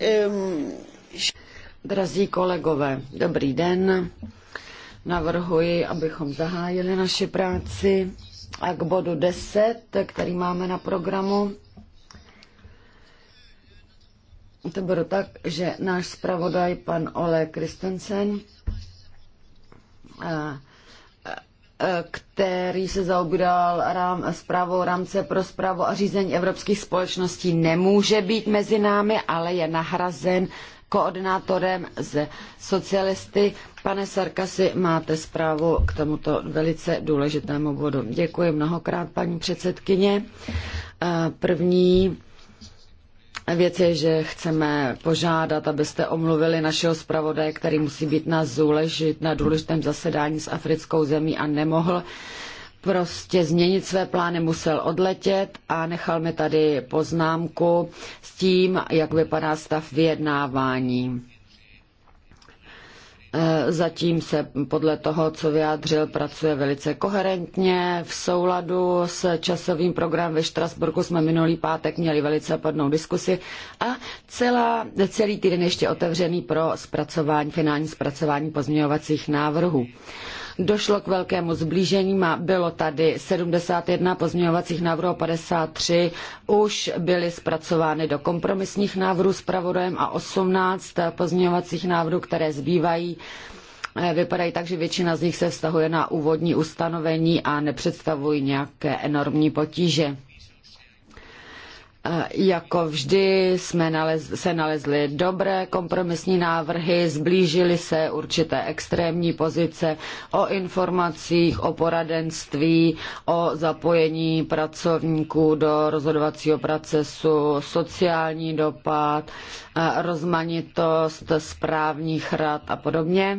Ehm, Drazí kolegové, dobrý den. Navrhuji, abychom zahájili naši práci a k bodu 10, který máme na programu. To bylo tak, že náš zpravodaj, pan Ole Kristensen, který se zaobíral rám, zprávou rámce pro zprávu a řízení evropských společností, nemůže být mezi námi, ale je nahrazen koordinátorem z socialisty. Pane Sarkasi, máte zprávu k tomuto velice důležitému bodu. Děkuji mnohokrát, paní předsedkyně. Eh, první věc je, že chceme požádat, abyste omluvili našeho zpravodaje, který musí být na, zůležit na důležitém zasedání s africkou zemí a nemohl prostě změnit své plány, musel odletět a nechal mi tady poznámku s tím, jak vypadá stav vyjednávání. Eh, zatím se podle toho, co vyjádřil, pracuje velice koherentně. V souladu s časovým programem ve Štrasburku jsme minulý pátek měli velice podnou diskusi a celá, celý týden ještě otevřený pro zpracování, finální zpracování pozměňovacích návrhů. Došlo k velkému zblížení, bylo tady 71 pozměňovacích návrhů, 53 už byly zpracovány do kompromisních návrhů s pravodajem a 18 pozměňovacích návrhů, které zbývají, eh, vypadají tak, že většina z nich se vztahuje na úvodní ustanovení a nepředstavují nějaké enormní potíže. Jako vždy jsme nalez, se nalezly dobré kompromisní návrhy, zblížily se určité extrémní pozice o informacích, o poradenství, o zapojení pracovníků do rozhodovacího procesu, sociální dopad, rozmanitost správních rad a podobně.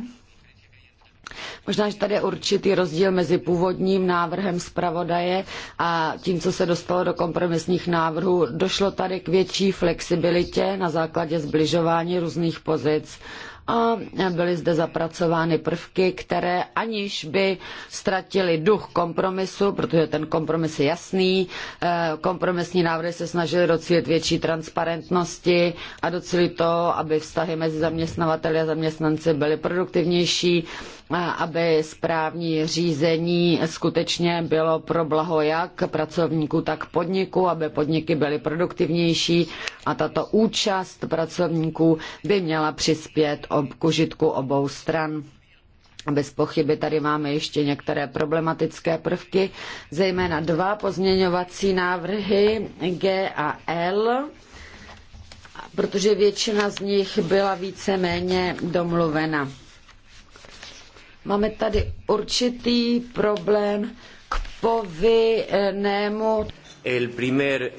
Možná, že tady je určitý rozdíl mezi původním návrhem zpravodaje a tím, co se dostalo do kompromisních návrhů. Došlo tady k větší flexibilitě na základě zbližování různých pozic a byly zde zapracovány prvky, které aniž by ztratili duch kompromisu, protože ten kompromis je jasný, eh, kompromisní návrhy se snažily docílit větší transparentnosti a docílit to, aby vztahy mezi zaměstnavateli a zaměstnanci byly produktivnější, aby správní řízení skutečně bylo pro blaho jak pracovníků, tak podniku, aby podniky byly produktivnější a tato účast pracovníků by měla přispět k užitku obou stran. Bez pochyby tady máme ještě některé problematické prvky, zejména dva pozměňovací návrhy G a L protože většina z nich byla víceméně domluvena. Máme tady určitý problém k povinnému El primer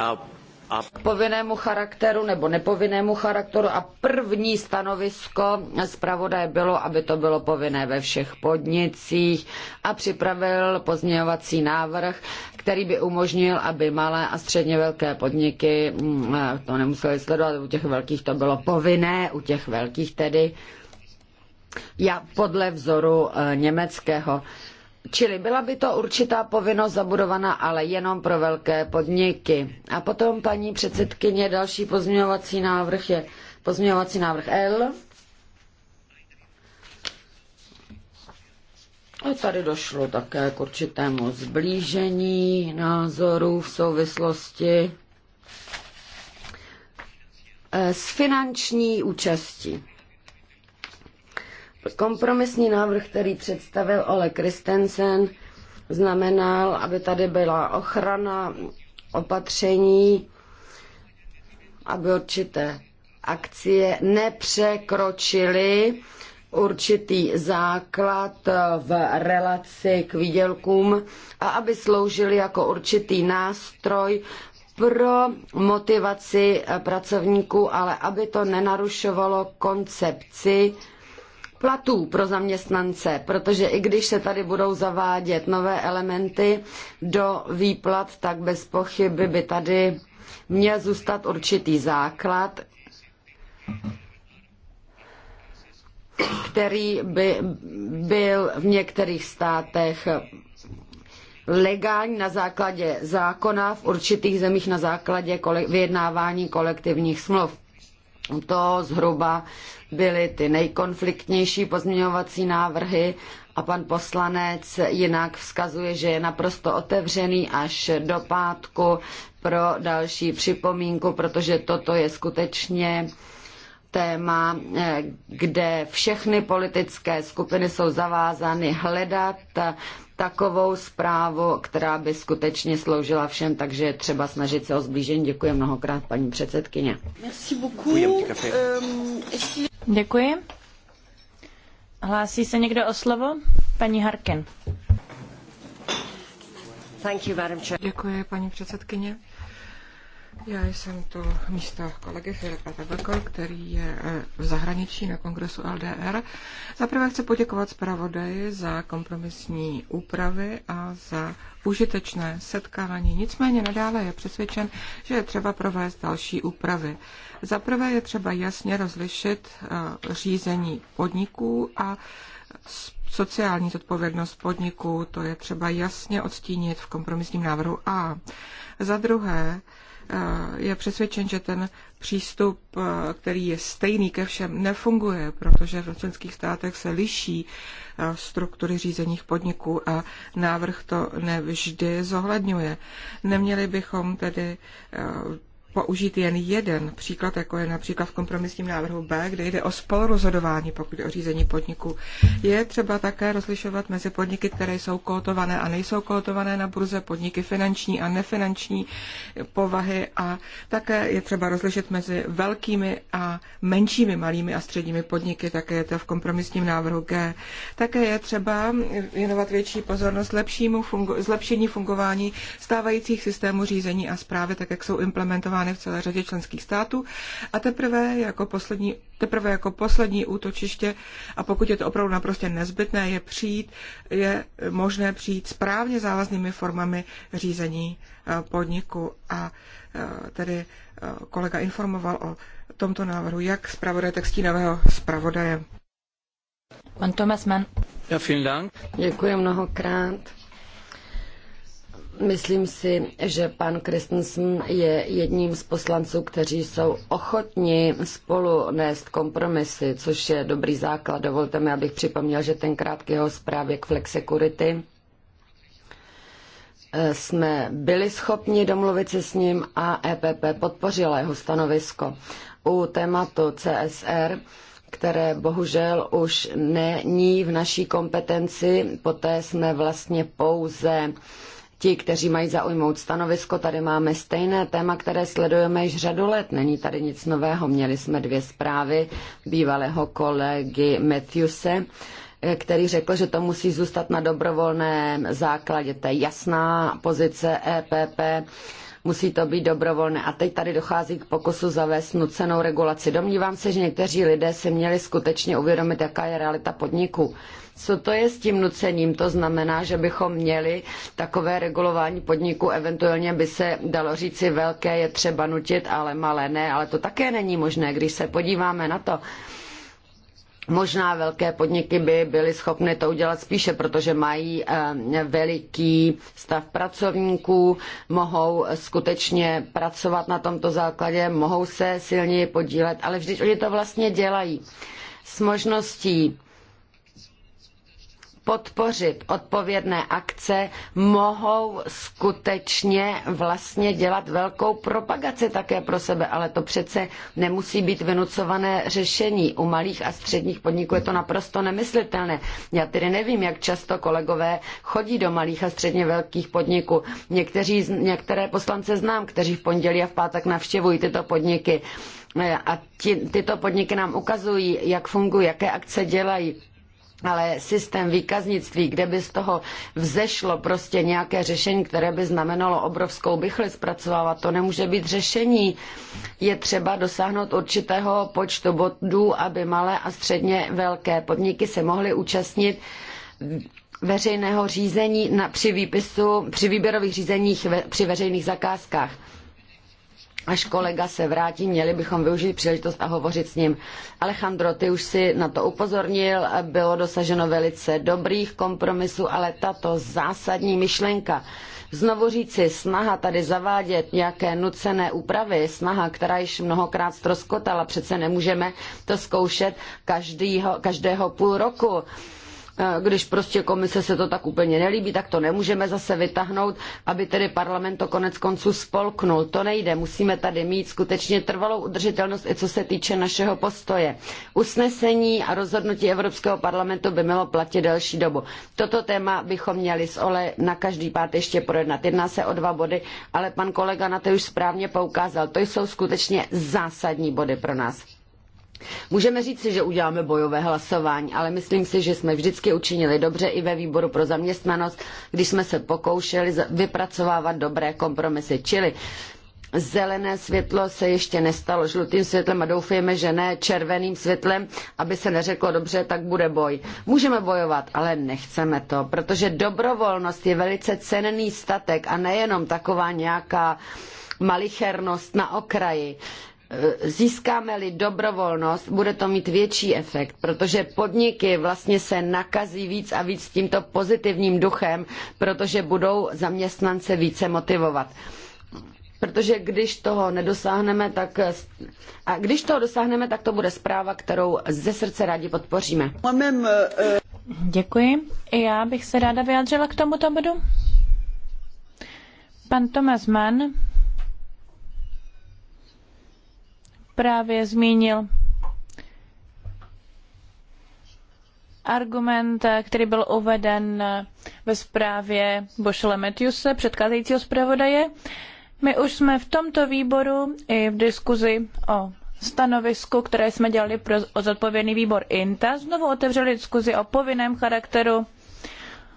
k povinnému charakteru nebo nepovinnému charakteru a první stanovisko zpravodaje bylo, aby to bylo povinné ve všech podnicích a připravil pozměňovací návrh, který by umožnil, aby malé a středně velké podniky mm, eh, to nemuseli sledovat, u těch velkých to bylo povinné, u těch velkých tedy já podle vzoru eh, německého. Čili byla by to určitá povinnost zabudovaná, ale jenom pro velké podniky. A potom, paní předsedkyně, další pozměňovací návrh je pozměňovací návrh L. A tady došlo také k určitému zblížení názorů v souvislosti eh, s finanční účastí. Kompromisní návrh, který představil Ole Kristensen, znamenal, aby tady byla ochrana opatření, aby určité akcie nepřekročily určitý základ v relaci k výdělkům a aby sloužily jako určitý nástroj pro motivaci pracovníků, ale aby to nenarušovalo koncepci platů pro zaměstnance, protože i když se tady budou zavádět nové elementy do výplat, tak bez pochyby by tady měl zůstat určitý základ, který by byl v některých státech legální na základě zákona, v určitých zemích na základě vyjednávání kolektivních smluv. To zhruba byly ty nejkonfliktnější pozměňovací návrhy a pan poslanec jinak vzkazuje, že je naprosto otevřený až do pátku pro další připomínku, protože toto je skutečně téma, eh, kde všechny politické skupiny jsou zavázány hledat takovou zprávu, která by skutečně sloužila všem, takže je třeba snažit se o zblížení. Děkuji mnohokrát, paní předsedkyně. Ehm, Děkuji. Hlásí se někdo o slovo? Paní Harkin. Děkuji, paní předsedkyně. Já jsem tu místo kolegy Filipa Tabako, který je eh, v zahraničí na kongresu LDR. Zaprvé chci poděkovat zpravodaji za kompromisní úpravy a za užitečné setkání. Nicméně nadále je přesvědčen, že je třeba provést další úpravy. Zaprvé je třeba jasně rozlišit eh, řízení podniků a sociální zodpovědnost podniků. To je třeba jasně odstínit v kompromisním návrhu A. Za druhé, Eh, je přesvědčen, že ten přístup, eh, který je stejný ke všem, nefunguje, protože v členských státech se liší eh, struktury řízených podniků a návrh to nevždy zohledňuje. Neměli bychom tedy použít jen jeden příklad, jako je například v kompromisním návrhu B, kde jde o spolurozhodování, pokud o řízení podniku. Je třeba také rozlišovat mezi podniky, které jsou kotované a nejsou kotované na burze, podniky finanční a nefinanční povahy a také je třeba rozlišit mezi velkými a menšími malými a středními podniky, také je to v kompromisním návrhu G. Také je třeba věnovat větší pozornost lepšímu fungu- zlepšení fungování stávajících systémů řízení a zprávy, tak jak jsou implementovány aplikovány v celé řadě členských států a teprve jako poslední, teprve jako poslední útočiště a pokud je to opravdu naprosto nezbytné, je přijít, je možné přijít správně závaznými formami řízení eh, podniku a eh, tedy eh, kolega informoval o tomto návrhu jak zpravodaje textínového zpravodaje. Pan Thomas Mann. Ja, vielen Dank. Děkuji mnohokrát. Myslím si, že pan Christensen je jedním z poslanců, kteří jsou ochotni spolu nést kompromisy, což je dobrý základ. Dovolte mi, abych připomněl, že tenkrát k jeho zprávě k flexicurity eh, jsme byli schopni domluvit se s ním a EPP podpořila jeho stanovisko. U tématu CSR které bohužel už není v naší kompetenci. Poté jsme vlastně pouze ti, kteří mají zaujmout stanovisko, tady máme stejné téma, které sledujeme již řadu let. Není tady nic nového. Měli jsme dvě zprávy bývalého kolegy Matthewse, eh, který řekl, že to musí zůstat na dobrovolném základě. To je jasná pozice EPP musí to být dobrovolné. A teď tady dochází k pokusu zavést nucenou regulaci. Domnívám se, že někteří lidé si měli skutečně uvědomit, jaká je realita podniků. Co to je s tím nucením? To znamená, že bychom měli takové regulování podniků, eventuálně by se dalo říci, velké je třeba nutit, ale malé ne, ale to také není možné, když se podíváme na to, Možná velké podniky by byly schopny to udělat spíše, protože mají eh, veliký stav pracovníků, mohou skutečně pracovat na tomto základě, mohou se silněji podílet, ale vždyť oni to vlastně dělají. S možností podpořit odpovědné akce, mohou skutečně vlastně dělat velkou propagaci také pro sebe, ale to přece nemusí být vynucované řešení. U malých a středních podniků je to naprosto nemyslitelné. Já tedy nevím, jak často kolegové chodí do malých a středně velkých podniků. Někteří, některé poslance znám, kteří v pondělí a v pátek navštěvují tyto podniky. A ty, tyto podniky nám ukazují, jak fungují, jaké akce dělají, ale systém výkaznictví, kde by z toho vzešlo prostě nějaké řešení, které by znamenalo obrovskou bychli zpracovávat, to nemůže být řešení. Je třeba dosáhnout určitého počtu bodů, aby malé a středně velké podniky se mohly účastnit veřejného řízení na, při, výpisu, při výběrových řízeních ve, při veřejných zakázkách. Až kolega se vrátí, měli bychom využít příležitost a hovořit s ním. Alejandro, ty už si na to upozornil, bylo dosaženo velice dobrých kompromisů, ale tato zásadní myšlenka, znovu říci, snaha tady zavádět nějaké nucené úpravy, snaha, která již mnohokrát stroskotala, přece nemůžeme to zkoušet každýho, každého půl roku. Eh, když prostě komise se to tak úplně nelíbí, tak to nemůžeme zase vytáhnout, aby tedy parlament to konec konců spolknul. To nejde, musíme tady mít skutečně trvalou udržitelnost i co se týče našeho postoje. Usnesení a rozhodnutí Evropského parlamentu by mělo platit delší dobu. Toto téma bychom měli s Ole na každý pát ještě projednat. Jedná se o dva body, ale pan kolega na to už správně poukázal. To jsou skutečně zásadní body pro nás. Můžeme říci, že uděláme bojové hlasování, ale myslím si, že jsme vždycky učinili dobře i ve výboru pro zaměstnanost, když jsme se pokoušeli vypracovávat dobré kompromisy. Čili zelené světlo se ještě nestalo žlutým světlem a doufejme, že ne červeným světlem, aby se neřeklo dobře, tak bude boj. Můžeme bojovat, ale nechceme to, protože dobrovolnost je velice cenný statek a nejenom taková nějaká malichernost na okraji získáme-li dobrovolnost, bude to mít větší efekt, protože podniky vlastně se nakazí víc a víc tímto pozitivním duchem, protože budou zaměstnance více motivovat protože když toho nedosáhneme, tak a když toho dosáhneme, tak to bude zpráva, kterou ze srdce rádi podpoříme. Děkuji. Já bych se ráda vyjádřila k tomuto bodu. Pan Thomas Mann právě zmínil argument, který byl uveden ve zprávě Bošele Matthewse, předcházejícího zpravodaje. My už jsme v tomto výboru i v diskuzi o stanovisku, které jsme dělali pro zodpovědný výbor INTA, znovu otevřeli diskuzi o povinném charakteru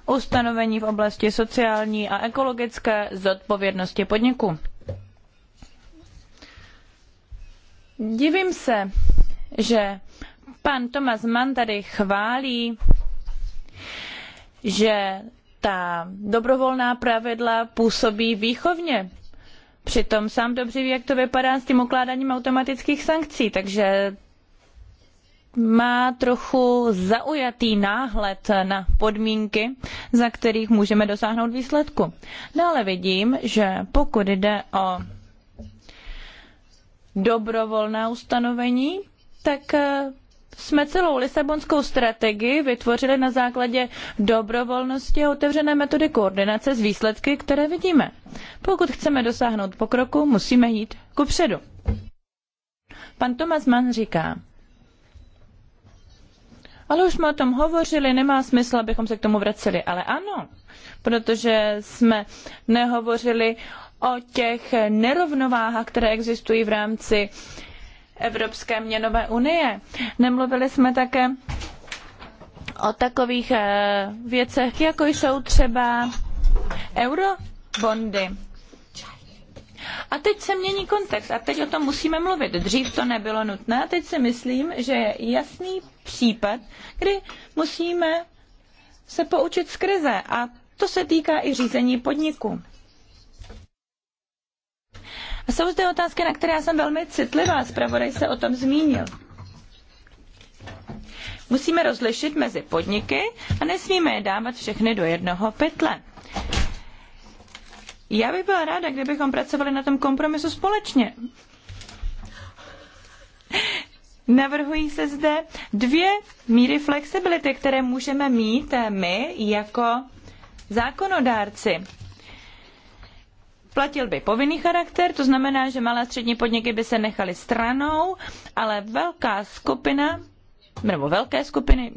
ustanovení v oblasti sociální a ekologické zodpovědnosti podniku. Divím se, že pan Thomas Mann tady chválí, že ta dobrovolná pravidla působí výchovně. Přitom sám dobře ví, jak to vypadá s tím ukládáním automatických sankcí, takže má trochu zaujatý náhled na podmínky, za kterých můžeme dosáhnout výsledku. Dále vidím, že pokud jde o dobrovolná ustanovení, tak eh, jsme celou Lisabonskou strategii vytvořili na základě dobrovolnosti a otevřené metody koordinace s výsledky, které vidíme. Pokud chceme dosáhnout pokroku, musíme jít kupředu. Pan Tomas Mann říká, ale už jsme o tom hovořili, nemá smysl, abychom se k tomu vraceli. Ale ano, protože jsme nehovořili o těch nerovnováhách, které existují v rámci Evropské měnové unie. Nemluvili jsme také o takových eh, věcech, jako jsou třeba eurobondy. A teď se mění kontext a teď o tom musíme mluvit. Dřív to nebylo nutné a teď si myslím, že je jasný případ, kdy musíme se poučit z krize a to se týká i řízení podniku. A jsou zde otázky, na které já jsem velmi citlivá. Zpravodaj se o tom zmínil. Musíme rozlišit mezi podniky a nesmíme je dávat všechny do jednoho pytle. Já bych byla ráda, kdybychom pracovali na tom kompromisu společně. Navrhují se zde dvě míry flexibility, které můžeme mít my jako zákonodárci. Platil by povinný charakter, to znamená, že malé a střední podniky by se nechaly stranou, ale velká skupina, nebo velké skupiny,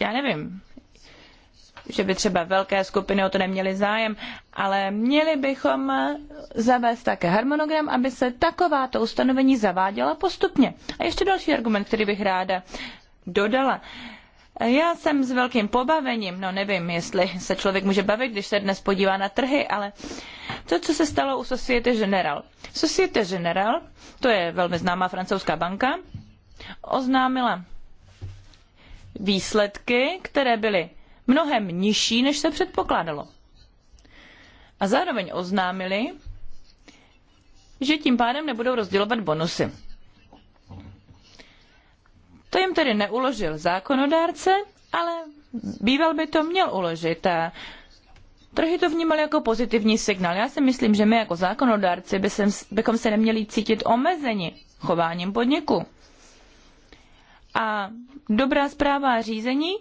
já nevím, že by třeba velké skupiny o to neměly zájem, ale měli bychom zavést také harmonogram, aby se takováto ustanovení zaváděla postupně. A ještě další argument, který bych ráda dodala. Já jsem s velkým pobavením, no nevím, jestli se člověk může bavit, když se dnes podívá na trhy, ale to, co se stalo u Societe General. Societe General, to je velmi známá francouzská banka, oznámila výsledky, které byly mnohem nižší, než se předpokládalo. A zároveň oznámili, že tím pádem nebudou rozdělovat bonusy. To jim tedy neuložil zákonodárce, ale býval by to měl uložit. A trhy to vnímal jako pozitivní signál. Já si myslím, že my jako zákonodárci bychom se neměli cítit omezeni chováním podniku. A dobrá zpráva a řízení,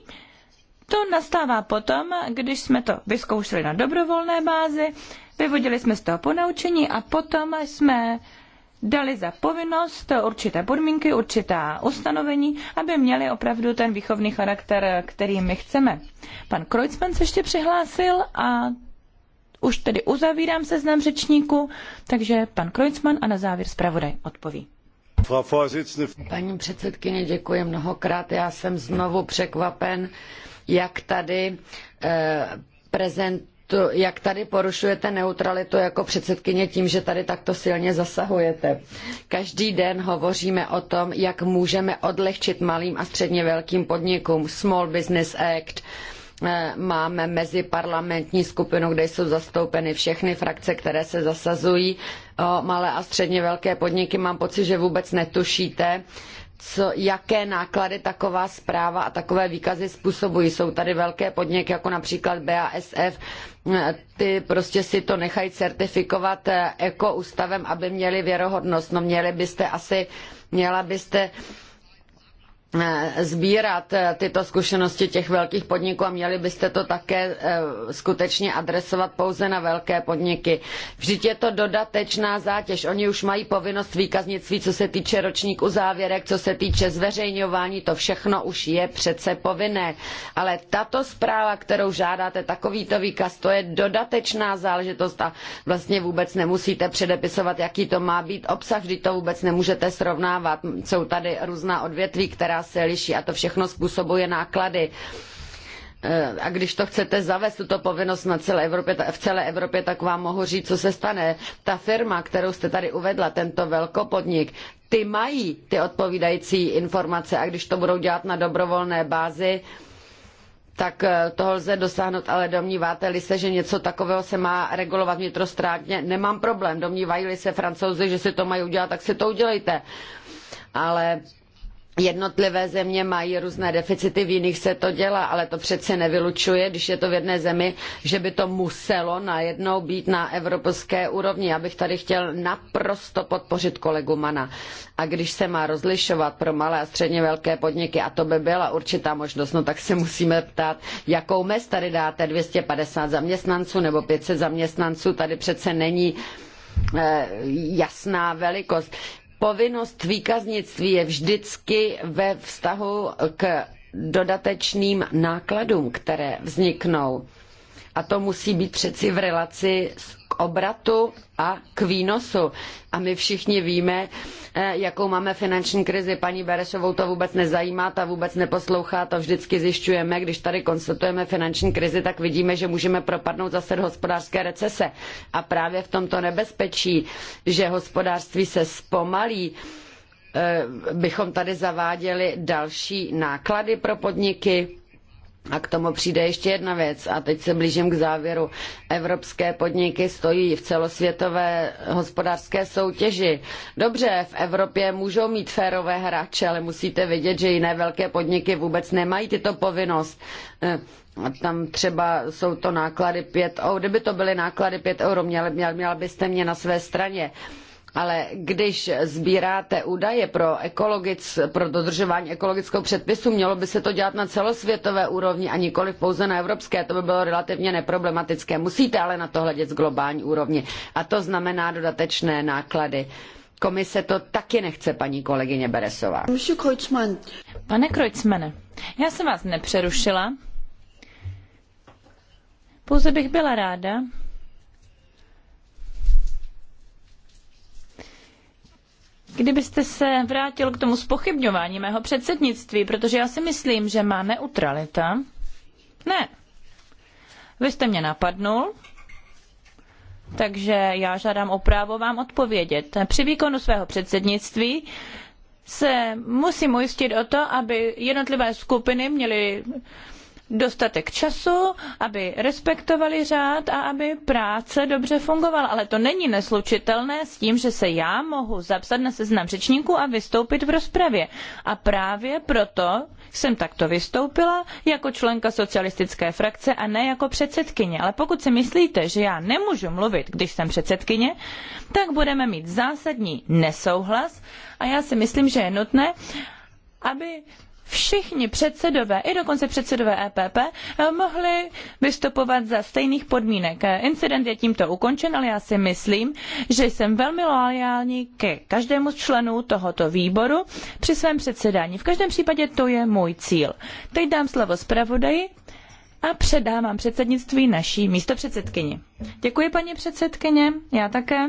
to nastává potom, když jsme to vyzkoušeli na dobrovolné bázi, vyvodili jsme z toho ponaučení a potom jsme dali za povinnost určité podmínky, určitá ustanovení, aby měli opravdu ten výchovný charakter, který my chceme. Pan Kreuzmann se ještě přihlásil a už tedy uzavírám seznam řečníků, takže pan Kreuzmann a na závěr zpravodaj odpoví. Paní předsedkyně, děkuji mnohokrát. Já jsem znovu překvapen, jak tady eh, prezent, to, jak tady porušujete neutralitu jako předsedkyně tím, že tady takto silně zasahujete. Každý den hovoříme o tom, jak můžeme odlehčit malým a středně velkým podnikům Small Business Act, eh, máme meziparlamentní skupinu, kde jsou zastoupeny všechny frakce, které se zasazují o malé a středně velké podniky. Mám pocit, že vůbec netušíte, co, jaké náklady taková zpráva a takové výkazy způsobují. Jsou tady velké podniky, jako například BASF, eh, ty prostě si to nechají certifikovat eh, ekoústavem, aby měli věrohodnost. No měli byste asi, měla byste Eh, sbírat eh, tyto zkušenosti těch velkých podniků a měli byste to také eh, skutečně adresovat pouze na velké podniky. Vždyť je to dodatečná zátěž. Oni už mají povinnost výkaznictví, co se týče ročník uzávěrek, co se týče zveřejňování, to všechno už je přece povinné. Ale tato zpráva, kterou žádáte, takovýto výkaz, to je dodatečná záležitost a vlastně vůbec nemusíte předepisovat, jaký to má být obsah, vždyť to vůbec nemůžete srovnávat. Jsou tady různá odvětví, která se liší a to všechno způsobuje náklady. E, a když to chcete zavést, tuto povinnost na celé Evropě, v celé Evropě, tak vám mohu říct, co se stane. Ta firma, kterou jste tady uvedla, tento velkopodnik, ty mají ty odpovídající informace a když to budou dělat na dobrovolné bázi, tak e, toho lze dosáhnout, ale domníváte-li se, že něco takového se má regulovat vnitrostrátně, nemám problém. Domnívají-li se francouzi, že si to mají udělat, tak si to udělejte. Ale jednotlivé země mají různé deficity, v jiných se to dělá, ale to přece nevylučuje, když je to v jedné zemi, že by to muselo najednou být na evropské úrovni. Já bych tady chtěl naprosto podpořit kolegu Mana. A když se má rozlišovat pro malé a středně velké podniky, a to by byla určitá možnost, no tak se musíme ptát, jakou mez tady dáte 250 zaměstnanců nebo 500 zaměstnanců, tady přece není eh, jasná velikost. Povinnost výkaznictví je vždycky ve vztahu k dodatečným nákladům, které vzniknou. A to musí být přeci v relaci k obratu a k výnosu. A my všichni víme, eh, jakou máme finanční krizi. Paní Berešovou to vůbec nezajímá, ta vůbec neposlouchá, to vždycky zjišťujeme. Když tady konstatujeme finanční krizi, tak vidíme, že můžeme propadnout zase do hospodářské recese. A právě v tomto nebezpečí, že hospodářství se zpomalí, eh, bychom tady zaváděli další náklady pro podniky a k tomu přijde ještě jedna věc, a teď se blížím k závěru. Evropské podniky stojí v celosvětové hospodářské soutěži. Dobře, v Evropě můžou mít férové hráče, ale musíte vědět, že jiné velké podniky vůbec nemají tyto povinnost. Eh, tam třeba jsou to náklady 5 eur. Kdyby to byly náklady 5 euro, měl, měl, byste mě na své straně ale když sbíráte údaje pro, ekologic, pro dodržování ekologického předpisu, mělo by se to dělat na celosvětové úrovni a nikoli pouze na evropské. To by bylo relativně neproblematické. Musíte ale na to hledět z globální úrovni. A to znamená dodatečné náklady. Komise to taky nechce, paní kolegyně Beresová. Pane Kreutzmane, já jsem vás nepřerušila. Pouze bych byla ráda, kdybyste se vrátil k tomu spochybňování mého předsednictví, protože já si myslím, že má neutralita. Ne. Vy jste mě napadnul, takže já žádám o právo vám odpovědět. Při výkonu svého předsednictví se musím ujistit o to, aby jednotlivé skupiny měly dostatek času, aby respektovali řád a aby práce dobře fungovala. Ale to není neslučitelné s tím, že se já mohu zapsat na seznam řečníků a vystoupit v rozpravě. A právě proto jsem takto vystoupila jako členka socialistické frakce a ne jako předsedkyně. Ale pokud si myslíte, že já nemůžu mluvit, když jsem předsedkyně, tak budeme mít zásadní nesouhlas a já si myslím, že je nutné, aby všichni předsedové, i dokonce předsedové EPP, eh, mohli vystupovat za stejných podmínek. Eh, incident je tímto ukončen, ale já si myslím, že jsem velmi loajální ke každému z členů tohoto výboru při svém předsedání. V každém případě to je můj cíl. Teď dám slovo zpravodaji a předávám předsednictví naší místopředsedkyni. Děkuji, paní předsedkyně, já také.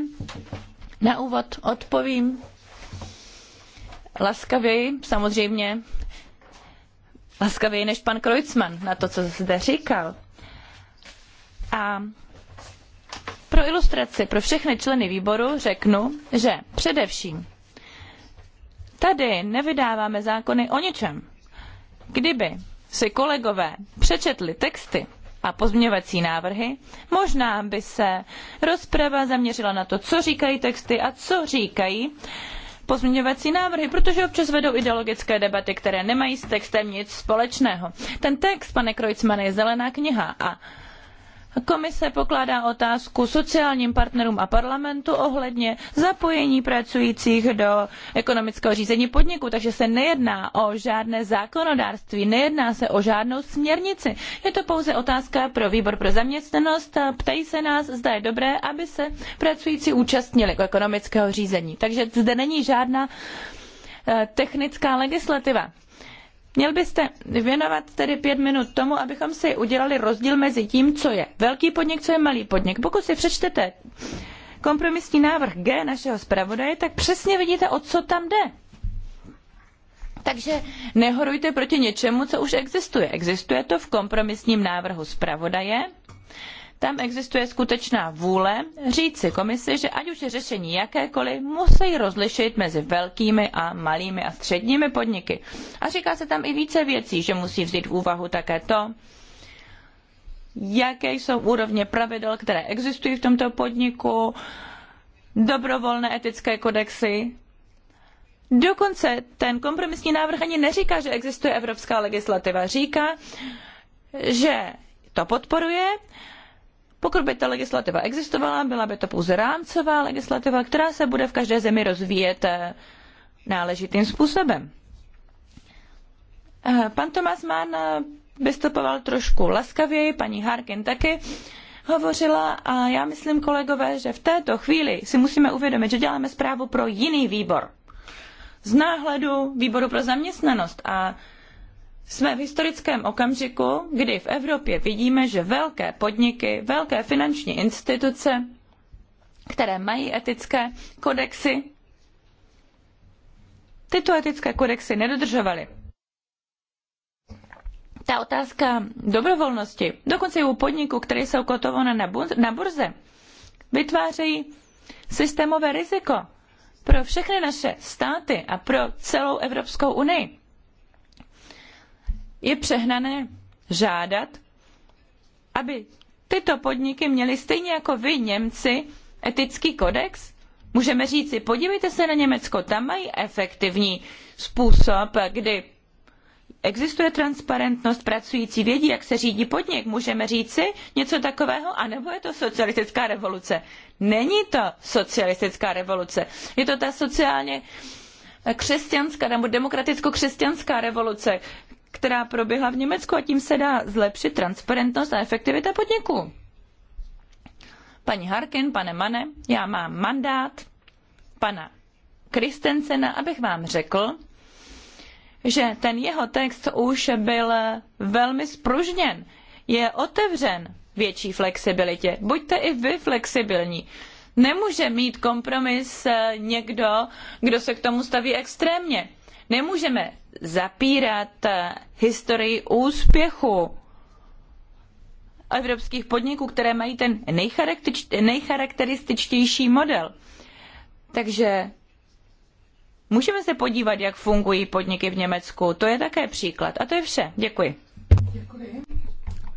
Na úvod odpovím laskavěji, samozřejmě laskavěji než pan Kreutzmann na to, co zde říkal. A pro ilustraci pro všechny členy výboru řeknu, že především tady nevydáváme zákony o ničem. Kdyby si kolegové přečetli texty a pozměňovací návrhy, možná by se rozprava zaměřila na to, co říkají texty a co říkají uh, pozměňovací návrhy, protože občas vedou ideologické debaty, které nemají s textem nic společného. Ten text, pane Krojcmane, je zelená kniha a Komise pokládá otázku sociálním partnerům a parlamentu ohledně zapojení pracujících do ekonomického řízení podniku, takže se nejedná o žádné zákonodárství, nejedná se o žádnou směrnici. Je to pouze otázka pro výbor pro zaměstnanost. Ptají se nás, zda je dobré, aby se pracující účastnili ekonomického řízení. Takže zde není žádná eh, technická legislativa. Měl byste věnovat tedy pět minut tomu, abychom si udělali rozdíl mezi tím, co je velký podnik, co je malý podnik. Pokud si přečtete kompromisní návrh G našeho zpravodaje, tak přesně vidíte, o co tam jde. Takže nehorujte proti něčemu, co už existuje. Existuje to v kompromisním návrhu zpravodaje tam existuje skutečná vůle říci komisi, že ať už je řešení jakékoliv, musí rozlišit mezi velkými a malými a středními podniky. A říká se tam i více věcí, že musí vzít v úvahu také to, jaké jsou úrovně pravidel, které existují v tomto podniku, dobrovolné etické kodexy. Dokonce ten kompromisní návrh ani neříká, že existuje evropská legislativa. Říká, že to podporuje, pokud by ta legislativa existovala, byla by to pouze rámcová legislativa, která se bude v každé zemi rozvíjet eh, náležitým způsobem. Eh, pan Thomas Mann eh, vystupoval trošku laskavěji, paní Harkin taky hovořila a já myslím, kolegové, že v této chvíli si musíme uvědomit, že děláme zprávu pro jiný výbor. Z náhledu výboru pro zaměstnanost a jsme v historickém okamžiku, kdy v Evropě vidíme, že velké podniky, velké finanční instituce, které mají etické kodexy, tyto etické kodexy nedodržovaly. Ta otázka dobrovolnosti, dokonce i u podniků, které jsou kotované na burze, vytvářejí systémové riziko pro všechny naše státy a pro celou Evropskou unii je přehnané žádat, aby tyto podniky měly stejně jako vy Němci etický kodex? Můžeme říci, podívejte se na Německo, tam mají efektivní způsob, kdy existuje transparentnost, pracující vědí, jak se řídí podnik. Můžeme říci něco takového, anebo je to socialistická revoluce. Není to socialistická revoluce. Je to ta sociálně křesťanská nebo demokraticko-křesťanská revoluce, která proběhla v Německu a tím se dá zlepšit transparentnost a efektivita podniku. Paní Harkin, pane Mane, já mám mandát pana Kristensena, abych vám řekl, že ten jeho text už byl velmi spružněn, je otevřen větší flexibilitě. Buďte i vy flexibilní. Nemůže mít kompromis eh, někdo, kdo se k tomu staví extrémně. Nemůžeme zapírat eh, historii úspěchu evropských podniků, které mají ten nejcharakterističtější model. Takže můžeme se podívat, jak fungují podniky v Německu. To je také příklad. A to je vše. Děkuji. Děkuji.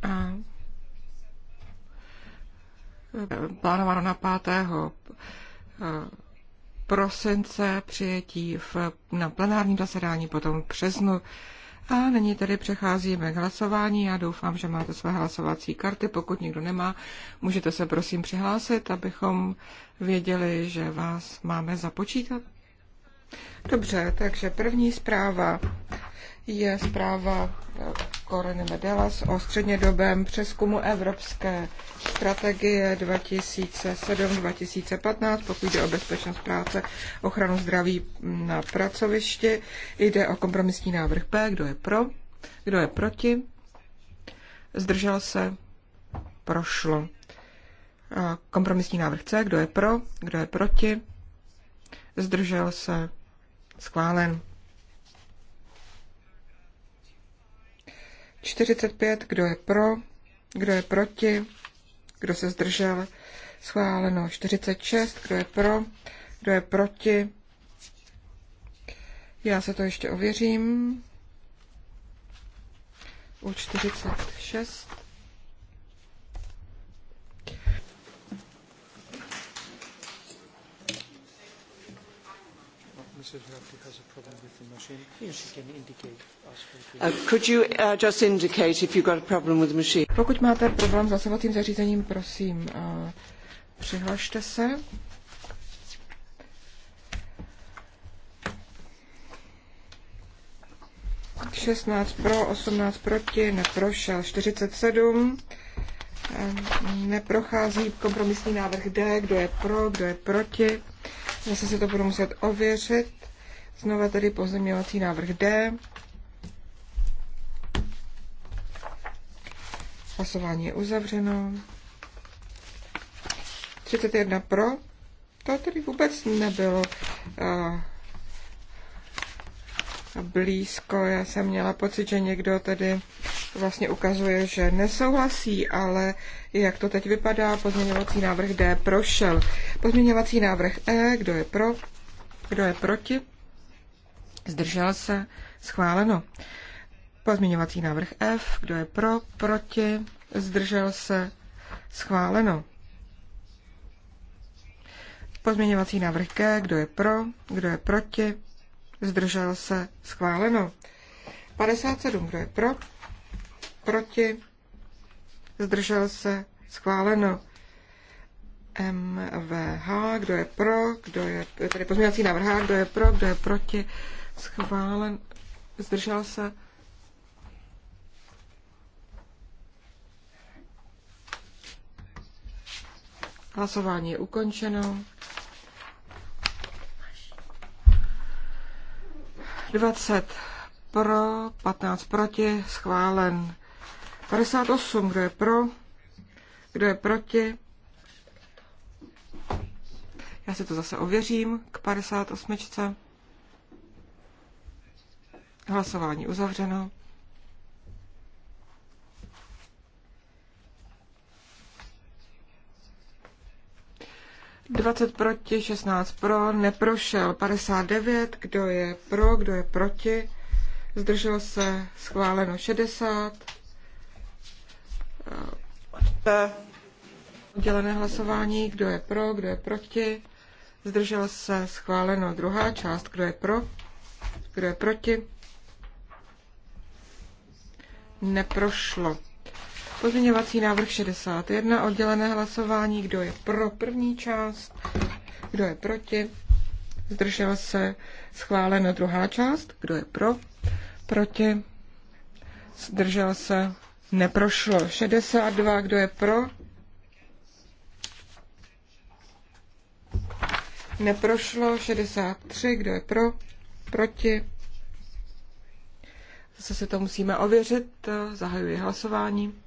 A... Eh, na 5 prosince, přijetí v, na plenárním zasedání, potom v březnu. A nyní tedy přecházíme k hlasování. Já doufám, že máte své hlasovací karty. Pokud někdo nemá, můžete se prosím přihlásit, abychom věděli, že vás máme započítat. Dobře, takže první zpráva je zpráva eh, Koreny Medelas o střednědobém přeskumu Evropské strategie 2007-2015, pokud jde o bezpečnost práce, ochranu zdraví na pracovišti. Jde o kompromisní návrh P. Kdo je pro? Kdo je proti? Zdržel se? Prošlo. Kompromisní návrh C. Kdo je pro? Kdo je proti? Zdržel se? Schválen. 45, kdo je pro, kdo je proti, kdo se zdržel, schváleno 46, kdo je pro, kdo je proti. Já se to ještě ověřím. U 46. Myslím, že Uh, could you uh, just indicate if you've got a problem with the machine? Pokud máte problém s hlasovacím zařízením, prosím, uh, přihlašte se. Šestnáct pro, osmnáct proti, neprošel. Čtyřicet sedm. Um, neprochází kompromisní návrh D, kdo je pro, kdo je proti. Zase se to budu muset ověřit. Znova tedy pozměňovací návrh D. Hlasování je uzavřeno. 31 pro. To tedy vůbec nebylo uh, blízko. Já jsem měla pocit, že někdo tedy vlastně ukazuje, že nesouhlasí, ale jak to teď vypadá, pozměňovací návrh D prošel. Pozměňovací návrh E, kdo je pro, kdo je proti, Zdržel se? Schváleno. Pozměňovací návrh F. Kdo je pro? Proti? Zdržel se? Schváleno. Pozměňovací návrh G. Kdo je pro? Kdo je proti? Zdržel se? Schváleno. 57. Kdo je pro? Proti? Zdržel se? Schváleno. MVH. Kdo je pro? Kdo je, tady pozměňovací návrh H. Kdo je pro? Kdo je proti? schválen, zdržel se. Hlasování je ukončeno. 20 pro, 15 proti, schválen. 58, kdo je pro, kdo je proti. Já si to zase ověřím k 58. Hlasování uzavřeno. Dvacet proti, šestnáct pro, neprošel. Padesát devět, kdo je pro, kdo je proti. Zdrželo se, schváleno šedesát. Udělené hlasování, kdo je pro, kdo je proti. Zdrželo se, schváleno druhá část, kdo je pro, kdo je proti neprošlo. Pozměňovací návrh 61, oddělené hlasování, kdo je pro první část, kdo je proti, zdržel se, schválena druhá část, kdo je pro, proti, zdržel se, neprošlo. 62, kdo je pro, neprošlo, 63, kdo je pro, proti, Zase si to musíme ověřit. Zahajuji hlasování.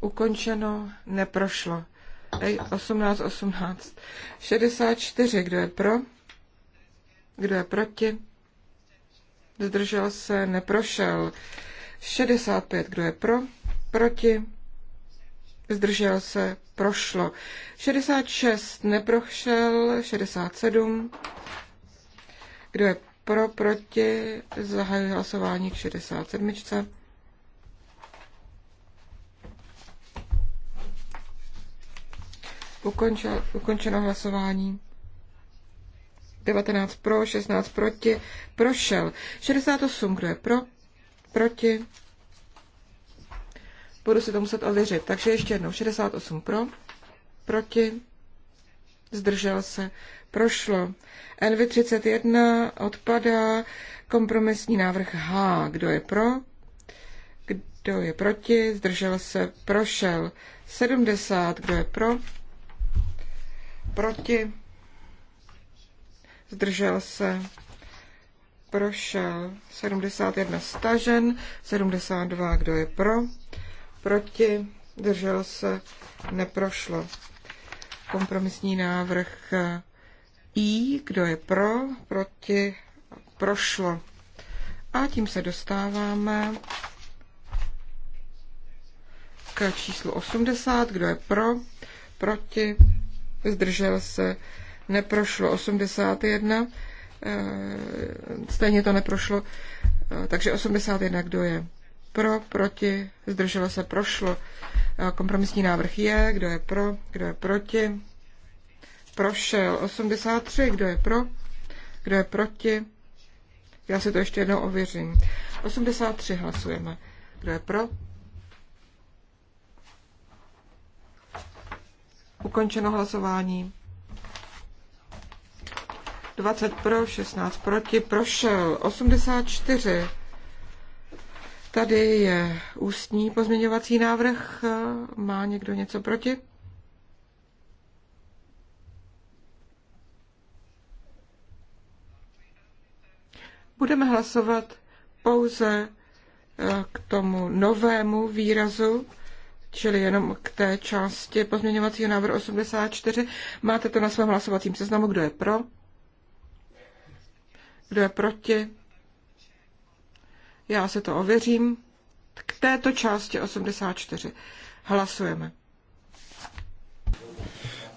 Ukončeno, neprošlo. 18, 18. 64, kdo je pro? Kdo je proti? Zdržel se, neprošel. 65, kdo je pro? Proti? zdržel se, prošlo. 66 neprošel, 67. Kdo je pro, proti, zahajuji hlasování k 67. Ukončil, ukončeno hlasování. 19 pro, 16 proti, prošel. 68, kdo je pro, proti, Budu si to muset ověřit. Takže ještě jednou 68 pro, proti, zdržel se, prošlo. NV31 odpadá, kompromisní návrh H. Kdo je pro? Kdo je proti? Zdržel se, prošel. 70, kdo je pro? Proti? Zdržel se, prošel. 71 stažen, 72, kdo je pro? proti, držel se, neprošlo. Kompromisní návrh I, kdo je pro, proti, prošlo. A tím se dostáváme k číslu 80, kdo je pro, proti, zdržel se, neprošlo 81, eh, stejně to neprošlo, eh, takže 81, kdo je pro, proti, zdrželo se, prošlo. E, kompromisní návrh je, kdo je pro, kdo je proti, prošel. 83, kdo je pro, kdo je proti, já si to ještě jednou ověřím. 83 hlasujeme. Kdo je pro? Ukončeno hlasování. 20 pro, 16 proti, prošel. 84. Tady je ústní pozměňovací návrh. Má někdo něco proti? Budeme hlasovat pouze eh, k tomu novému výrazu, čili jenom k té části pozměňovacího návrhu 84. Máte to na svém hlasovacím seznamu, kdo je pro, kdo je proti, já se to ověřím. K této části 84 hlasujeme.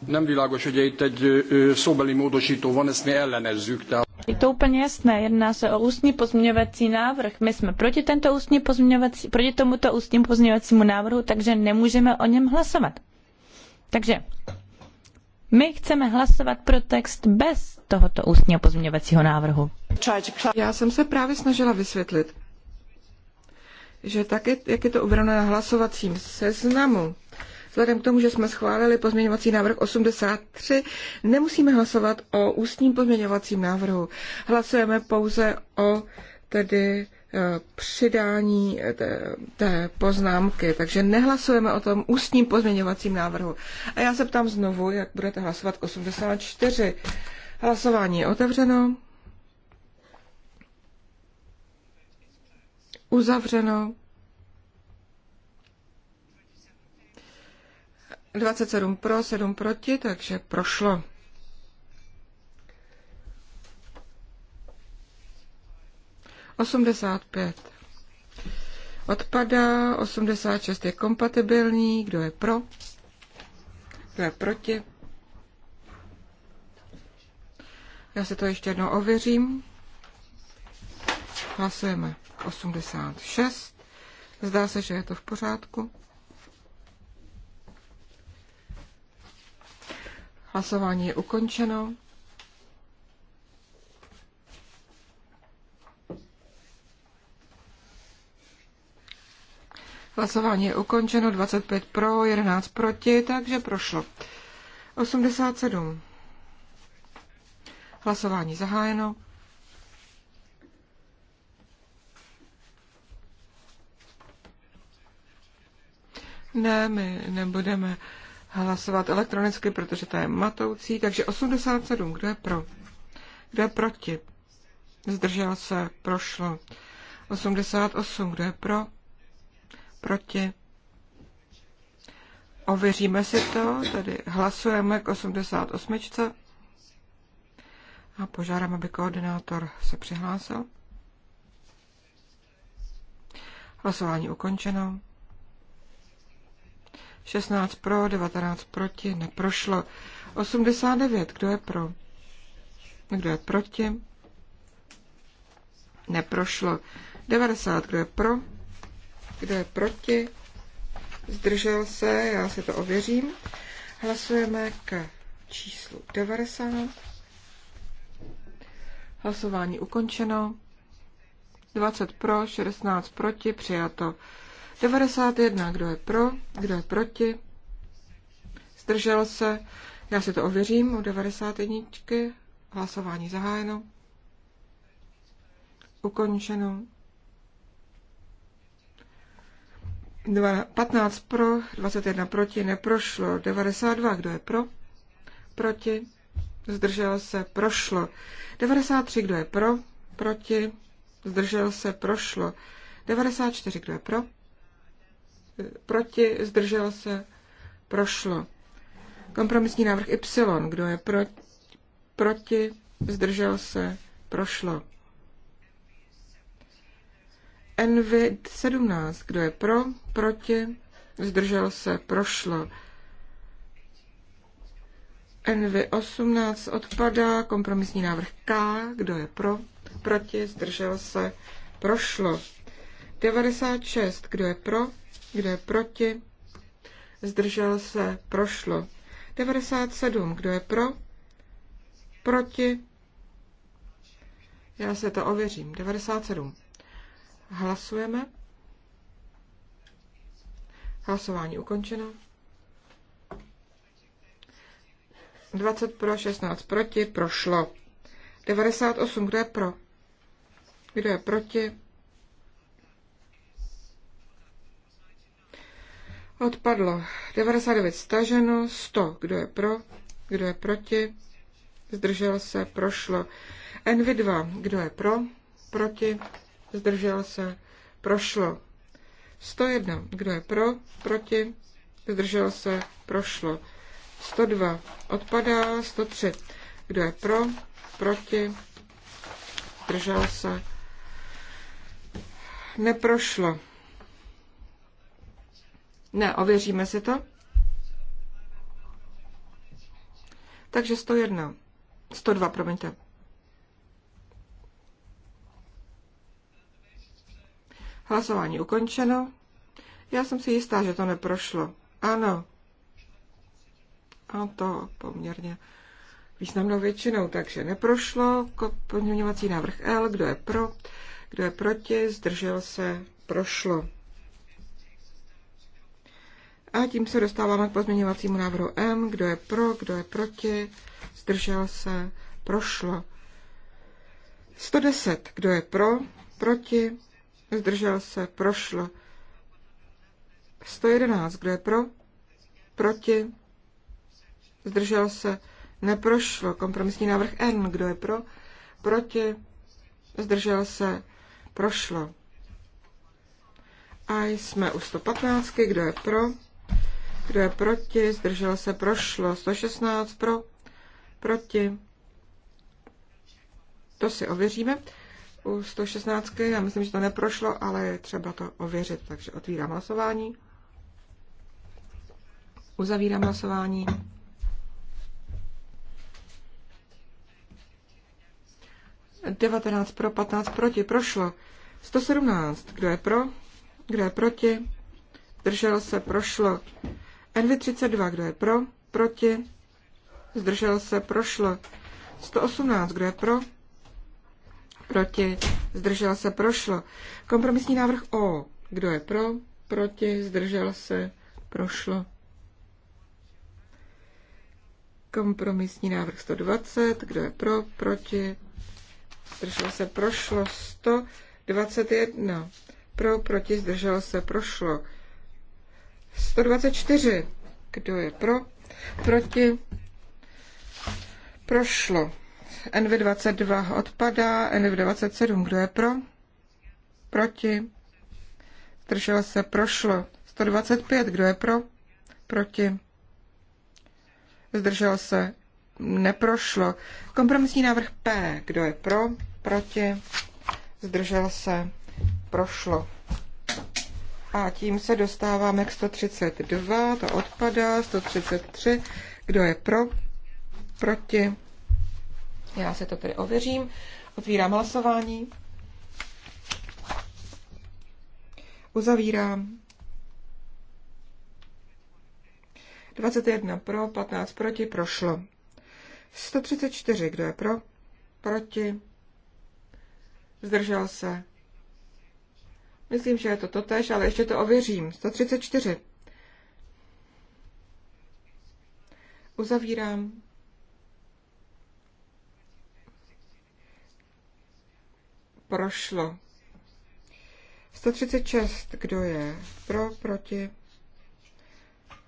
Nem világos, hogy itt egy szóbeli módosító van, ezt mi ellenezzük. Tehát... Je to úplně jasné, jedná se o ústní pozměňovací návrh. My jsme proti, tento ústní pozměňovací, proti tomuto ústním pozměňovacímu návrhu, takže nemůžeme o něm hlasovat. Takže my chceme hlasovat pro text bez tohoto ústního pozměňovacího návrhu. Já jsem se právě snažila vysvětlit, že taky, jak je to uvedeno na hlasovacím seznamu, vzhledem k tomu, že jsme schválili pozměňovací návrh 83, nemusíme hlasovat o ústním pozměňovacím návrhu. Hlasujeme pouze o tedy eh, přidání eh, té, té poznámky, takže nehlasujeme o tom ústním pozměňovacím návrhu. A já se ptám znovu, jak budete hlasovat k 84. Hlasování je otevřeno. uzavřeno. 27 pro, 7 proti, takže prošlo. Osmdesát pět. Odpadá, šest je kompatibilní, kdo je pro, kdo je proti. Já si to ještě jednou ověřím. Hlasujeme. 86. Zdá se, že je to v pořádku. Hlasování je ukončeno. Hlasování je ukončeno, 25 pro, 11 proti, takže prošlo. 87. Hlasování zahájeno. Ne, my nebudeme hlasovat elektronicky, protože to je matoucí. Takže 87, kdo je pro? Kdo je proti? Zdržel se, prošlo. 88, kdo je pro? Proti? Ověříme si to, tedy hlasujeme k 88. A požádám, aby koordinátor se přihlásil. Hlasování ukončeno. 16 pro, 19 proti, neprošlo. 89, kdo je pro? Kdo je proti? Neprošlo. 90, kdo je pro? Kdo je proti? Zdržel se, já si to ověřím. Hlasujeme k číslu 90. Hlasování ukončeno. 20 pro, 16 proti, přijato. 91. Kdo je pro? Kdo je proti? Zdržel se? Já si to ověřím u 91. Hlasování zahájeno. Ukončeno. 15 pro, 21 proti, neprošlo. 92, kdo je pro? Proti, zdržel se, prošlo. 93, kdo je pro? Proti, zdržel se, prošlo. 94, kdo je pro? proti, zdržel se, prošlo. Kompromisní návrh Y, kdo je pro, proti, zdržel se, prošlo. NV 17, kdo je pro, proti, zdržel se, prošlo. NV 18 odpadá, kompromisní návrh K, kdo je pro, proti, zdržel se, prošlo. 96, kdo je pro, kdo je proti? Zdržel se? Prošlo. 97. Kdo je pro? Proti? Já se to ověřím. 97. Hlasujeme. Hlasování ukončeno. 20 pro, 16 proti, prošlo. 98, kdo je pro? Kdo je proti? Odpadlo 99 staženo, 100 kdo je pro, kdo je proti, zdržel se, prošlo. NV2 kdo je pro, proti, zdržel se, prošlo. 101 kdo je pro, proti, zdržel se, prošlo. 102 odpadá, 103 kdo je pro, proti, zdržel se, neprošlo. Ne, ověříme si to. Takže 101. 102, promiňte. Hlasování ukončeno. Já jsem si jistá, že to neprošlo. Ano. Ano, to poměrně významnou většinou, takže neprošlo. Podměňovací návrh L, kdo je pro, kdo je proti, zdržel se, prošlo. A tím se dostáváme k pozměňovacímu návrhu M. Kdo je pro, kdo je proti? Zdržel se? Prošlo. 110. Kdo je pro? Proti? Zdržel se? Prošlo. 111. Kdo je pro? Proti? Zdržel se? Neprošlo. Kompromisní návrh N. Kdo je pro? Proti? Zdržel se? Prošlo. A jsme u 115. Kdo je pro? Kdo je proti? Zdržel se? Prošlo. 116 pro. Proti. To si ověříme. U 116 já myslím, že to neprošlo, ale je třeba to ověřit, takže otvírám hlasování. Uzavírám hlasování. Devatenáct pro, patnáct proti, prošlo. 117. Kdo je pro? Kdo je proti? Držel se, prošlo. NV32, kdo je pro, proti, zdržel se, prošlo. 118, kdo je pro, proti, zdržel se, prošlo. Kompromisní návrh O, kdo je pro, proti, zdržel se, prošlo. Kompromisní návrh 120, kdo je pro, proti, zdržel se, prošlo. 121, pro, proti, zdržel se, prošlo. 124. Kdo je pro? Proti? Prošlo. NV22 odpadá. NV27. Kdo je pro? Proti? Zdržel se. Prošlo. 125. Kdo je pro? Proti? Zdržel se. Neprošlo. Kompromisní návrh P. Kdo je pro? Proti? Zdržel se. Prošlo. A tím se dostáváme k 132, to odpadá, 133, kdo je pro, proti. Já se to tedy ověřím. Otvírám hlasování. Uzavírám. 21 pro, 15 proti, prošlo. 134, kdo je pro, proti, zdržel se, Myslím, že je to totéž, ale ještě to ověřím. 134. Uzavírám. Prošlo. 136. Kdo je pro, proti?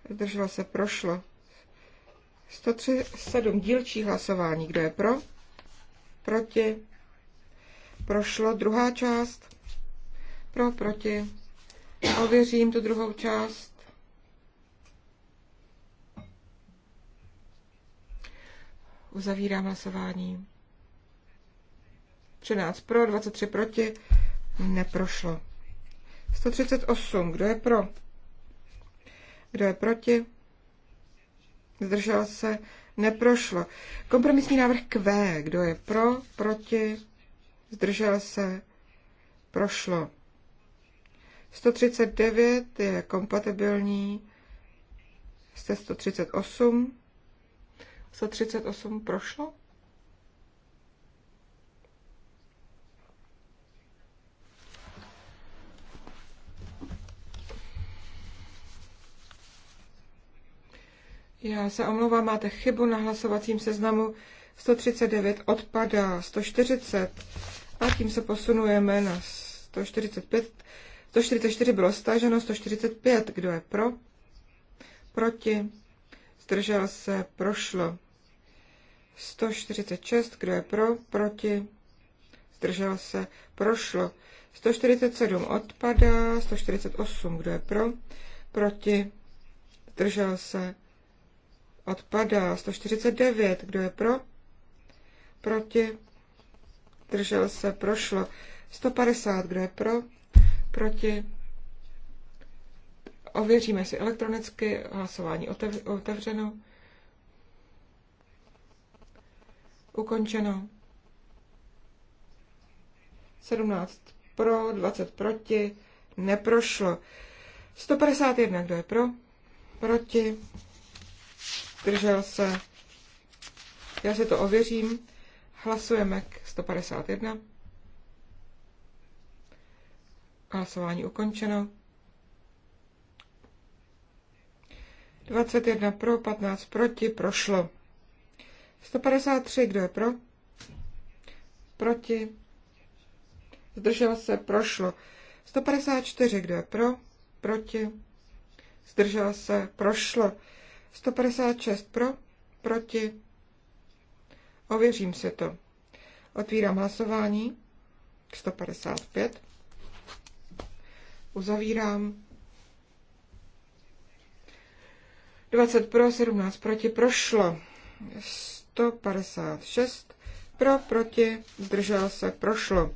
Zdrželo se, prošlo. 137. Dílčí hlasování. Kdo je pro? Proti? Prošlo. Druhá část. Pro, proti. Ověřím tu druhou část. Uzavírám hlasování. 13 pro, 23 proti. Neprošlo. 138. Kdo je pro? Kdo je proti? Zdržel se? Neprošlo. Kompromisní návrh Q. Kdo je pro? Proti? Zdržel se? Prošlo. 139 je kompatibilní se 138. 138 prošlo? Já se omlouvám, máte chybu na hlasovacím seznamu. 139 odpadá, 140 a tím se posunujeme na 145. 144 bylo staženo, 145, kdo je pro, proti, zdržel se, prošlo. 146, kdo je pro, proti, zdržel se, prošlo. 147 odpadá, 148, kdo je pro, proti, zdržel se, odpadá. 149, kdo je pro, proti, zdržel se, prošlo. 150, kdo je pro, proti. Ověříme si elektronicky, hlasování otevřeno, ukončeno. 17 pro, 20 proti, neprošlo. 151, kdo je pro? Proti. Držel se. Já si to ověřím. Hlasujeme k 151. Hlasování ukončeno. 21 pro, 15 proti, prošlo. 153, kdo je pro? Proti. Zdržel se, prošlo. 154, kdo je pro? Proti. Zdržel se, prošlo. 156 pro, proti. Ověřím se to. Otvírám hlasování. 155 uzavírám. 20 pro, 17 proti, prošlo. 156 pro, proti, zdržel se, prošlo.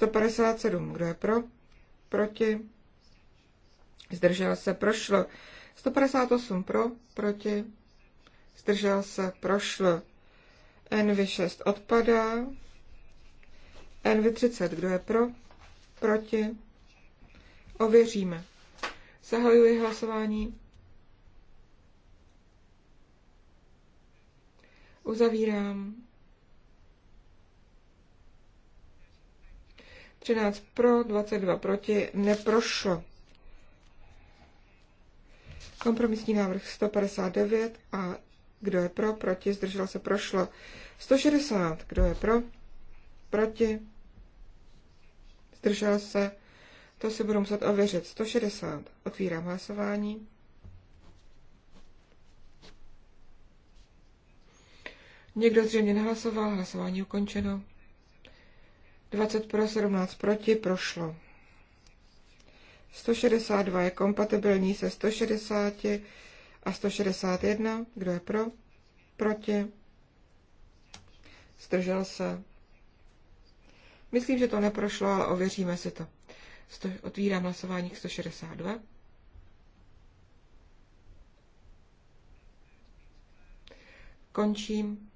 157, kdo je pro, proti, zdržel se, prošlo. 158 pro, proti, zdržel se, prošlo. NV6 odpadá. NV30, kdo je pro, proti, ověříme. Zahajuji hlasování. Uzavírám. 13 pro, 22 proti, neprošlo. Kompromisní návrh 159 a kdo je pro, proti, zdržel se, prošlo. 160, kdo je pro, proti, zdržel se, to si budu muset ověřit. 160. Otvírám hlasování. Někdo zřejmě nehlasoval, hlasování ukončeno. 20 pro, 17 proti, prošlo. 162 je kompatibilní se 160 a 161. Kdo je pro? Proti? Zdržel se. Myslím, že to neprošlo, ale ověříme si to sto, Otvírám hlasování k 162. Končím.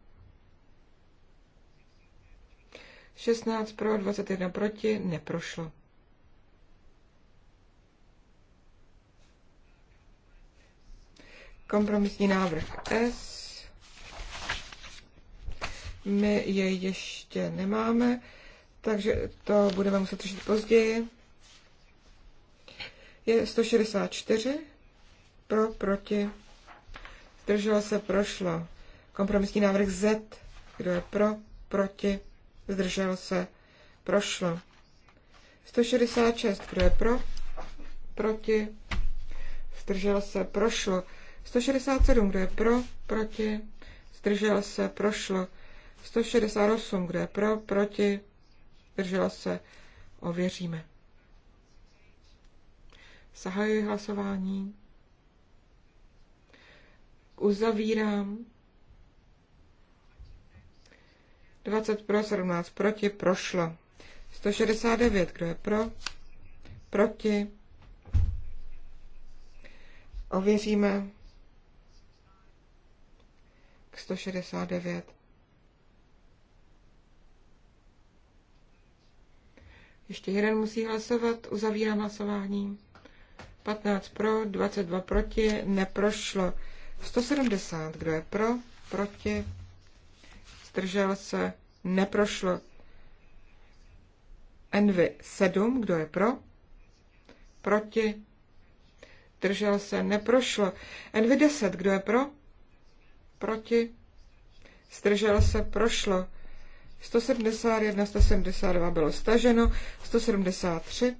16 pro, 21 proti, neprošlo. Kompromisní návrh S. My jej ještě nemáme, takže to budeme muset řešit později je 164 pro, proti, zdrželo se, prošlo. Kompromisní návrh Z, kdo je pro, proti, zdrželo se, prošlo. 166, kdo je pro, proti, zdrželo se, prošlo. 167, kdo je pro, proti, zdrželo se, prošlo. 168, kdo je pro, proti, zdrželo se, ověříme. Zahajuji hlasování. Uzavírám. 20 pro, 17 proti, prošlo. 169, kdo je pro? Proti. Ověříme. K 169. Ještě jeden musí hlasovat. Uzavírám hlasování. 15 pro, 22 proti, neprošlo. 170, kdo je pro, proti, zdržel se, neprošlo. NV 7, kdo je pro, proti, zdržel se, neprošlo. NV 10, kdo je pro, proti, zdržel se, prošlo. 171, 172 bylo staženo, 173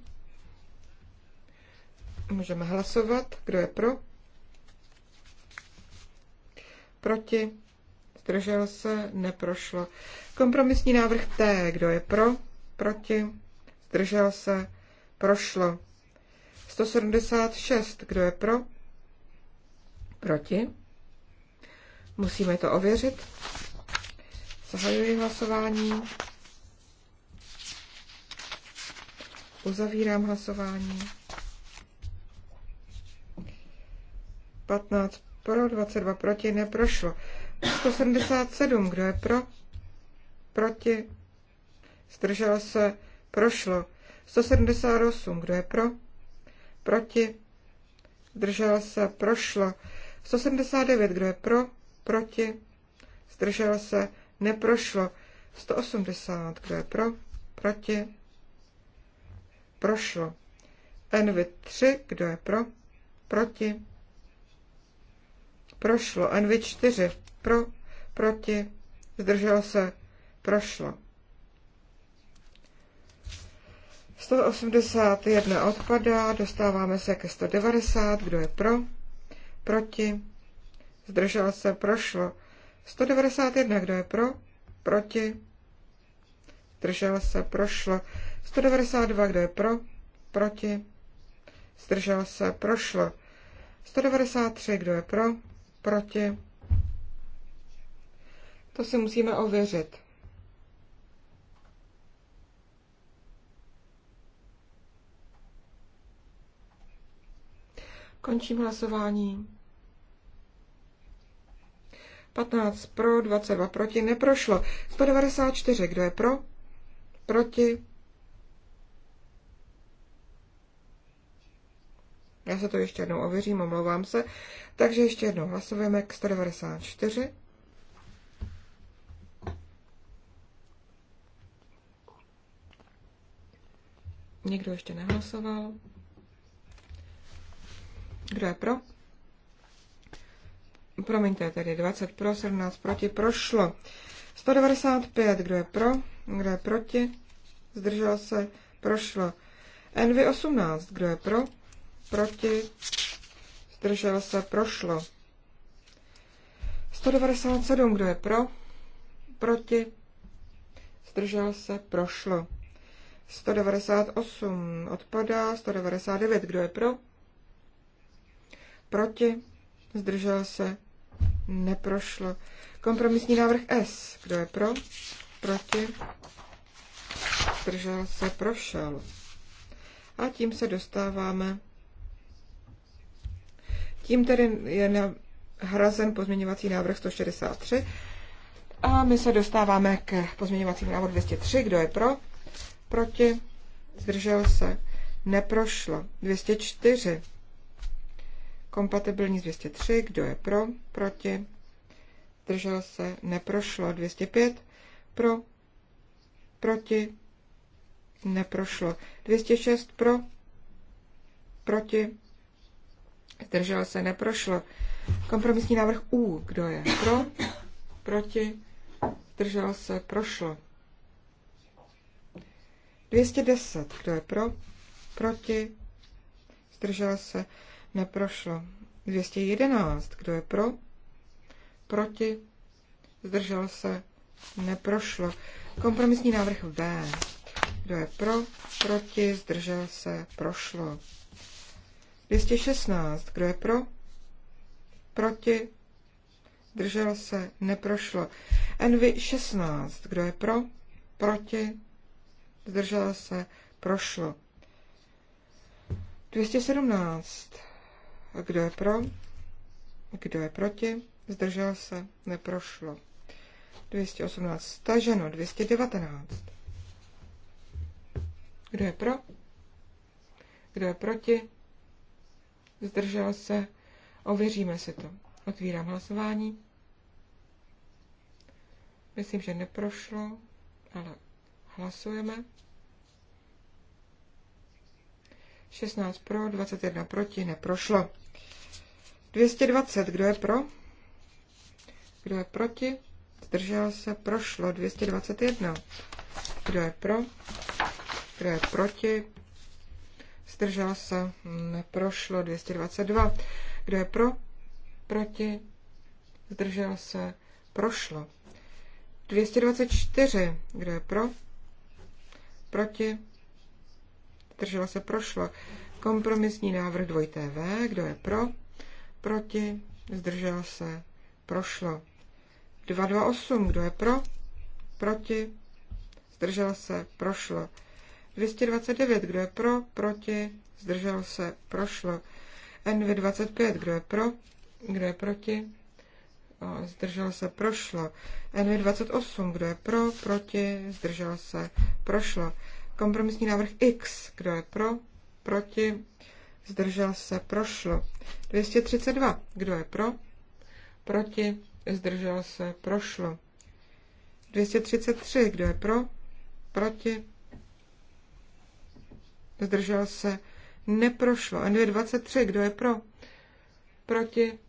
Můžeme hlasovat, kdo je pro. Proti. Zdržel se, neprošlo. Kompromisní návrh T, kdo je pro, proti, zdržel se, prošlo. 176, kdo je pro, proti. Musíme to ověřit. Zahajuji hlasování. Uzavírám hlasování. 15 pro, 22 proti, neprošlo. 177, kdo je pro, proti, zdržel se, prošlo. 178, kdo je pro, proti, zdržel se, prošlo. 179, kdo je pro, proti, zdržel se, neprošlo. 180, kdo je pro, proti, prošlo. NV3, kdo je pro, proti, prošlo. NV4 pro, proti, zdržel se, prošlo. 181 odpadá, dostáváme se ke 190, kdo je pro, proti, zdržel se, prošlo. 191, kdo je pro, proti, zdržel se, prošlo. 192, kdo je pro, proti, zdržel se, prošlo. 193, kdo je pro, proti. To si musíme ověřit. Končím hlasování. 15 pro, 22 proti, neprošlo. 194, kdo je pro? Proti? Já se to ještě jednou ověřím, omlouvám se. Takže ještě jednou hlasujeme k 194. Někdo ještě nehlasoval. Kdo je pro? Promiňte, tedy 20 pro, 17 proti, prošlo. 195, kdo je pro, kdo je proti, zdržel se, prošlo. NV18, kdo je pro, proti, zdržel se, prošlo. 197, kdo je pro, proti, zdržel se, prošlo. 198 odpadá, 199, kdo je pro, proti, zdržel se, neprošlo. Kompromisní návrh S, kdo je pro, proti, zdržel se, prošel. A tím se dostáváme tím tedy je nahrazen pozměňovací návrh 163. A my se dostáváme k pozměňovacímu návrhu 203. Kdo je pro? Proti? Zdržel se? Neprošlo. 204. Kompatibilní 203. Kdo je pro? Proti? Zdržel se? Neprošlo. 205. Pro? Proti? Neprošlo. 206. Pro? Proti? Zdržel se, neprošlo. Kompromisní návrh U. Kdo je pro? Proti? Zdržel se, prošlo. 210. Kdo je pro? Proti? Zdržel se, neprošlo. 211. Kdo je pro? Proti? Zdržel se, neprošlo. Kompromisní návrh V. Kdo je pro? Proti? Zdržel se, prošlo. 216. Kdo je pro? Proti? Držel se? Neprošlo. Envy 16. Kdo je pro? Proti? Zdržel se? Prošlo. 217. Kdo je pro? Kdo je proti? Zdržel se? Neprošlo. 218. Staženo. 219. Kdo je pro? Kdo je proti? zdržel se, ověříme si to. Otvírám hlasování. Myslím, že neprošlo, ale hlasujeme. 16 pro, 21 proti, neprošlo. 220, kdo je pro? Kdo je proti? Zdržel se, prošlo. 221. Kdo je pro? Kdo je proti? Zdržel se? Neprošlo. 222. Kdo je pro? Proti? Zdržel se? Prošlo. 224. Kdo je pro? Proti? zdržel se? Prošlo. Kompromisní návrh 2TV. Kdo je pro? Proti? Zdržel se? Prošlo. 228. Kdo je pro? Proti? Zdržel se? Prošlo. 229, kdo je pro, proti, zdržel se, prošlo. NV25, kdo je pro, kdo je proti, zdržel se, prošlo. NV28, kdo je pro, proti, zdržel se, prošlo. Kompromisní návrh X, kdo je pro, proti, zdržel se, prošlo. 232, kdo je pro, proti, zdržel se, prošlo. 233, kdo je pro, proti, zdržel se, neprošlo. n 23 kdo je pro? Proti,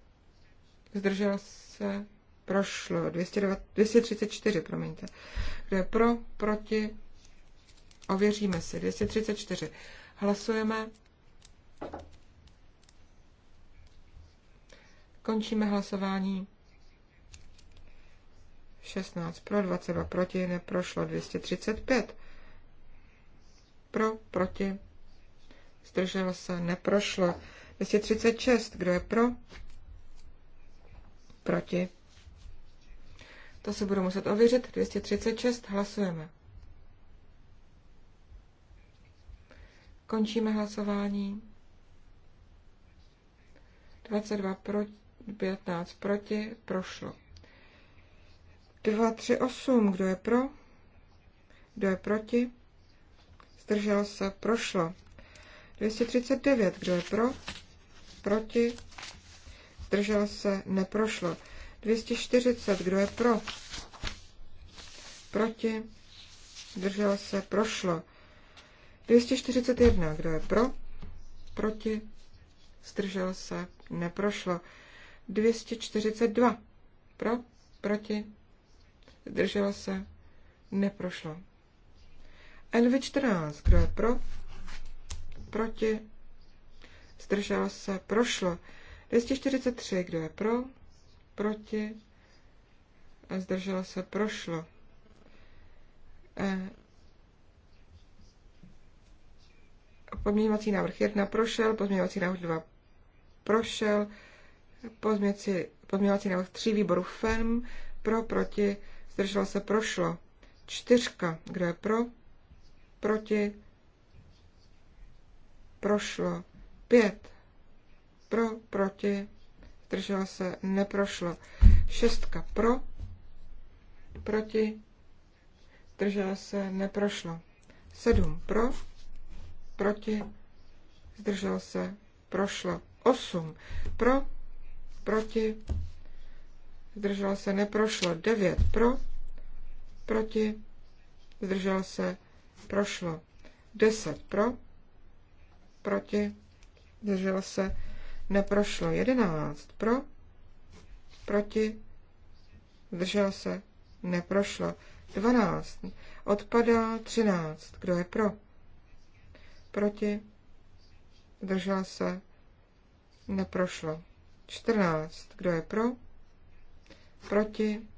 zdržel se, prošlo. 234, promiňte. Kdo je pro, proti, ověříme si. 234. Hlasujeme. Končíme hlasování. 16 pro, 22 proti, neprošlo 235 pro, proti, zdrželo se, neprošlo. 236, kdo je pro, proti, to se budu muset ověřit, 236, hlasujeme. Končíme hlasování. 22 pro, 15 proti, prošlo. 2, 3, 8, kdo je pro? Kdo je proti? zdržel se, prošlo. 239, kdo je pro, proti, zdržel se, neprošlo. 240, kdo je pro, proti, zdržel se, prošlo. 241, kdo je pro, proti, zdržel se, neprošlo. 242, pro, proti, zdržel se, neprošlo. NV14, kdo je pro? Proti? Zdržel se? Prošlo. 243, kdo je pro? Proti? Zdržel se? Prošlo. E, pozměňovací návrh 1 prošel, pozměňovací návrh 2 prošel, pozměňovací návrh 3 výboru FEM, pro, proti, zdrželo se, prošlo. Čtyřka, kdo je pro, proti, prošlo. Pět pro, proti, zdržel se, neprošlo. Šestka pro, proti, zdržel se, neprošlo. Sedm pro, proti, zdržel se, prošlo. Osm pro, proti, zdržel se, neprošlo. Devět pro, proti, zdržel se, prošlo. 10 pro, proti, zdrželo se, neprošlo. 11 pro, proti, zdrželo se, neprošlo. 12, odpadá 13, kdo je pro, proti, zdrželo se, neprošlo. 14, kdo je pro, proti,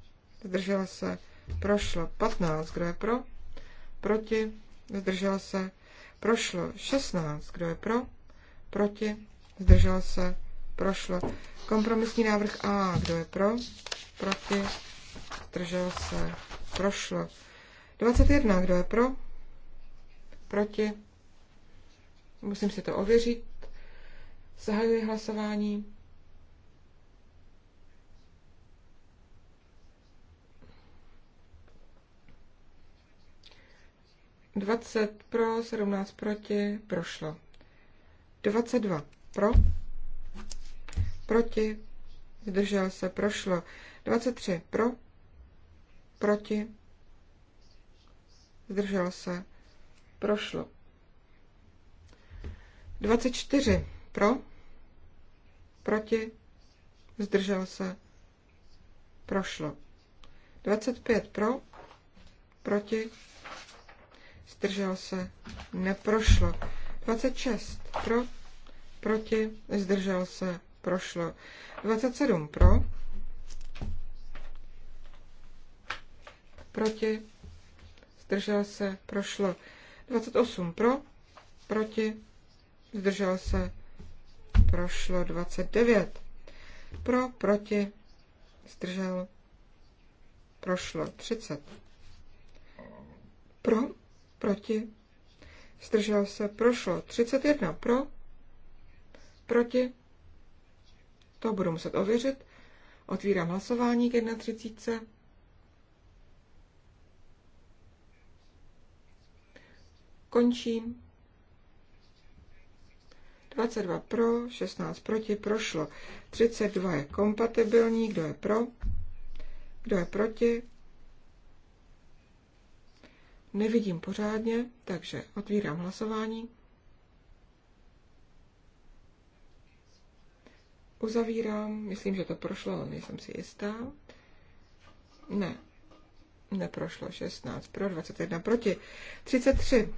zdrželo se, prošlo. 15, kdo je pro, proti, zdržel se, prošlo 16, kdo je pro, proti, zdržel se, prošlo. Kompromisní návrh A, kdo je pro, proti, zdržel se, prošlo. 21, kdo je pro, proti, musím si to ověřit, zahajuji hlasování. 20 pro, 17 proti, prošlo. 22 pro, proti, zdržel se, prošlo. 23 pro, proti, zdržel se, prošlo. 24 pro, proti, zdržel se, prošlo. 25 pro, proti, zdržel se, neprošlo. 26 pro, proti, zdržel se, prošlo. 27 pro, proti, zdržel se, prošlo. 28 pro, proti, zdržel se, prošlo. 29 pro, proti, zdržel, prošlo. 30 pro, proti, zdržel se, prošlo 31 pro, proti, to budu muset ověřit, otvírám hlasování k 31. Končím. 22 pro, 16 proti, prošlo. 32 je kompatibilní, kdo je pro, kdo je proti, nevidím pořádně, takže otvírám hlasování. Uzavírám, myslím, že to prošlo, ale nejsem si jistá. Ne, neprošlo, 16 pro, 21 proti, 33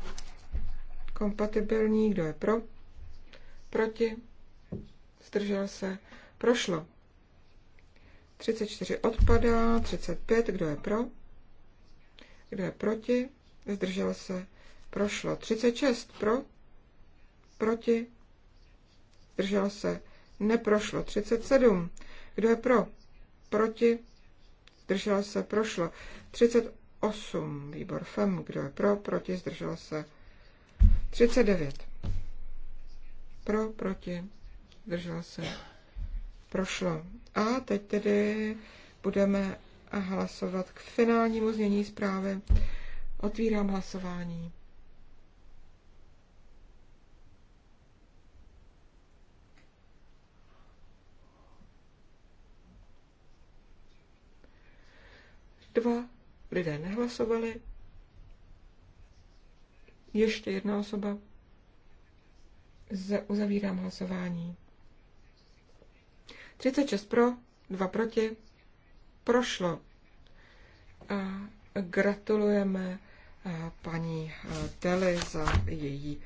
kompatibilní, kdo je pro, proti, zdržel se, prošlo. 34 odpadá, 35, kdo je pro, kdo je proti, zdržel se, prošlo. 36 pro, proti, zdržel se, neprošlo. 37, kdo je pro, proti, zdržel se, prošlo. 38, výbor FEM, kdo je pro, proti, zdržel se. 39, pro, proti, zdržel se, prošlo. A teď tedy budeme hlasovat k finálnímu znění zprávy Otvírám hlasování. Dva lidé nehlasovali. Ještě jedna osoba. Z- uzavírám hlasování. 36 pro, 2 proti. Prošlo. A gratulujeme paní tele e, za její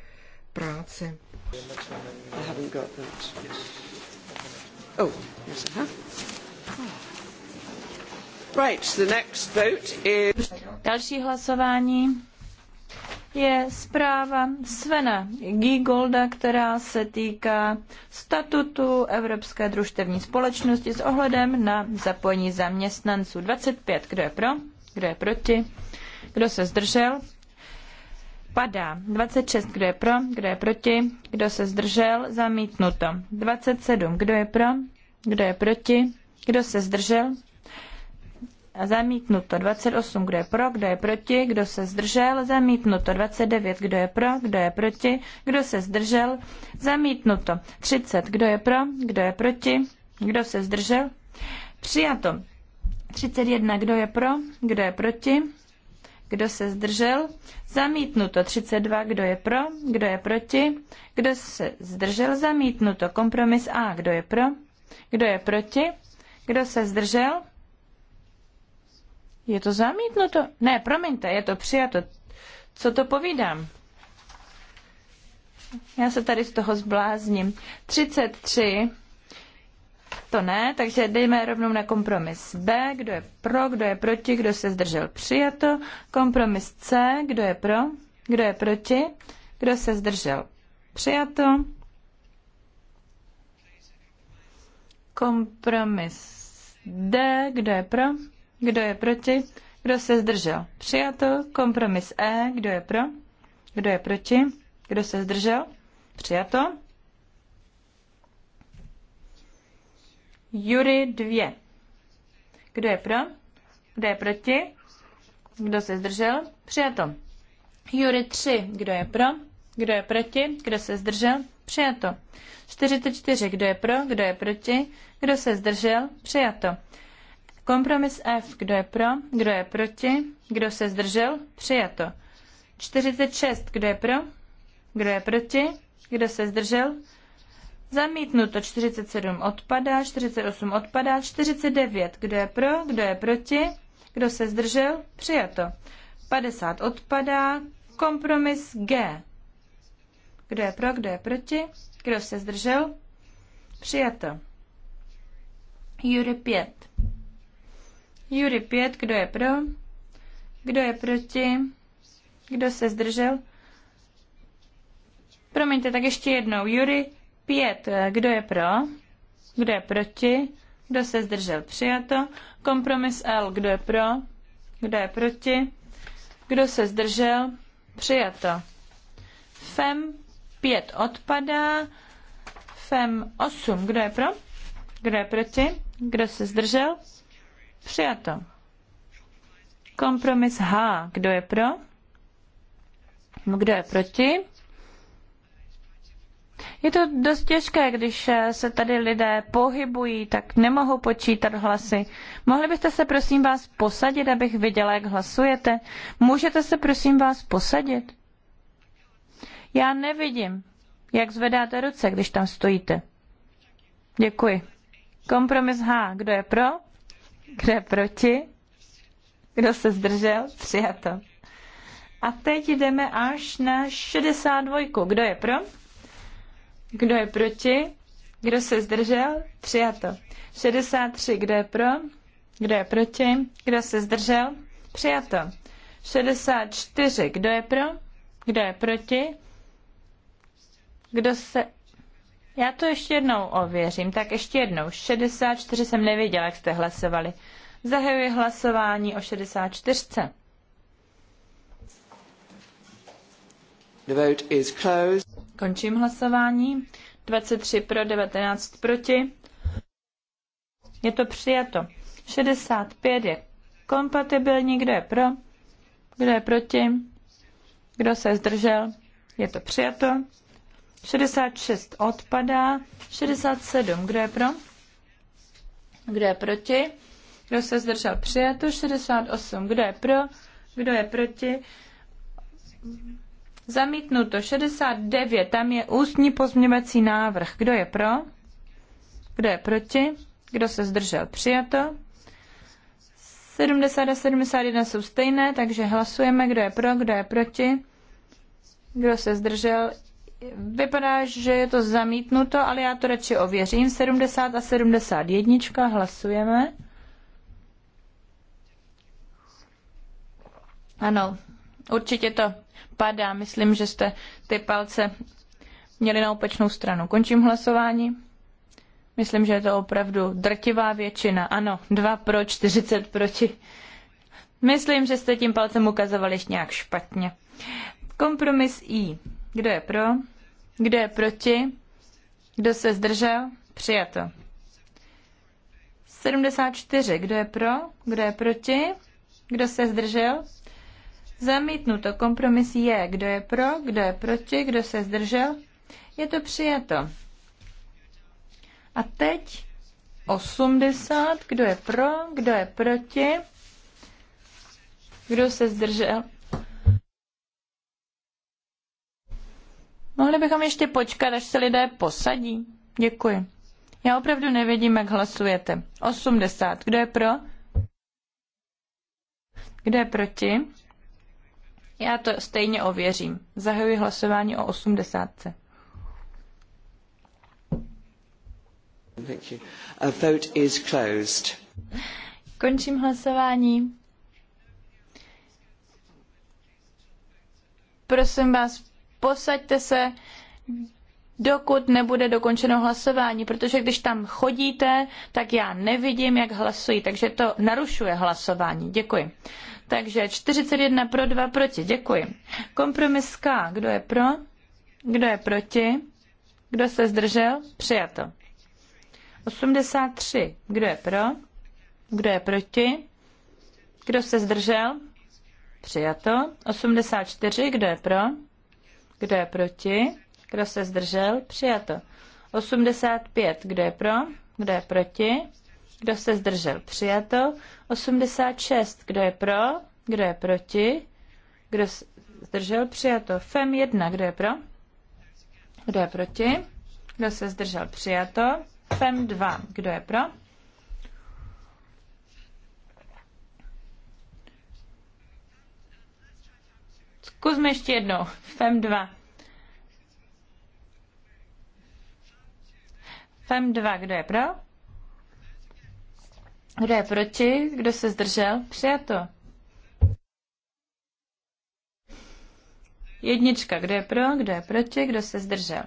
práci. Oh, oh, right, the next vote is... Další hlasování je zpráva Svena Gigolda, která se týká statutu Evropské družstevní společnosti s ohledem na zapojení zaměstnanců. 25. Kdo je pro? Kdo je proti? Kdo se zdržel? Padá. 26. Kdo je pro? Kdo je proti? Kdo se zdržel? Zamítnuto. 27. Kdo je pro? Kdo je proti? Kdo se zdržel? Zamítnuto 28, kdo je pro, kdo je proti, kdo se zdržel, zamítnuto 29, kdo je pro, kdo je proti, kdo se zdržel, zamítnuto 30, kdo je pro, kdo je proti, kdo se zdržel, přijato 31, kdo je pro, kdo je proti, kdo se zdržel? Zamítnuto 32. Kdo je pro? Kdo je proti? Kdo se zdržel? Zamítnuto. Kompromis A. Kdo je pro? Kdo je proti? Kdo se zdržel? Je to zamítnuto? Ne, promiňte, je to přijato. Co to povídám? Já se tady z toho zblázním. 33 to ne, takže dejme rovnou na kompromis B, kdo je pro, kdo je proti, kdo se zdržel přijato. Kompromis C, kdo je pro, kdo je proti, kdo se zdržel přijato. Kompromis D, kdo je pro, kdo je proti, kdo se zdržel přijato. Kompromis E, kdo je pro, kdo je proti, kdo se zdržel přijato. Jury 2. Kdo je pro? Kdo je proti? Kdo se zdržel? Přijato. Jury 3. Kdo je pro? Kdo je proti? Kdo se zdržel? Přijato. 44. Kdo je pro? Kdo je proti? Kdo se zdržel? Přijato. Kompromis F. Kdo je pro? Kdo je proti? Kdo se zdržel? Přijato. 46. Kdo je pro? Kdo je proti? Kdo se zdržel? Zamítnuto 47 odpadá, 48 odpadá, 49. Kdo je pro, kdo je proti, kdo se zdržel, přijato. 50 odpadá, kompromis G. Kdo je pro, kdo je proti, kdo se zdržel, přijato. Jury 5. Jury 5, kdo je pro, kdo je proti, kdo se zdržel, Promiňte, tak ještě jednou. Jury Pět. Eh, kdo je pro? Kdo je proti? Kdo se zdržel? Přijato. Kompromis L. Kdo je pro? Kdo je proti? Kdo se zdržel? Přijato. FEM 5 odpadá. FEM 8. Kdo je pro? Kdo je proti? Kdo se zdržel? Přijato. Kompromis H. Kdo je pro? Kdo je proti? Je to dost těžké, když eh, se tady lidé pohybují, tak nemohou počítat hlasy. Mohli byste se prosím vás posadit, abych viděla, jak hlasujete? Můžete se prosím vás posadit? Já nevidím, jak zvedáte ruce, když tam stojíte. Děkuji. Kompromis H. Kdo je pro? Kdo je proti? Kdo se zdržel? Přijato. A teď jdeme až na 62. Kdo je pro? Kdo je proti? Kdo se zdržel? Přijato. 63. Kdo je pro? Kdo je proti? Kdo se zdržel? Přijato. 64. Kdo je pro? Kdo je proti? Kdo se... Já to ještě jednou ověřím. Tak ještě jednou. 64 jsem nevěděla, jak jste hlasovali. Zahajuji hlasování o 64. The vote is closed. Končím hlasování. 23 pro, 19 proti. Je to přijato. 65 je kompatibilní. Kdo je pro? Kdo je proti? Kdo se zdržel? Je to přijato. 66 odpadá. 67. Kdo je pro? Kdo je proti? Kdo se zdržel? Přijato. 68. Kdo je pro? Kdo je proti? Zamítnuto 69, tam je ústní pozměňovací návrh. Kdo je pro? Kdo je proti? Kdo se zdržel? Přijato. 70 a 71 jsou stejné, takže hlasujeme, kdo je pro, kdo je proti, kdo se zdržel. Vypadá, že je to zamítnuto, ale já to radši ověřím. 70 a 71 hlasujeme. Ano, Určitě to padá. Myslím, že jste ty palce měli na opačnou stranu. Končím hlasování. Myslím, že je to opravdu drtivá většina. Ano, 2 pro, 40 proti. Myslím, že jste tím palcem ukazovali nějak špatně. Kompromis I. Kdo je pro? Kdo je proti? Kdo se zdržel? Přijato. 74. Kdo je pro? Kdo je proti? Kdo se zdržel? Zamítnuto. Kompromis je. Kdo je pro, kdo je proti, kdo se zdržel? Je to přijato. A teď 80. Kdo je pro, kdo je proti, kdo se zdržel? Mohli bychom ještě počkat, až se lidé posadí. Děkuji. Já opravdu nevidím, jak hlasujete. 80. Kdo je pro? Kdo je proti? Já to stejně ověřím. Zahajuji hlasování o 80. Thank you. A vote is closed. Končím hlasování. Prosím vás, posaďte se, dokud nebude dokončeno hlasování, protože když tam chodíte, tak já nevidím, jak hlasují, takže to narušuje hlasování. Děkuji. Takže 41 pro, 2 proti. Děkuji. Kompromis K. Kdo je pro? Kdo je proti? Kdo se zdržel? Přijato. 83. Kdo je pro? Kdo je proti? Kdo se zdržel? Přijato. 84. Kdo je pro? Kdo je proti? Kdo se zdržel? Přijato. 85. Kdo je pro? Kdo je proti? Kdo se zdržel? Přijato. 86. Kdo je pro? Kdo je proti? Kdo se zdržel? Přijato. FEM 1. Kdo je pro? Kdo je proti? Kdo se zdržel? Přijato. FEM 2. Kdo je pro? Zkusme ještě jednou. FEM 2. FEM 2. Kdo je pro? Kdo je proti? Kdo se zdržel? Přijato. Jednička, kdo je pro, kdo je proti, kdo se zdržel.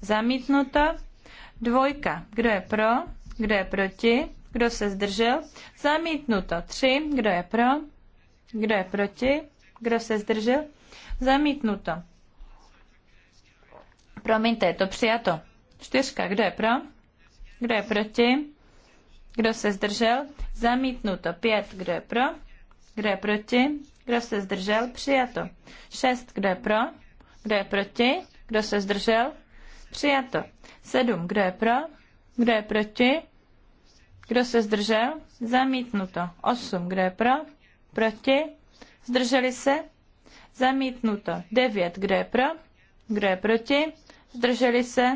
Zamítnuto. Dvojka, kdo je pro, kdo je proti, kdo se zdržel. Zamítnuto. Tři, kdo je pro, kdo je proti, kdo se zdržel. Zamítnuto. Promiňte, je to přijato. Čtyřka, kdo je pro, kdo je proti, kdo se zdržel? Zamítnuto. Pět. Kdo je pro? Kdo je proti? Kdo se zdržel? Přijato. Šest. Kdo je pro? Kdo je proti? Kdo se zdržel? Přijato. Sedm. Kdo je pro? Kdo je proti? Kdo se zdržel? Zamítnuto. Osm. Kdo je pro? Proti? Zdrželi se? Zamítnuto. Devět. Kdo je pro? Kdo je proti? Zdrželi se?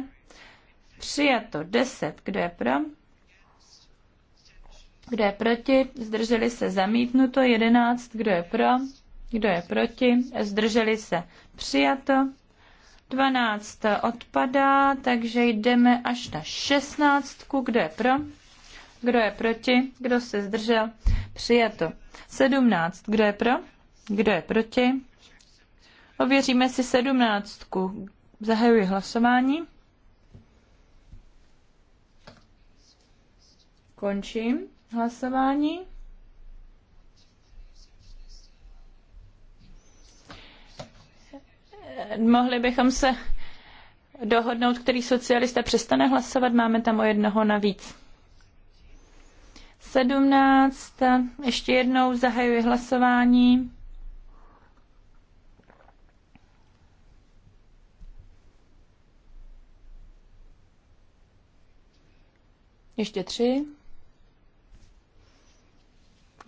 Přijato. Deset. Kdo je pro? Kdo je proti? Zdrželi se zamítnuto. 11. Kdo je pro? Kdo je proti? Zdrželi se přijato. 12 odpadá, takže jdeme až na 16. Kdo je pro? Kdo je proti? Kdo se zdržel? Přijato. 17. Kdo je pro? Kdo je proti? Ověříme si sedmnáctku. Zahajuji hlasování. Končím hlasování. Mohli bychom se dohodnout, který socialista přestane hlasovat, máme tam o jednoho navíc. 17. Ještě jednou zahajuji hlasování. Ještě tři.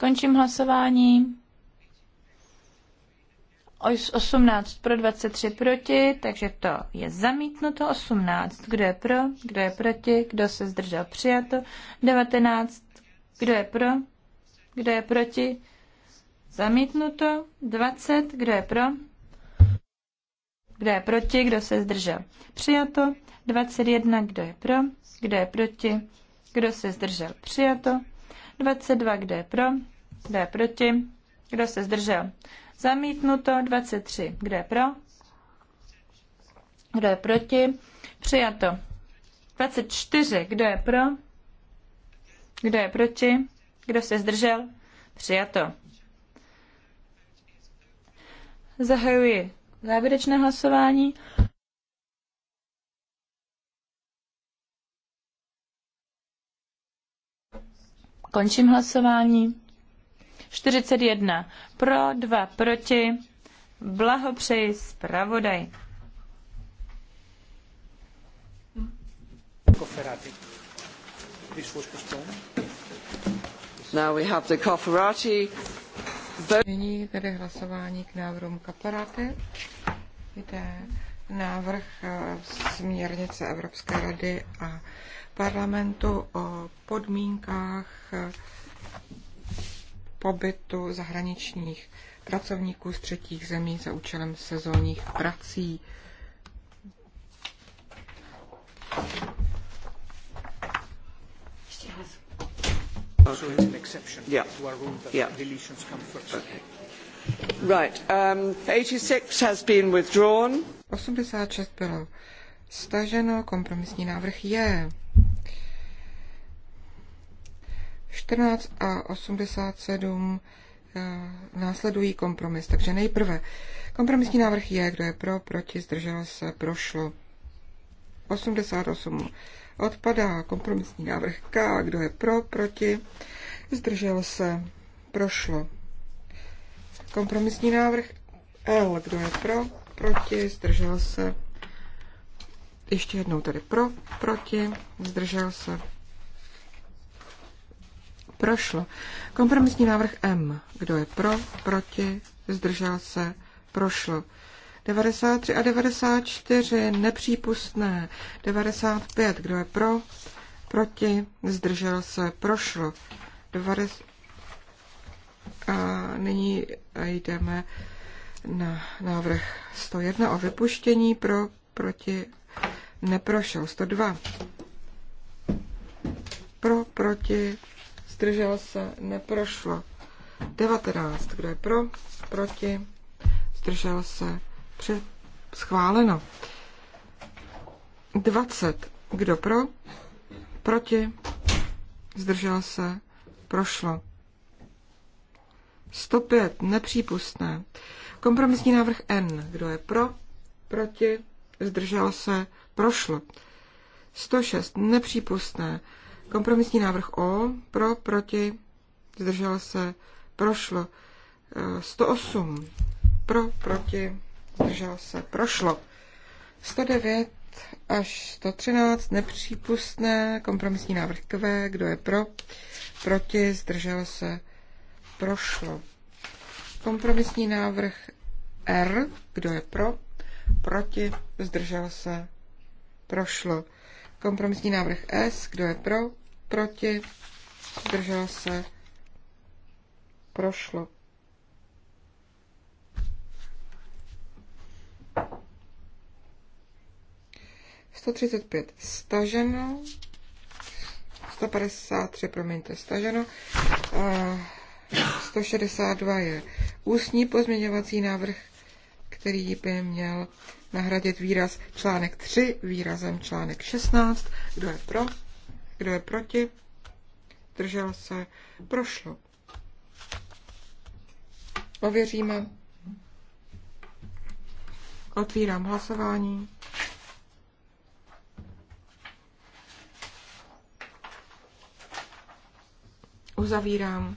Končím hlasování. 18 pro 23 proti, takže to je zamítnuto. 18, kdo je pro, kdo je proti, kdo se zdržel přijato. 19, kdo je pro, kdo je proti, zamítnuto. 20, kdo je pro, kdo je proti, kdo se zdržel přijato. 21, kdo je pro, kdo je proti, kdo se zdržel přijato. 22, kde je pro, kde je proti, kdo se zdržel. Zamítnuto 23, kde je pro, kdo je proti, přijato 24, kdo je pro, kdo je proti, kdo se zdržel, přijato. Zahajuji závěrečné hlasování. Končím hlasování. 41 pro, 2 proti. Blahopřeji zpravodaj. Now we have the Cofferati. Nyní tedy hlasování k návrhům Kaparáty. Jde návrh eh, směrnice Evropské rady a parlamentu o podmínkách eh, pobytu zahraničních pracovníků z třetích zemí za účelem sezónních prací. to yeah. Right. Um, 86 has been withdrawn. 86 bylo staženo, kompromisní návrh je. 14 a 87 eh, následují kompromis. Takže nejprve kompromisní návrh je, kdo je pro, proti, zdržel se, prošlo. 88 odpadá kompromisní návrh K, kdo je pro, proti, zdržel se, prošlo. Kompromisní návrh L, kdo je pro, proti, zdržel se, ještě jednou tedy pro, proti, zdržel se, prošlo. Kompromisní návrh M. Kdo je pro, proti, zdržel se, prošlo. 93 a 94 nepřípustné. 95, kdo je pro, proti, zdržel se, prošlo. 20... A nyní jdeme na návrh 101 o vypuštění pro, proti, neprošel. 102 pro, proti, zdržel se, neprošlo. 19, kdo je pro, proti, zdržel se, pře- schváleno. 20, kdo pro, proti, zdržel se, prošlo. 105, nepřípustné. Kompromisní návrh N, kdo je pro, proti, zdržel se, prošlo. 106, nepřípustné. Kompromisní návrh O, pro, proti, zdržel se, prošlo. 108, e, pro, proti, zdržel se, prošlo. 109 až 113, nepřípustné, kompromisní návrh Q, kdo je pro, proti, zdržel se, prošlo. Kompromisní návrh R, kdo je pro, proti, zdržel se, prošlo. Kompromisní návrh S, kdo je pro, proti, zdržel se, prošlo. Sto třicet pět staženo, 153, promiňte, staženo. 162 eh, je ústní pozměňovací návrh který by měl nahradit výraz článek 3 výrazem článek 16. Kdo je pro? Kdo je proti? Držel se? Prošlo. Ověříme. Otvírám hlasování. Uzavírám.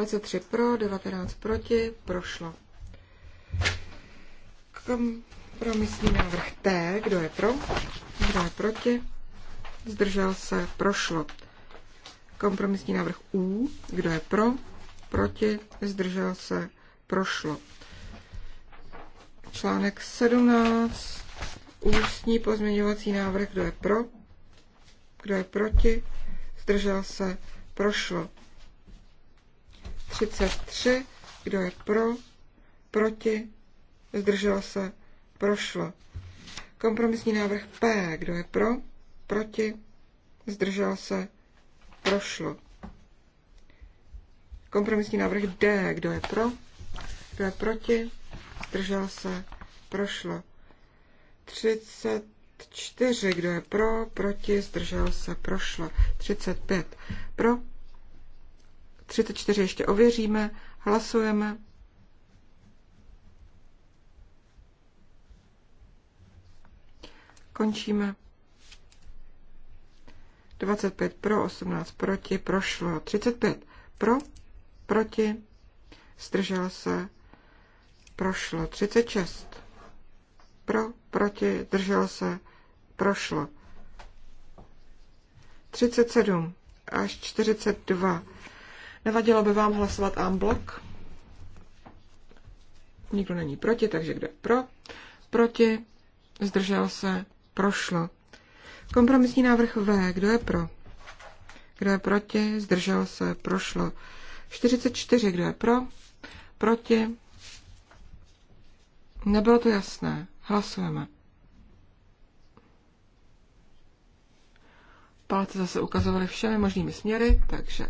23 pro, 19 proti, prošlo. Kompromisní návrh T, kdo je pro, kdo je proti, zdržel se, prošlo. Kompromisní návrh U, kdo je pro, proti, zdržel se, prošlo. Článek 17, ústní pozměňovací návrh, kdo je pro, kdo je proti, zdržel se, prošlo. 33, kdo je pro, proti, zdržel se, prošlo. Kompromisní návrh P, kdo je pro, proti, zdržel se, prošlo. Kompromisní návrh D, kdo je pro, kdo je proti, zdržel se, prošlo. 34, kdo je pro, proti, zdržel se, prošlo. 35, pro, 34 ještě ověříme, hlasujeme. Končíme. 25 pro, 18 proti, prošlo. 35 pro, proti, zdržel se, prošlo. 36 pro, proti, zdržel se, prošlo. 37 až 42 Nevadilo by vám hlasovat en Nikdo není proti, takže kde pro? Proti, zdržel se, prošlo. Kompromisní návrh V, kdo je pro? Kdo je proti? Zdržel se, prošlo. 44, kdo je pro? Proti? Nebylo to jasné. Hlasujeme. Palce zase ukazovaly všemi možnými směry, takže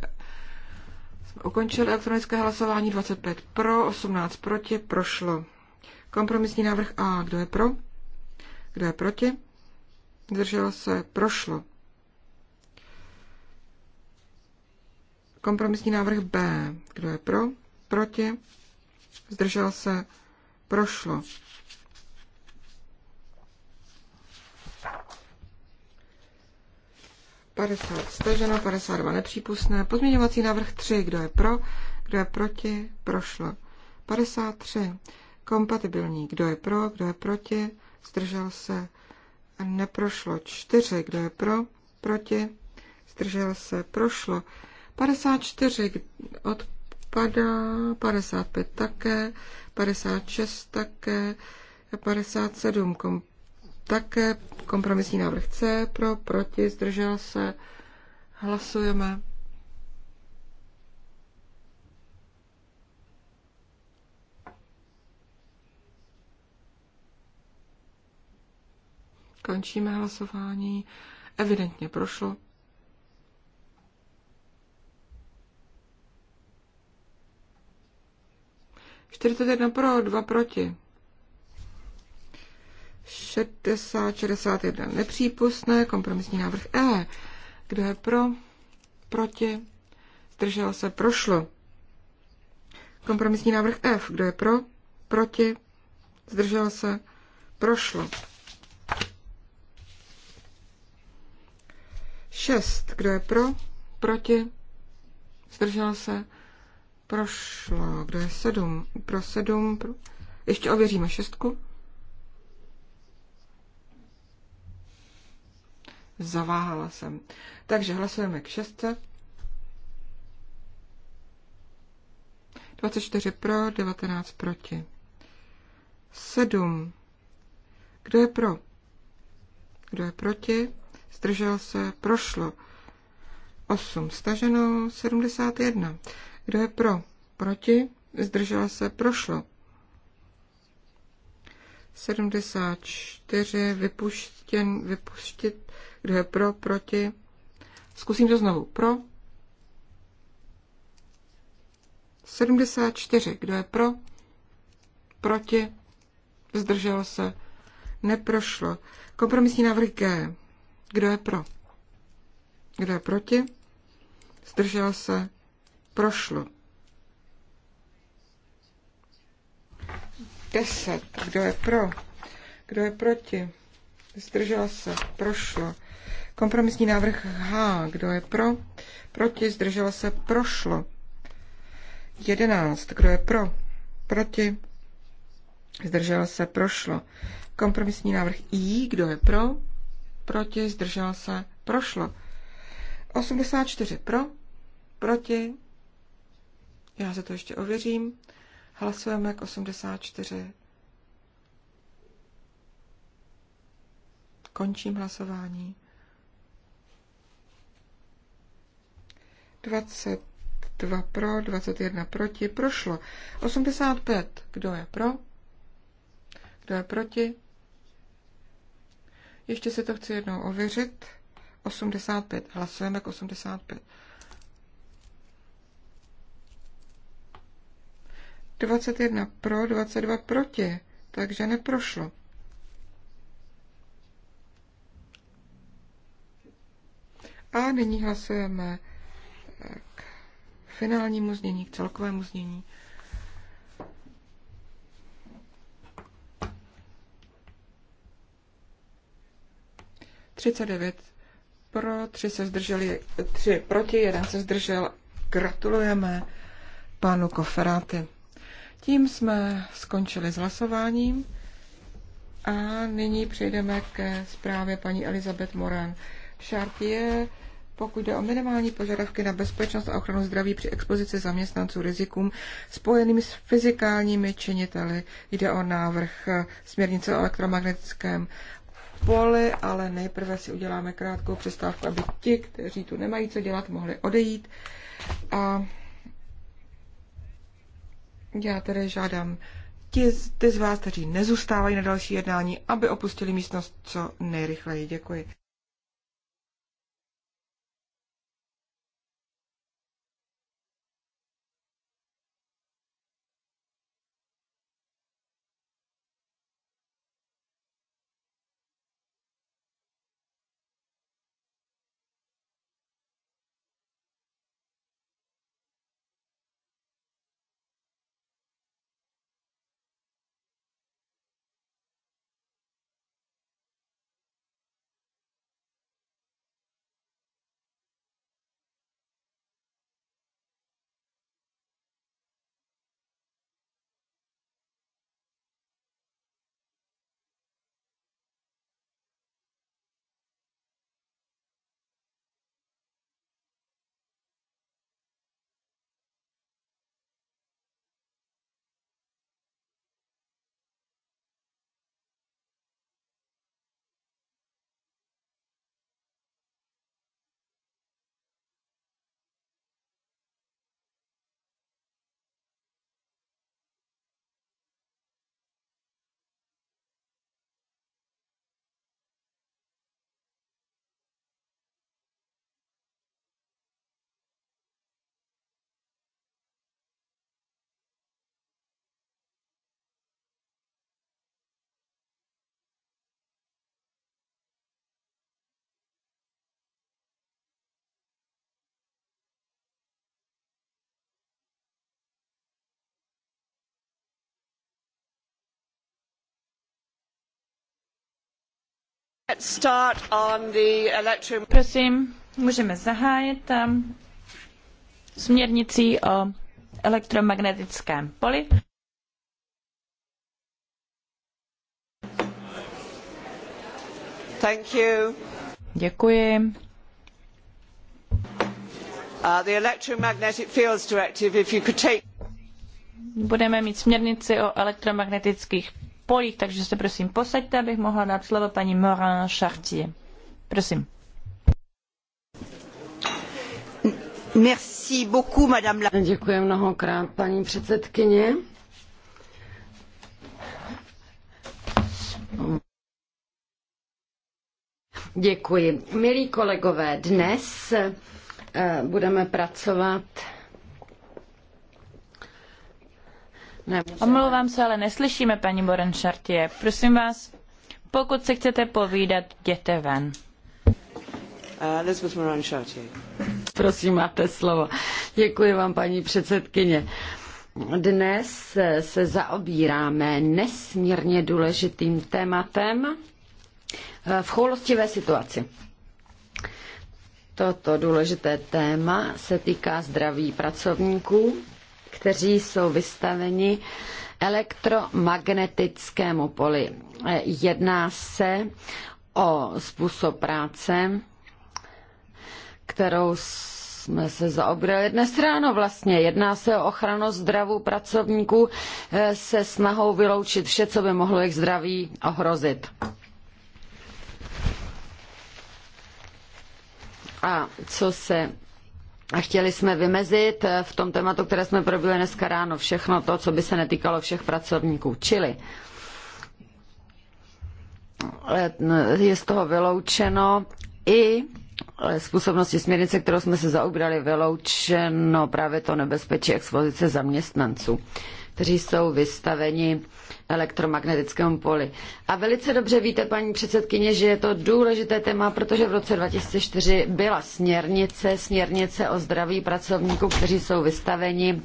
Ukončil elektronické hlasování 25 pro, 18 proti, prošlo. Kompromisní návrh A. Kdo je pro? Kdo je proti? Zdržel se, prošlo. Kompromisní návrh B. Kdo je pro? Proti? Zdržel se, prošlo. 50 staženo, 52 nepřípustné. Pozměňovací návrh 3, kdo je pro, kdo je proti, prošlo. 53 kompatibilní, kdo je pro, kdo je proti, zdržel se, neprošlo. 4, kdo je pro, proti, zdržel se, prošlo. 54 odpadá, 55 také, 56 také, 57 kom, také kompromisní návrh C pro, proti, zdržel se. Hlasujeme. Končíme hlasování. Evidentně prošlo. Čtyřicet jedna pro, dva proti. 60, 61 nepřípustné, kompromisní návrh E. Kdo je pro? Proti? Zdržel se? Prošlo. Kompromisní návrh F. Kdo je pro? Proti? Zdržel se? Prošlo. 6. Kdo je pro? Proti? Zdržel se? Prošlo. Kdo je 7? Pro 7? Pro... Ještě ověříme šestku. Zaváhala jsem. Takže hlasujeme k šestce. 24 pro, 19 proti. 7. Kdo je pro? Kdo je proti? Zdržel se, prošlo. 8 staženo, 71. Kdo je pro? Proti? Zdržel se, prošlo. 74 vypuštěn, vypuštit, kdo je pro, proti? Zkusím to znovu. Pro. 74. Kdo je pro? Proti? Zdrželo se? Neprošlo. Kompromisní návrh G. Kdo je pro? Kdo je proti? Zdrželo se? Prošlo. 10. Kdo je pro? Kdo je proti? Zdrželo se. Prošlo. Kompromisní návrh H. Kdo je pro? Proti? Zdrželo se? Prošlo. 11. Kdo je pro? Proti? Zdrželo se? Prošlo. Kompromisní návrh I. Kdo je pro? Proti? Zdrželo se? Prošlo. 84 pro, proti. Já se to ještě ověřím. Hlasujeme k 84. Končím hlasování. 22 pro, 21 proti, prošlo. 85, kdo je pro? Kdo je proti? Ještě se to chci jednou ověřit. 85, hlasujeme k 85. 21 pro, 22 proti, takže neprošlo. A nyní hlasujeme finálnímu znění, k celkovému znění. Třicet devět pro, tři se zdrželi, tři proti, jeden se zdržel. Gratulujeme panu Koferáty. Tím jsme skončili s hlasováním a nyní přejdeme ke zprávě paní Elizabeth Moran. Chartier pokud jde o minimální požadavky na bezpečnost a ochranu zdraví při expozici zaměstnanců rizikům spojeným s fyzikálními činiteli. Jde o návrh eh, směrnice o elektromagnetickém poli, ale nejprve si uděláme krátkou přestávku, aby ti, kteří tu nemají co dělat, mohli odejít. A já tedy žádám ti, ty z vás, kteří nezůstávají na další jednání, aby opustili místnost co nejrychleji. Děkuji. Prosím, můžeme zahájit um, směrnicí o elektromagnetickém poli. Thank you. Děkuji. Uh, the electromagnetic fields directive, if you could take... Budeme mít směrnici o elektromagnetických polích, takže se prosím posaďte, abych mohla dát slovo paní Morin Chartier. Prosím. Merci beaucoup, madame la... Děkuji mnohokrát, paní předsedkyně. Děkuji. Milí kolegové, dnes eh, budeme pracovat Omlouvám se, ale neslyšíme, paní Boren Chartier. Prosím vás, pokud se chcete povídat, jděte ven. Elizabeth Prosím, máte slovo. Děkuji vám, paní předsedkyně. Dnes se zaobíráme nesmírně důležitým tématem eh, v choulostivé situaci. Toto důležité téma se týká zdraví pracovníků, kteří jsou vystaveni elektromagnetickému poli. Jedná se o způsob práce, kterou jsme se zaobrali dnes ráno vlastně. Jedná se o ochranu zdravu pracovníků eh, se snahou vyloučit vše, co by mohlo jejich zdraví ohrozit. A co se a chtěli jsme vymezit eh, v tom tématu, které jsme probili dneska ráno, všechno to, co by se netýkalo všech pracovníků. Čili eh, je z toho vyloučeno i eh, z působnosti směrnice, kterou jsme se zaobrali, vyloučeno právě to nebezpečí expozice zaměstnanců kteří jsou vystaveni elektromagnetickému poli. A velice dobře víte, paní předsedkyně, že je to důležité téma, protože v roce 2004 byla směrnice, směrnice o zdraví pracovníků, kteří jsou vystaveni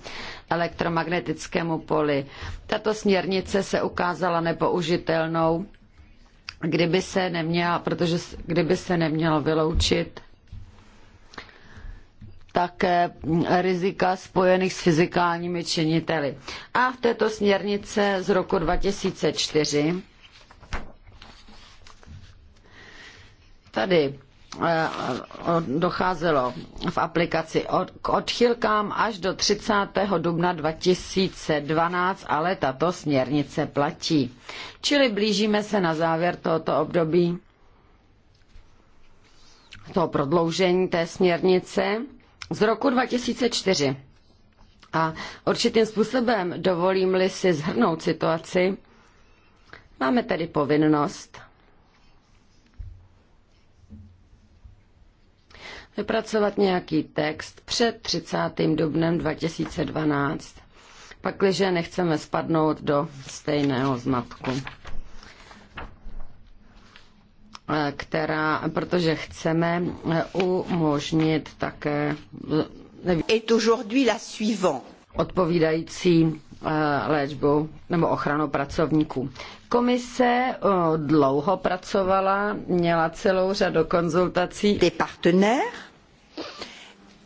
elektromagnetickému poli. Tato směrnice se ukázala nepoužitelnou, kdyby se neměla, protože kdyby se nemělo vyloučit také rizika spojených s fyzikálními činiteli. A v této směrnice z roku 2004 tady eh, docházelo v aplikaci k odchylkám až do 30. dubna 2012, ale tato směrnice platí. Čili blížíme se na závěr tohoto období, toho prodloužení té směrnice z roku 2004. A určitým způsobem, dovolím-li si zhrnout situaci, máme tedy povinnost vypracovat nějaký text před 30. dubnem 2012, pakliže nechceme spadnout do stejného zmatku která, protože chceme umožnit také odpovídající eh, léčbu nebo ochranu pracovníků. Komise eh, dlouho pracovala, měla celou řadu konzultací. Des partenaires.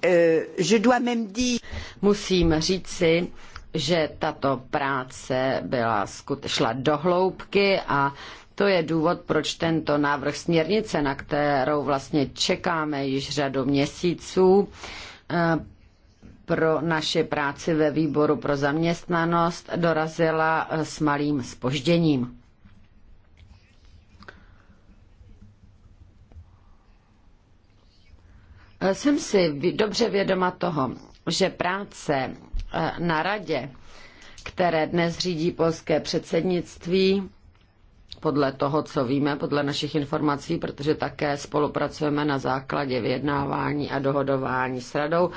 Euh, je dois même dire... Musím říci, že tato práce byla skut- šla do hloubky a to je důvod, proč tento návrh směrnice, na kterou vlastně čekáme již řadu měsíců, eh, pro naše práci ve výboru pro zaměstnanost dorazila eh, s malým spožděním. Eh, jsem si dobře vědoma toho, že práce na radě, které dnes řídí polské předsednictví, podle toho, co víme, podle našich informací, protože také spolupracujeme na základě vyjednávání a dohodování s radou,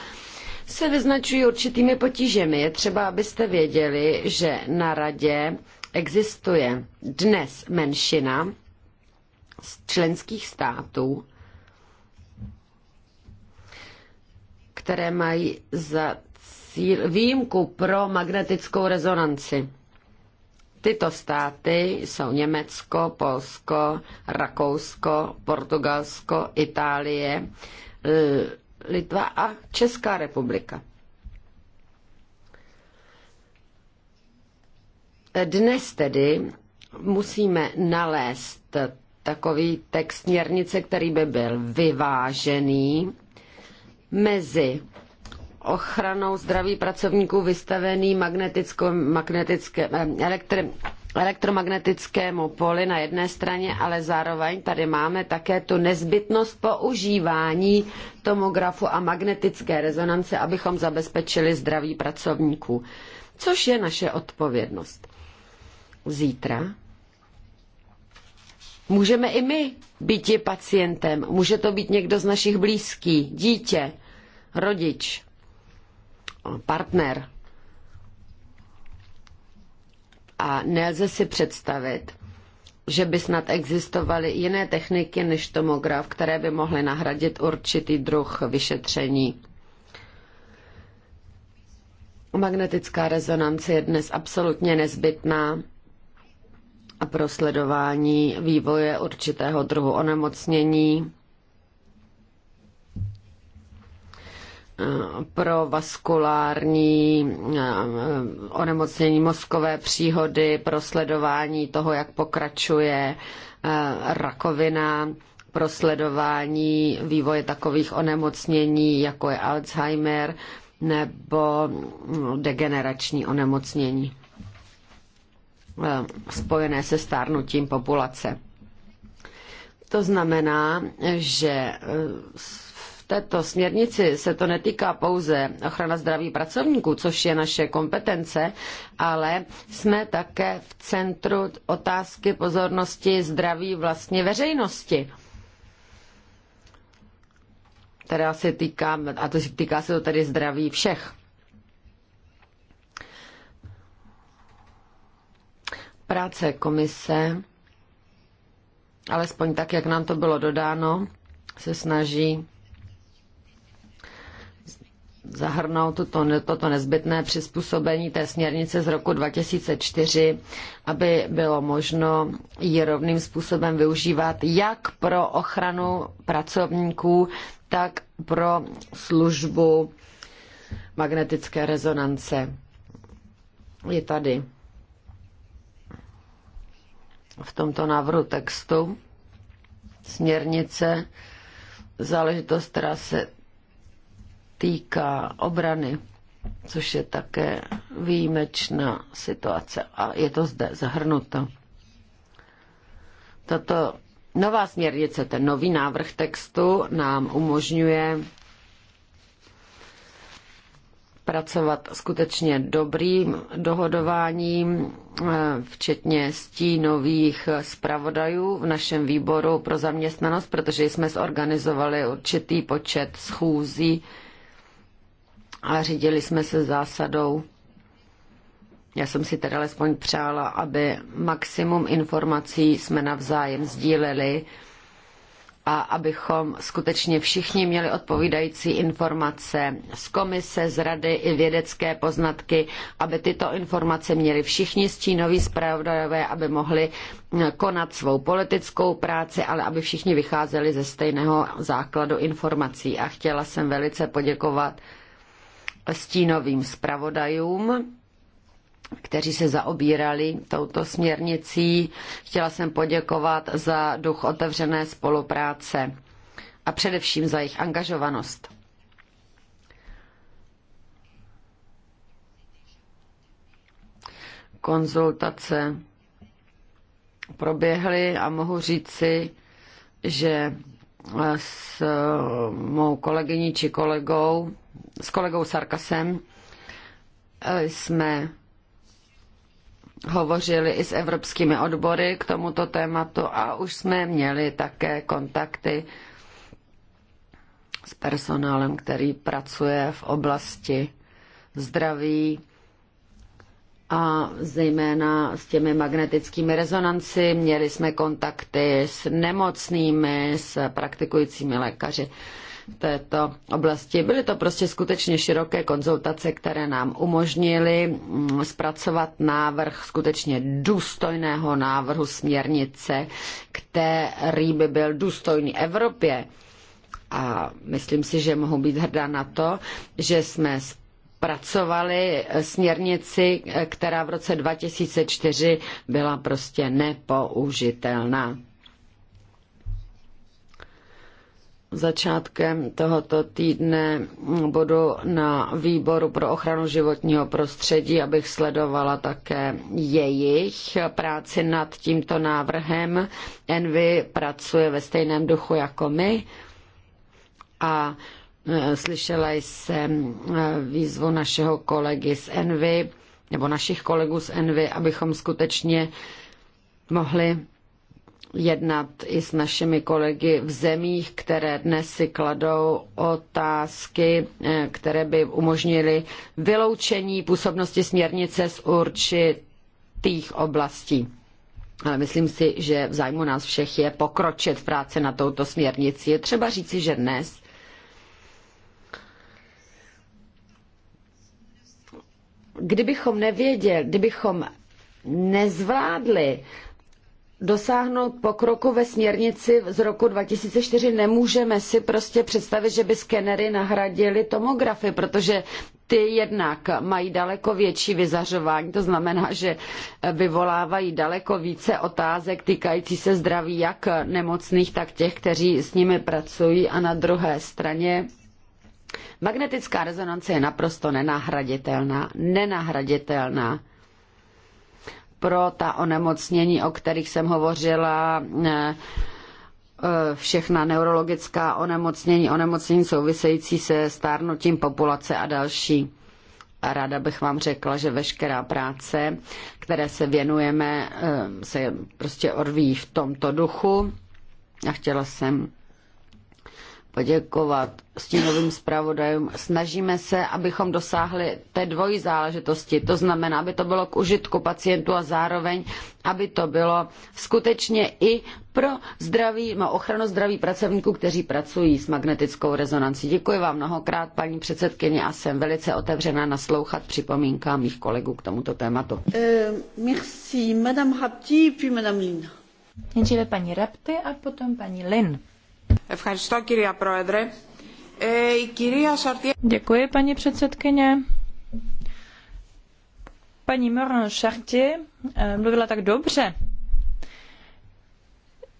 se vyznačují určitými potížemi. Je třeba, abyste věděli, že na radě existuje dnes menšina z členských států, které mají za cíl výjimku pro magnetickou rezonanci. Tyto státy jsou Německo, Polsko, Rakousko, Portugalsko, Itálie, eh, Litva a Česká republika. Dnes tedy musíme nalézt takový text směrnice, který by byl vyvážený mezi ochranou zdraví pracovníků vystavený magnetické, eh, elektri, elektromagnetickému poli na jedné straně, ale zároveň tady máme také tu nezbytnost používání tomografu a magnetické rezonance, abychom zabezpečili zdraví pracovníků, což je naše odpovědnost. Zítra můžeme i my být pacientem, může to být někdo z našich blízkých, dítě, rodič, partner. A nelze si představit, že by snad existovaly jiné techniky než tomograf, které by mohly nahradit určitý druh vyšetření. Magnetická rezonance je dnes absolutně nezbytná pro sledování vývoje určitého druhu onemocnění pro vaskulární eh, onemocnění mozkové příhody, pro sledování toho, jak pokračuje eh, rakovina, pro sledování vývoje takových onemocnění, jako je Alzheimer nebo mm, degenerační onemocnění eh, spojené se stárnutím populace. To znamená, že této směrnici se to netýká pouze ochrana zdraví pracovníků, což je naše kompetence, ale jsme také v centru otázky pozornosti zdraví vlastně veřejnosti která se týká, a to týká se to tedy zdraví všech. Práce komise, alespoň tak, jak nám to bylo dodáno, se snaží zahrnout toto, toto nezbytné přizpůsobení té směrnice z roku 2004, aby bylo možno ji rovným způsobem využívat jak pro ochranu pracovníků, tak pro službu magnetické rezonance. Je tady v tomto návrhu textu směrnice záležitost, která se týká obrany, což je také výjimečná situace a je to zde zahrnuto. Tato nová směrnice, ten nový návrh textu nám umožňuje pracovat skutečně dobrým dohodováním, eh, včetně stínových zpravodajů v našem výboru pro zaměstnanost, protože jsme zorganizovali určitý počet schůzí a řídili jsme se zásadou. Já jsem si teda alespoň přála, aby maximum informací jsme navzájem sdíleli a abychom skutečně všichni měli odpovídající informace z komise, z rady i vědecké poznatky, aby tyto informace měli všichni stínoví zpravodajové, aby mohli konat svou politickou práci, ale aby všichni vycházeli ze stejného základu informací. A chtěla jsem velice poděkovat stínovým zpravodajům kteří se zaobírali touto směrnicí. Chtěla jsem poděkovat za duch otevřené spolupráce a především za jejich angažovanost. Konzultace proběhly a mohu říci, že s mou kolegyní či kolegou s kolegou Sarkasem eh, jsme hovořili i s evropskými odbory k tomuto tématu a už jsme měli také kontakty s personálem, který pracuje v oblasti zdraví a zejména s těmi magnetickými rezonanci. Měli jsme kontakty s nemocnými, s praktikujícími lékaři v této oblasti. Byly to prostě skutečně široké konzultace, které nám umožnily mm, zpracovat návrh skutečně důstojného návrhu směrnice, který by byl důstojný Evropě. A myslím si, že mohu být hrdá na to, že jsme pracovali směrnici, která v roce 2004 byla prostě nepoužitelná. začátkem tohoto týdne budu na výboru pro ochranu životního prostředí, abych sledovala také jejich práci nad tímto návrhem. Envy pracuje ve stejném duchu jako my a e, slyšela jsem e, výzvu našeho kolegy z Envy, nebo našich kolegů z Envy, abychom skutečně mohli jednat i s našimi kolegy v zemích, které dnes si kladou otázky, eh, které by umožnily vyloučení působnosti směrnice z určitých oblastí. Ale myslím si, že v zájmu nás všech je pokročit v práci na touto směrnici. Je třeba říci, že dnes kdybychom nevěděli, kdybychom nezvládli dosáhnout pokroku ve směrnici z roku 2004. Nemůžeme si prostě představit, že by skenery nahradily tomografy, protože ty jednak mají daleko větší vyzařování, to znamená, že vyvolávají daleko více otázek týkající se zdraví jak nemocných, tak těch, kteří s nimi pracují. A na druhé straně magnetická rezonance je naprosto nenahraditelná. Nenahraditelná pro ta onemocnění, o kterých jsem hovořila, eh, eh, všechna neurologická onemocnění, onemocnění související se stárnutím populace a další. A ráda bych vám řekla, že veškerá práce, které se věnujeme, eh, se prostě orví v tomto duchu. A chtěla jsem poděkovat stínovým zpravodajům. Snažíme se, abychom dosáhli té dvojí záležitosti. To znamená, aby to bylo k užitku pacientů a zároveň, aby to bylo skutečně i pro zdraví, no, ochranu zdraví pracovníků, kteří pracují s magnetickou rezonancí. Děkuji vám mnohokrát, paní předsedkyně, a jsem velice otevřená naslouchat připomínkám mých kolegů k tomuto tématu. Uh, merci, madame Rapti, puis madame Lin. Nejdříve paní Rapti a potom paní Lin. Děkuji, paní předsedkyně. Paní Morin Chartier eh, mluvila tak dobře,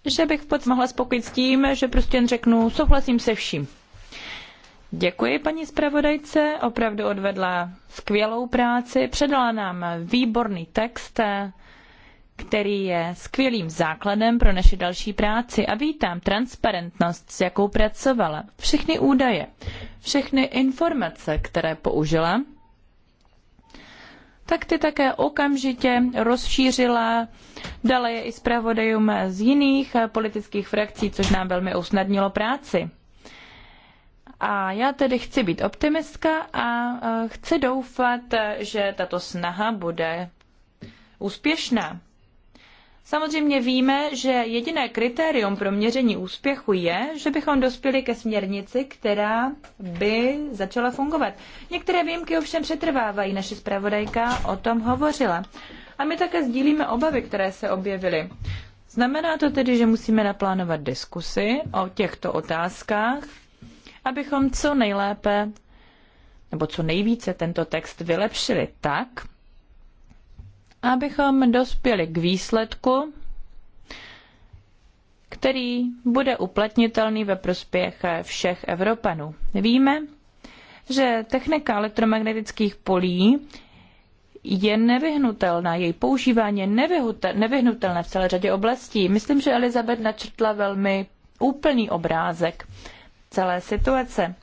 že bych v podstatě mohla spokojit s tím, že prostě jen řeknu, souhlasím se vším. Děkuji paní zpravodajce, opravdu odvedla skvělou práci, předala nám výborný text, eh, který je skvělým základem pro naši další práci a vítám transparentnost, s jakou pracovala. Všechny údaje, všechny informace, které použila, tak ty také okamžitě rozšířila, dala je i zpravodajům z jiných politických frakcí, což nám velmi usnadnilo práci. A já tedy chci být optimistka a eh, chci doufat, že tato snaha bude úspěšná. Samozřejmě víme, že jediné kritérium pro měření úspěchu je, že bychom dospěli ke směrnici, která by začala fungovat. Některé výjimky ovšem přetrvávají, naše zpravodajka o tom hovořila. A my také sdílíme obavy, které se objevily. Znamená to tedy, že musíme naplánovat diskusy o těchto otázkách, abychom co nejlépe nebo co nejvíce tento text vylepšili tak, abychom dospěli k výsledku, který bude uplatnitelný ve prospěch všech Evropanů. Víme, že technika elektromagnetických polí je nevyhnutelná, její používání je nevyhnutelné v celé řadě oblastí. Myslím, že Elizabeth načrtla velmi úplný obrázek celé situace.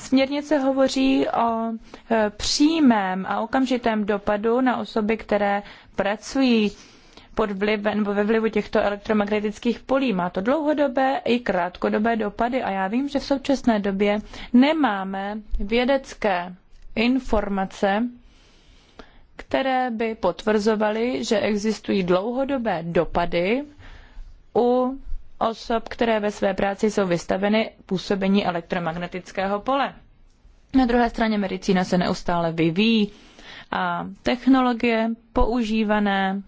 Směrnice hovoří o e, přímém a okamžitém dopadu na osoby, které pracují pod vlivem nebo ve vlivu těchto elektromagnetických polí. Má to dlouhodobé i krátkodobé dopady a já vím, že v současné době nemáme vědecké informace, které by potvrzovaly, že existují dlouhodobé dopady u osob, které ve své práci jsou vystaveny působení elektromagnetického pole. Na druhé straně medicína se neustále vyvíjí a technologie používané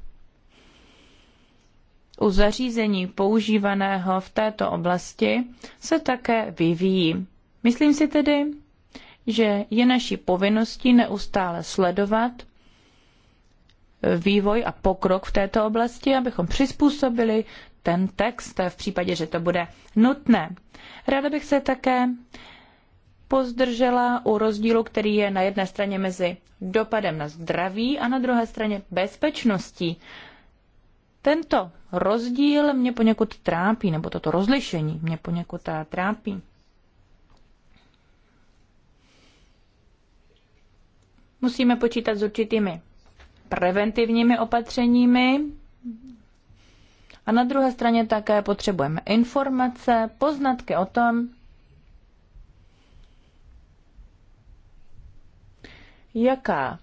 u zařízení používaného v této oblasti se také vyvíjí. Myslím si tedy, že je naší povinností neustále sledovat vývoj a pokrok v této oblasti, abychom přizpůsobili ten text v případě, že to bude nutné. Ráda bych se také pozdržela u rozdílu, který je na jedné straně mezi dopadem na zdraví a na druhé straně bezpečností. Tento rozdíl mě poněkud trápí, nebo toto rozlišení mě poněkud trápí. Musíme počítat s určitými preventivními opatřeními a na druhé straně také potřebujeme informace, poznatky o tom, jaká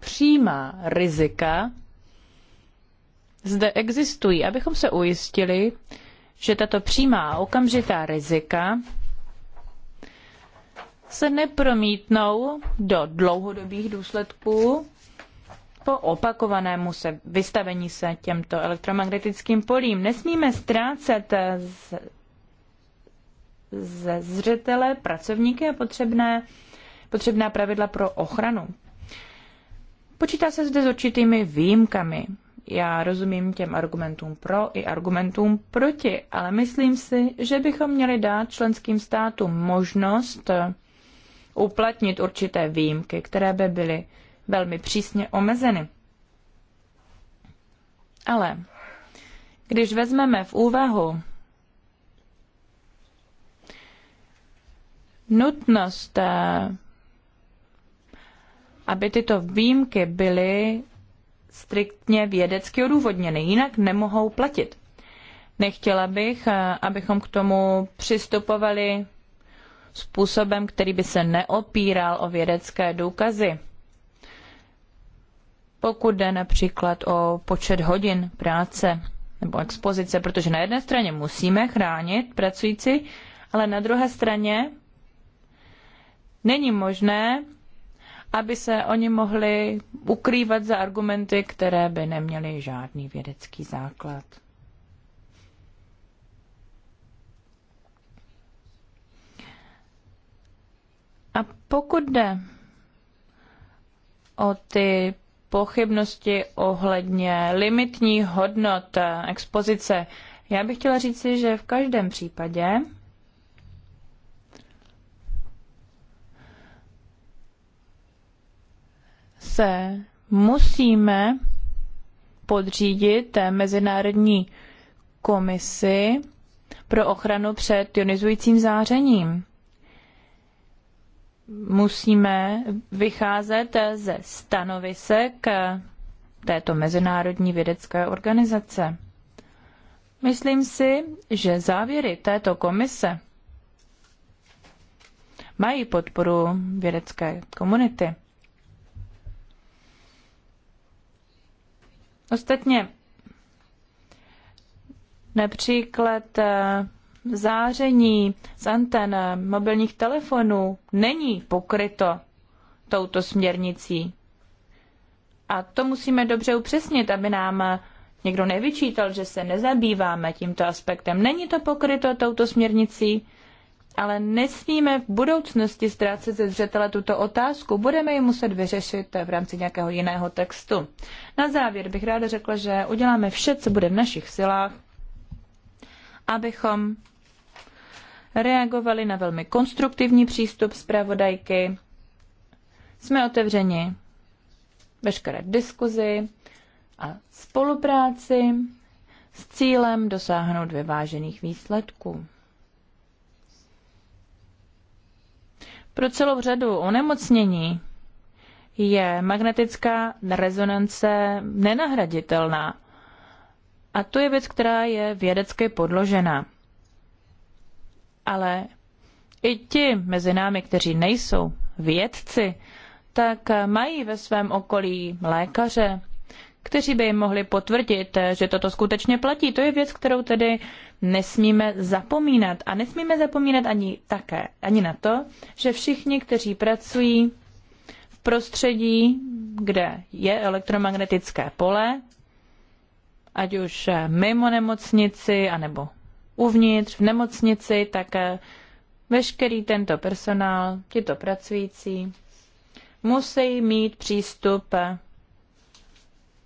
přímá rizika zde existují, abychom se ujistili, že tato přímá okamžitá rizika se nepromítnou do dlouhodobých důsledků po opakovanému se vystavení se těmto elektromagnetickým polím. Nesmíme ztrácet z, ze zřetele pracovníky a potřebné, potřebná pravidla pro ochranu. Počítá se zde s určitými výjimkami. Já rozumím těm argumentům pro i argumentům proti, ale myslím si, že bychom měli dát členským státům možnost uplatnit určité výjimky, které by byly velmi přísně omezeny. Ale když vezmeme v úvahu nutnost, eh, aby tyto výjimky byly striktně vědecky odůvodněny, jinak nemohou platit. Nechtěla bych, eh, abychom k tomu přistupovali způsobem, který by se neopíral o vědecké důkazy pokud jde například o počet hodin práce nebo expozice, protože na jedné straně musíme chránit pracující, ale na druhé straně není možné, aby se oni mohli ukrývat za argumenty, které by neměly žádný vědecký základ. A pokud jde o ty pochybnosti ohledně limitních hodnot eh, expozice. Já bych chtěla říci, že v každém případě se musíme podřídit Mezinárodní komisi pro ochranu před ionizujícím zářením musíme vycházet ze stanovisek této mezinárodní vědecké organizace. Myslím si, že závěry této komise mají podporu vědecké komunity. Ostatně například eh, záření z anten mobilních telefonů není pokryto touto směrnicí. A to musíme dobře upřesnit, aby nám někdo nevyčítal, že se nezabýváme tímto aspektem. Není to pokryto touto směrnicí, ale nesmíme v budoucnosti ztrácet ze zřetele tuto otázku. Budeme ji muset vyřešit v rámci nějakého jiného textu. Na závěr bych ráda řekla, že uděláme vše, co bude v našich silách, abychom reagovali na velmi konstruktivní přístup zpravodajky. Jsme otevřeni veškeré diskuzi a spolupráci s cílem dosáhnout vyvážených výsledků. Pro celou řadu onemocnění je magnetická rezonance nenahraditelná. A to je věc, která je vědecky podložena ale i ti mezi námi, kteří nejsou vědci, tak mají ve svém okolí lékaře, kteří by jim mohli potvrdit, že toto skutečně platí. To je věc, kterou tedy nesmíme zapomínat. A nesmíme zapomínat ani také, ani na to, že všichni, kteří pracují v prostředí, kde je elektromagnetické pole, ať už mimo nemocnici, anebo uvnitř, v nemocnici, tak eh, veškerý tento personál, tito pracující, musí mít přístup eh,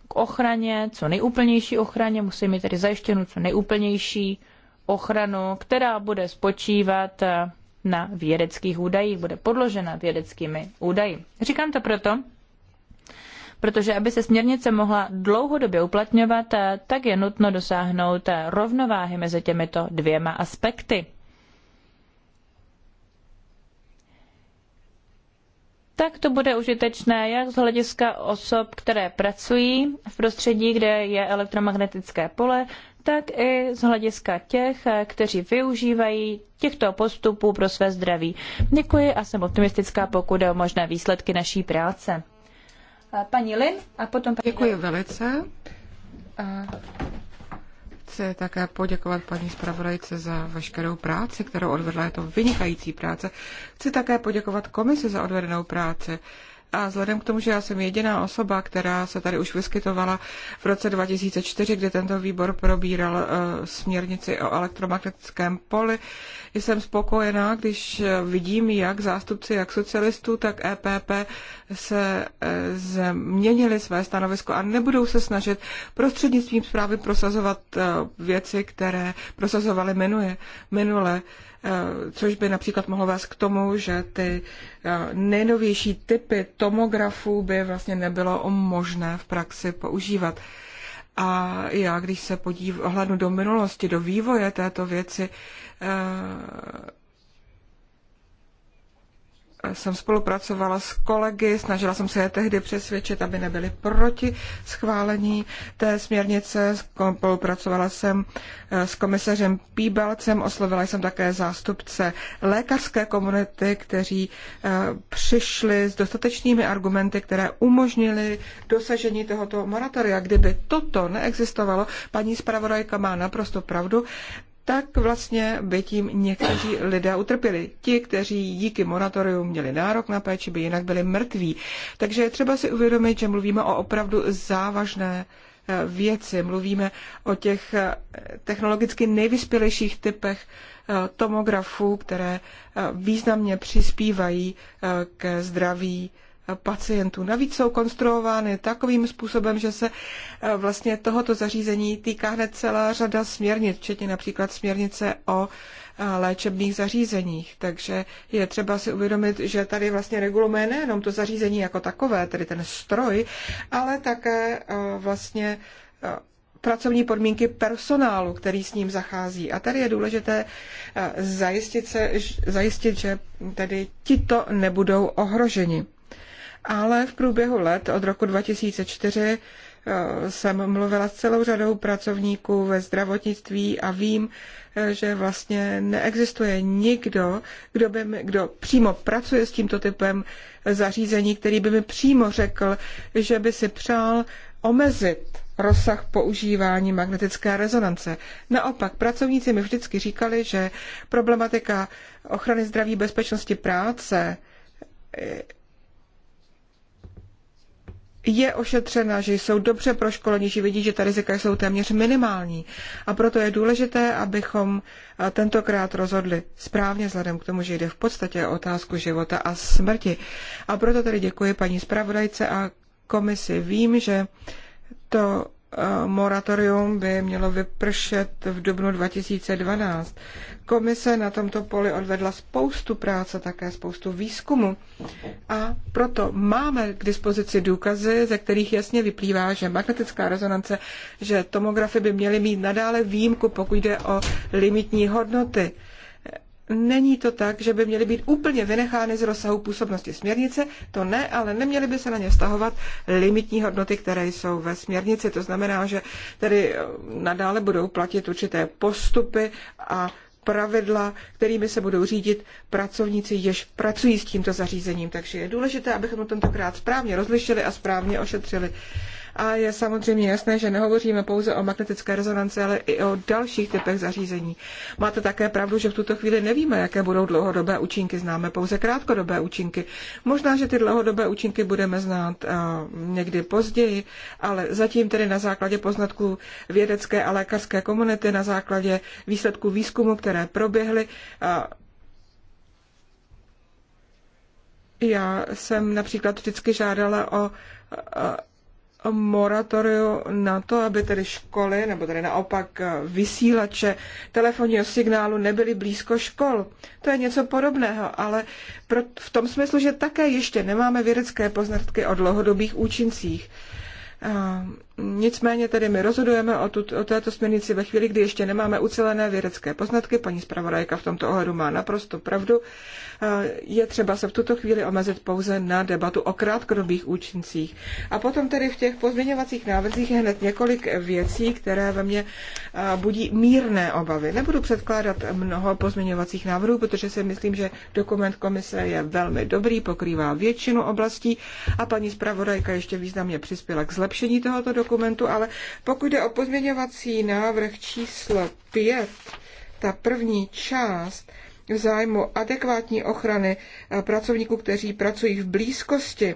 k ochraně, co nejúplnější ochraně, musí mít tedy zajištěnu co nejúplnější ochranu, která bude spočívat eh, na vědeckých údajích, bude podložena vědeckými údaji. Říkám to proto, protože aby se směrnice mohla dlouhodobě uplatňovat, eh, tak je nutno dosáhnout eh, rovnováhy mezi těmito dvěma aspekty. tak to bude užitečné jak z hlediska osob, které pracují v prostředí, kde je elektromagnetické pole, tak i z hlediska těch, eh, kteří využívají těchto postupů pro své zdraví. Děkuji a jsem optimistická, pokud je o možné výsledky naší práce. Eh, paní Lin a potom paní Děkuji Lin. velice. A chci také poděkovat paní zpravodajce za veškerou práci, kterou odvedla. Je to vynikající práce. Chci také poděkovat komisi za odvedenou práci. A vzhledem k tomu, že já jsem jediná osoba, která se tady už vyskytovala v roce 2004, kdy tento výbor probíral uh, směrnici o elektromagnetickém poli, jsem spokojená, když eh, vidím, jak zástupci, jak socialistů, tak EPP se uh, změnili své stanovisko a nebudou se snažit prostřednictvím zprávy prosazovat uh, věci, které prosazovali minuje, minule. Uh, Eh, což by například mohlo vést k tomu, že ty eh, nejnovější typy tomografů by vlastně nebylo možné v praxi používat. A já, když se podívám hlednu do minulosti, do vývoje této věci, eh, jsem spolupracovala s kolegy, snažila jsem se je tehdy přesvědčit, aby nebyli proti schválení té směrnice. Spolupracovala jsem eh, s komisařem Píbalcem, oslovila jsem také zástupce lékařské komunity, kteří eh, přišli s dostatečnými argumenty, které umožnily dosažení tohoto moratoria. Kdyby toto neexistovalo, paní zpravodajka má naprosto pravdu, tak vlastně by tím někteří lidé utrpěli. Ti, kteří díky moratoriu měli nárok na péči, by jinak byli mrtví. Takže je třeba si uvědomit, že mluvíme o opravdu závažné eh, věci. Mluvíme o těch eh, technologicky nejvyspělejších typech eh, tomografů, které významně přispívají ke zdraví pacientů. Navíc jsou konstruovány takovým způsobem, že se eh, vlastně tohoto zařízení týká hned celá řada směrnic, včetně například směrnice o eh, léčebných zařízeních. Takže je třeba si uvědomit, že tady vlastně regulujeme nejenom to zařízení jako takové, tedy ten stroj, ale také eh, vlastně pracovní podmínky personálu, který s ním zachází. A tady je důležité zajistit, se, zajistit že tedy tito nebudou ohroženi ale v průběhu let od roku 2004 eh, jsem mluvila s celou řadou pracovníků ve zdravotnictví a vím, eh, že vlastně neexistuje nikdo, kdo, by mi, kdo přímo pracuje s tímto typem zařízení, který by mi přímo řekl, že by si přál omezit rozsah používání magnetické rezonance. Naopak, pracovníci mi vždycky říkali, že problematika ochrany zdraví bezpečnosti práce eh, je ošetřena, že jsou dobře proškoleni, že vidí, že ta rizika jsou téměř minimální. A proto je důležité, abychom tentokrát rozhodli správně, vzhledem k tomu, že jde v podstatě o otázku života a smrti. A proto tedy děkuji paní zpravodajce a komisi. Vím, že to Eh, moratorium by mělo vypršet v dubnu 2012. Komise na tomto poli odvedla spoustu práce, také spoustu výzkumu a proto máme k dispozici důkazy, ze kterých jasně vyplývá, že magnetická rezonance, že tomografy by měly mít nadále výjimku, pokud jde o limitní hodnoty. Není to tak, že by měly být úplně vynechány z rozsahu působnosti směrnice, to ne, ale neměly by se na ně vztahovat limitní hodnoty, které jsou ve směrnici. To znamená, že tedy eh, nadále budou platit určité postupy a pravidla, kterými se budou řídit pracovníci, jež pracují s tímto zařízením. Takže je důležité, abychom tentokrát správně rozlišili a správně ošetřili a je samozřejmě jasné, že nehovoříme pouze o magnetické rezonanci, ale i o dalších typech zařízení. Máte také pravdu, že v tuto chvíli nevíme, jaké budou dlouhodobé účinky, známe pouze krátkodobé účinky. Možná, že ty dlouhodobé účinky budeme znát eh, někdy později, ale zatím tedy na základě poznatků vědecké a lékařské komunity, na základě výsledků výzkumu, které proběhly, eh, já jsem například vždycky žádala o eh, Moratorium na to, aby tedy školy, nebo tedy naopak eh, vysílače telefonního signálu nebyly blízko škol. To je něco podobného, ale pro, v tom smyslu, že také ještě nemáme vědecké poznatky o dlouhodobých účincích. Eh, Nicméně tedy my rozhodujeme o, tu, o této směrnici ve chvíli, kdy ještě nemáme ucelené vědecké poznatky. Paní zpravodajka v tomto ohledu má naprosto pravdu. Je třeba se v tuto chvíli omezit pouze na debatu o krátkodobých účincích. A potom tedy v těch pozměňovacích návrzích je hned několik věcí, které ve mně budí mírné obavy. Nebudu předkládat mnoho pozměňovacích návrhů, protože si myslím, že dokument komise je velmi dobrý, pokrývá většinu oblastí a paní zpravodajka ještě významně přispěla k zlepšení tohoto dokumentu dokumentu, ale pokud jde o pozměňovací návrh číslo 5, ta první část v zájmu adekvátní ochrany eh, pracovníků, kteří pracují v blízkosti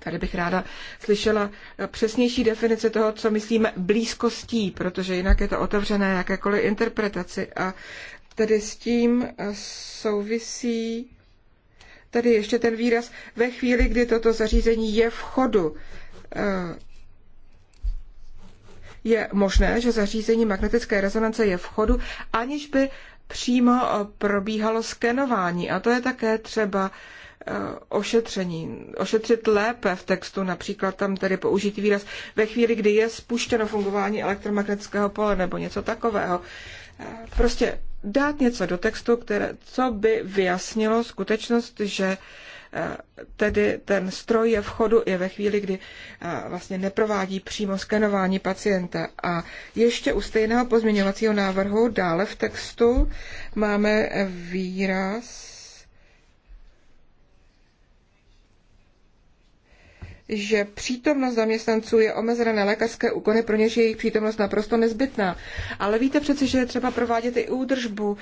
Tady bych ráda slyšela eh, přesnější definici toho, co myslíme blízkostí, protože jinak je to otevřené jakékoliv interpretaci. A tedy s tím eh, souvisí tady ještě ten výraz ve chvíli, kdy toto zařízení je v chodu je možné, že zařízení magnetické rezonance je v chodu, aniž by přímo eh, probíhalo skenování. A to je také třeba eh, ošetření, ošetřit lépe v textu, například tam tedy použít výraz ve chvíli, kdy je spuštěno fungování elektromagnetického pole nebo něco takového. Eh, prostě dát něco do textu, které, co by vyjasnilo skutečnost, že Eh, tedy ten stroj je v chodu i ve chvíli, kdy eh, vlastně neprovádí přímo skenování pacienta. A ještě u stejného pozměňovacího návrhu dále v textu máme výraz že přítomnost zaměstnanců je omezena na lékařské úkony, pro něž je jejich přítomnost naprosto nezbytná. Ale víte přece, že je třeba provádět i údržbu,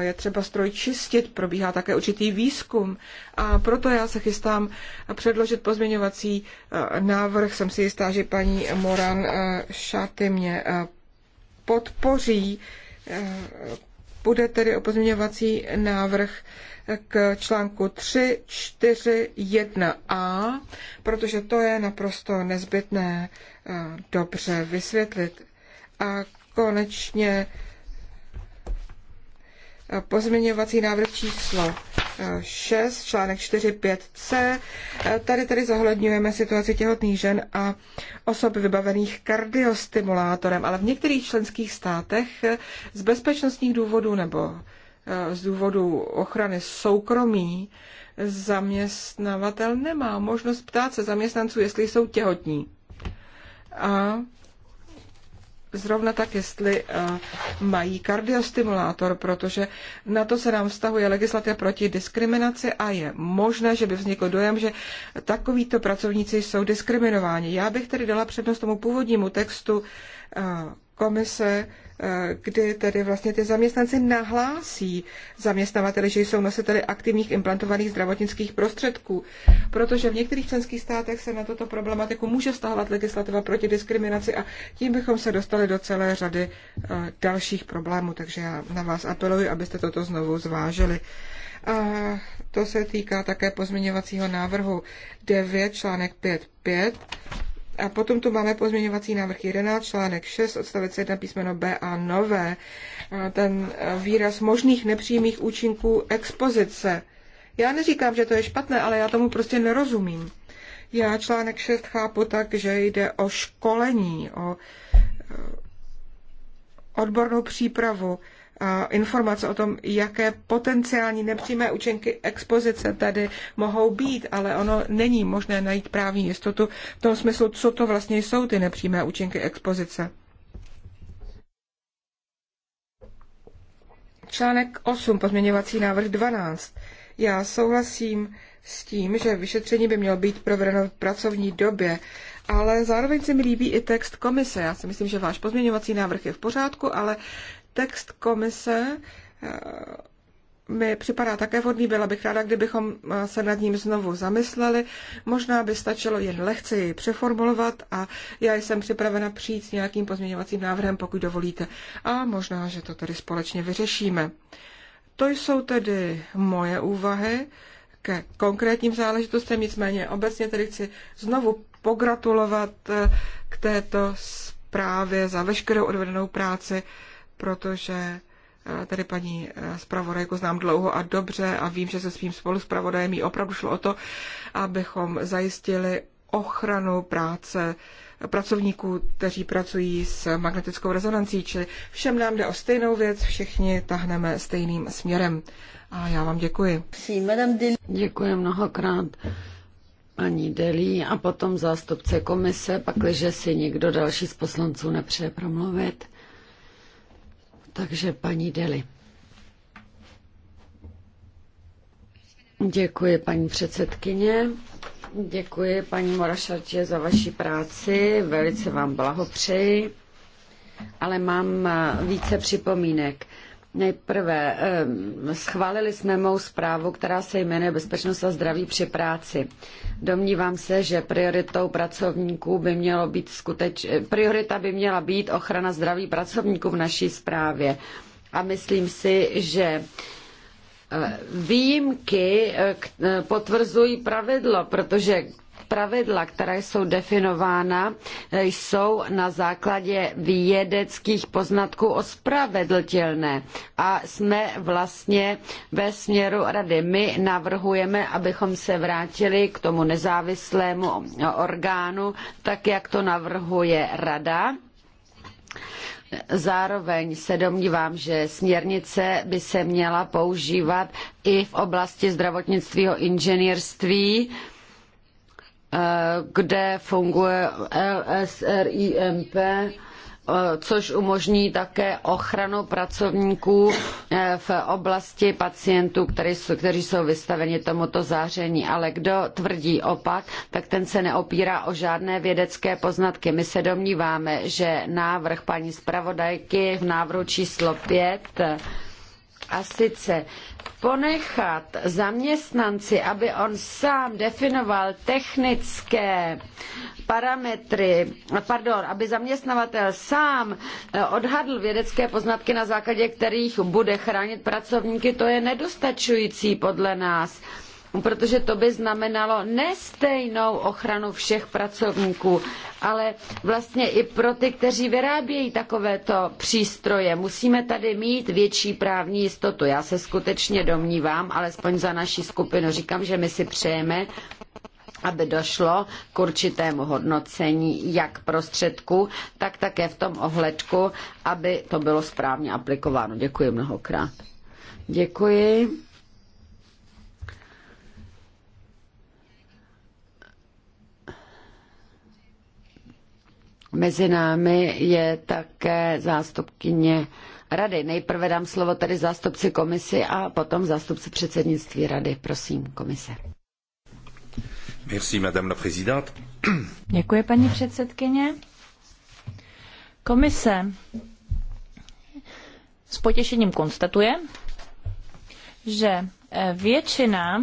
je třeba stroj čistit, probíhá také určitý výzkum. A proto já se chystám předložit pozměňovací e, návrh. Jsem si jistá, že paní Moran e, Šáty mě e, podpoří bude tedy o pozměňovací návrh k článku 3, 4, 1a, protože to je naprosto nezbytné eh, dobře vysvětlit. A konečně eh, pozměňovací návrh číslo 6, článek 5 c Tady tedy zohledňujeme situaci těhotných žen a osob vybavených kardiostimulátorem, ale v některých členských státech z bezpečnostních důvodů nebo eh, z důvodu ochrany soukromí zaměstnavatel nemá možnost ptát se zaměstnanců, jestli jsou těhotní. A zrovna tak, jestli eh, mají kardiostimulátor, protože na to se nám vztahuje legislativa proti diskriminaci a je možné, že by vznikl dojem, že takovýto pracovníci jsou diskriminováni. Já bych tedy dala přednost tomu původnímu textu eh, komise, eh, kdy tedy vlastně ty zaměstnanci nahlásí zaměstnavateli, že jsou nositeli aktivních implantovaných zdravotnických prostředků. Protože v některých členských státech se na tuto problematiku může stahovat legislativa proti diskriminaci a tím bychom se dostali do celé řady eh, dalších problémů. Takže já na vás apeluji, abyste toto znovu zvážili. A to se týká také pozměňovacího návrhu 9 článek 5.5 a potom tu máme pozměňovací návrh 11, článek 6, odstavec 1, písmeno B a nové. Ten e, výraz možných nepřímých účinků expozice. Já neříkám, že to je špatné, ale já tomu prostě nerozumím. Já článek 6 chápu tak, že jde o školení, o e, odbornou přípravu informace o tom, jaké potenciální nepřímé účinky expozice tady mohou být, ale ono není možné najít právní jistotu v tom smyslu, co to vlastně jsou ty nepřímé účinky expozice. Článek 8, pozměňovací návrh 12. Já souhlasím s tím, že vyšetření by mělo být provedeno v pracovní době, ale zároveň se mi líbí i text komise. Já si myslím, že váš pozměňovací návrh je v pořádku, ale Text komise eh, mi připadá také vhodný, byla bych ráda, kdybychom eh, se nad ním znovu zamysleli. Možná by stačilo jen lehce jej přeformulovat a já jsem připravena přijít s nějakým pozměňovacím návrhem, pokud dovolíte. A možná, že to tedy společně vyřešíme. To jsou tedy moje úvahy ke konkrétním záležitostem, nicméně obecně tedy chci znovu pogratulovat eh, k této zprávě za veškerou odvedenou práci protože eh, tady paní eh, zpravodajku znám dlouho a dobře a vím, že se svým spoluzpravodajem jí opravdu šlo o to, abychom zajistili ochranu práce pracovníků, kteří pracují s magnetickou rezonancí, čili všem nám jde o stejnou věc, všichni tahneme stejným směrem. A já vám děkuji. Děkuji mnohokrát paní Delí a potom zástupce komise, pakliže si někdo další z poslanců nepřeje promluvit. Takže paní Deli. Děkuji, paní předsedkyně. Děkuji, paní Morašatě, za vaši práci. Velice vám blahopřeji. Ale mám eh, více připomínek. Nejprve ehm, schválili jsme mou zprávu, která se jmenuje Bezpečnost a zdraví při práci. Domnívám se, že prioritou pracovníků by mělo být skuteč... priorita by měla být ochrana zdraví pracovníků v naší zprávě. A myslím si, že eh, výjimky eh, eh, potvrzují pravidlo, protože pravidla, která jsou definována, eh, jsou na základě vědeckých poznatků ospravedlitelné. A jsme vlastně ve směru rady. My navrhujeme, abychom se vrátili k tomu nezávislému orgánu, tak jak to navrhuje rada. Zároveň se domnívám, že směrnice by se měla používat i v oblasti zdravotnického inženýrství, kde funguje LSRIMP, eh, což umožní také ochranu pracovníků eh, v oblasti pacientů, jsou, kteří jsou vystaveni tomuto záření. Ale kdo tvrdí opak, tak ten se neopírá o žádné vědecké poznatky. My se domníváme, že návrh paní zpravodajky v návrhu číslo 5 eh, a sice ponechat zaměstnanci, aby on sám definoval technické parametry, pardon, aby zaměstnavatel sám eh, odhadl vědecké poznatky, na základě kterých bude chránit pracovníky, to je nedostačující podle nás protože to by znamenalo nestejnou ochranu všech pracovníků, ale vlastně i pro ty, kteří vyrábějí takovéto přístroje. Musíme tady mít větší právní jistotu. Já se skutečně domnívám, alespoň za naší skupinu říkám, že my si přejeme, aby došlo k určitému hodnocení jak prostředků, tak také v tom ohledku, aby to bylo správně aplikováno. Děkuji mnohokrát. Děkuji. Mezi námi je také zástupkyně rady. Nejprve dám slovo tedy zástupci komisy a potom zástupci předsednictví rady. Prosím, komise. Merci, madame la présidente. Děkuji, paní předsedkyně. Komise s potěšením konstatuje, že většina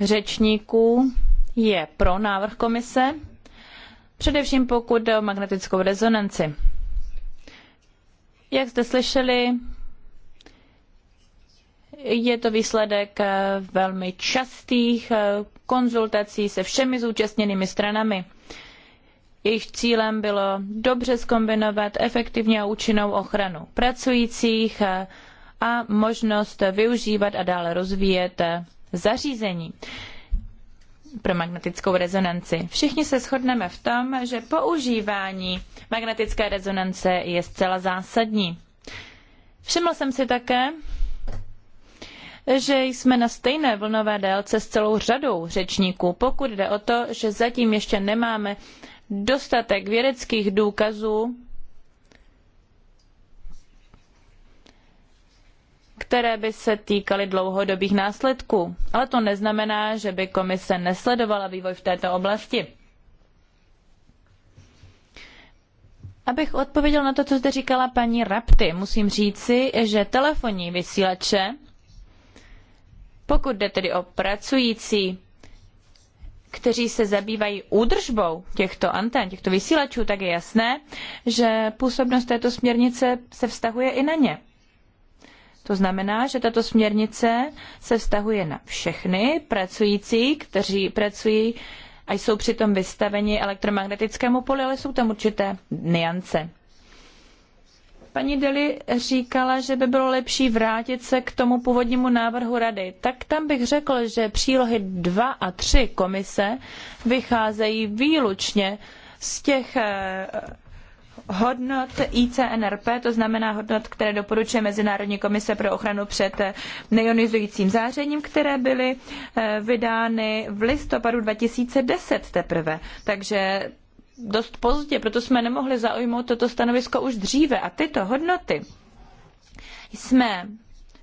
řečníků je pro návrh komise, Především pokud jde o magnetickou rezonanci. Jak jste slyšeli, je to výsledek eh, velmi častých eh, konzultací se všemi zúčastněnými stranami. Jejich cílem bylo dobře skombinovat efektivně a účinnou ochranu pracujících eh, a možnost využívat a dále rozvíjet zařízení pro magnetickou rezonanci. Všichni se shodneme v tom, že používání magnetické rezonance je zcela zásadní. Všiml jsem si také, že jsme na stejné vlnové délce s celou řadou řečníků, pokud jde o to, že zatím ještě nemáme dostatek vědeckých důkazů které by se týkaly dlouhodobých následků. Ale to neznamená, že by komise nesledovala vývoj v této oblasti. Abych odpověděl na to, co zde říkala paní Rapty, musím říci, že telefonní vysílače, pokud jde tedy o pracující, kteří se zabývají údržbou těchto antén, těchto vysílačů, tak je jasné, že působnost této směrnice se vztahuje i na ně. To znamená, že tato směrnice se vztahuje na všechny pracující, kteří pracují a jsou přitom vystaveni elektromagnetickému poli, ale jsou tam určité niance. Paní Deli říkala, že by bylo lepší vrátit se k tomu původnímu návrhu rady. Tak tam bych řekl, že přílohy 2 a 3 komise vycházejí výlučně z těch eh, hodnot ICNRP, to znamená hodnot, které doporučuje Mezinárodní komise pro ochranu před neionizujícím zářením, které byly eh, vydány v listopadu 2010 teprve. Takže dost pozdě, proto jsme nemohli zaujmout toto stanovisko už dříve. A tyto hodnoty jsme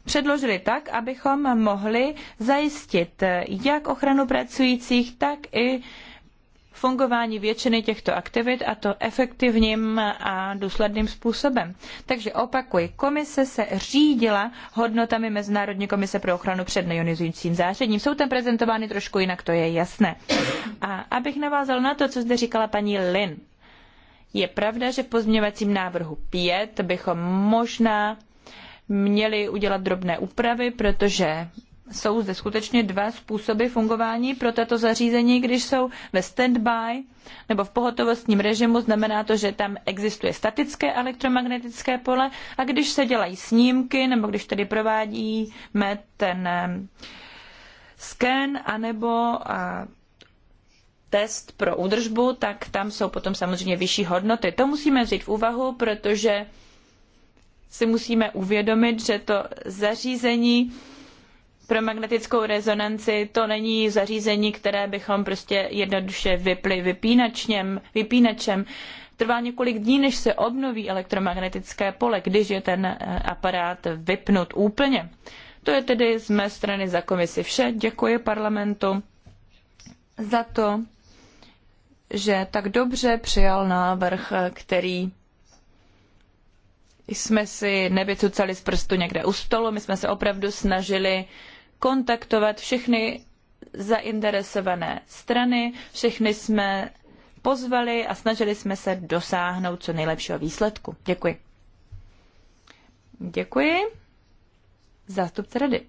předložili tak, abychom mohli zajistit jak ochranu pracujících, tak i fungování většiny těchto aktivit a to efektivním a důsledným způsobem. Takže opakuji, komise se řídila hodnotami Mezinárodní komise pro ochranu před neionizujícím zářením. Jsou tam prezentovány trošku jinak, to je jasné. A abych navázal na to, co zde říkala paní Lin. Je pravda, že v pozměňovacím návrhu 5 bychom možná měli udělat drobné úpravy, protože jsou zde skutečně dva způsoby fungování pro tato zařízení. Když jsou ve standby nebo v pohotovostním režimu, znamená to, že tam existuje statické elektromagnetické pole a když se dělají snímky nebo když tedy provádíme ten eh, sken anebo eh, test pro údržbu, tak tam jsou potom samozřejmě vyšší hodnoty. To musíme vzít v úvahu, protože si musíme uvědomit, že to zařízení pro magnetickou rezonanci to není zařízení, které bychom prostě jednoduše vypli vypínačem, vypínačem. Trvá několik dní, než se obnoví elektromagnetické pole, když je ten eh, aparát vypnut úplně. To je tedy z mé strany za komisi vše. Děkuji parlamentu za to, že tak dobře přijal návrh, který jsme si nevycucali z prstu někde u stolu. My jsme se opravdu snažili uh, kontaktovat všechny zainteresované strany, všechny jsme pozvali a snažili jsme se dosáhnout co nejlepšího výsledku. Děkuji. Děkuji. Zástupce rady.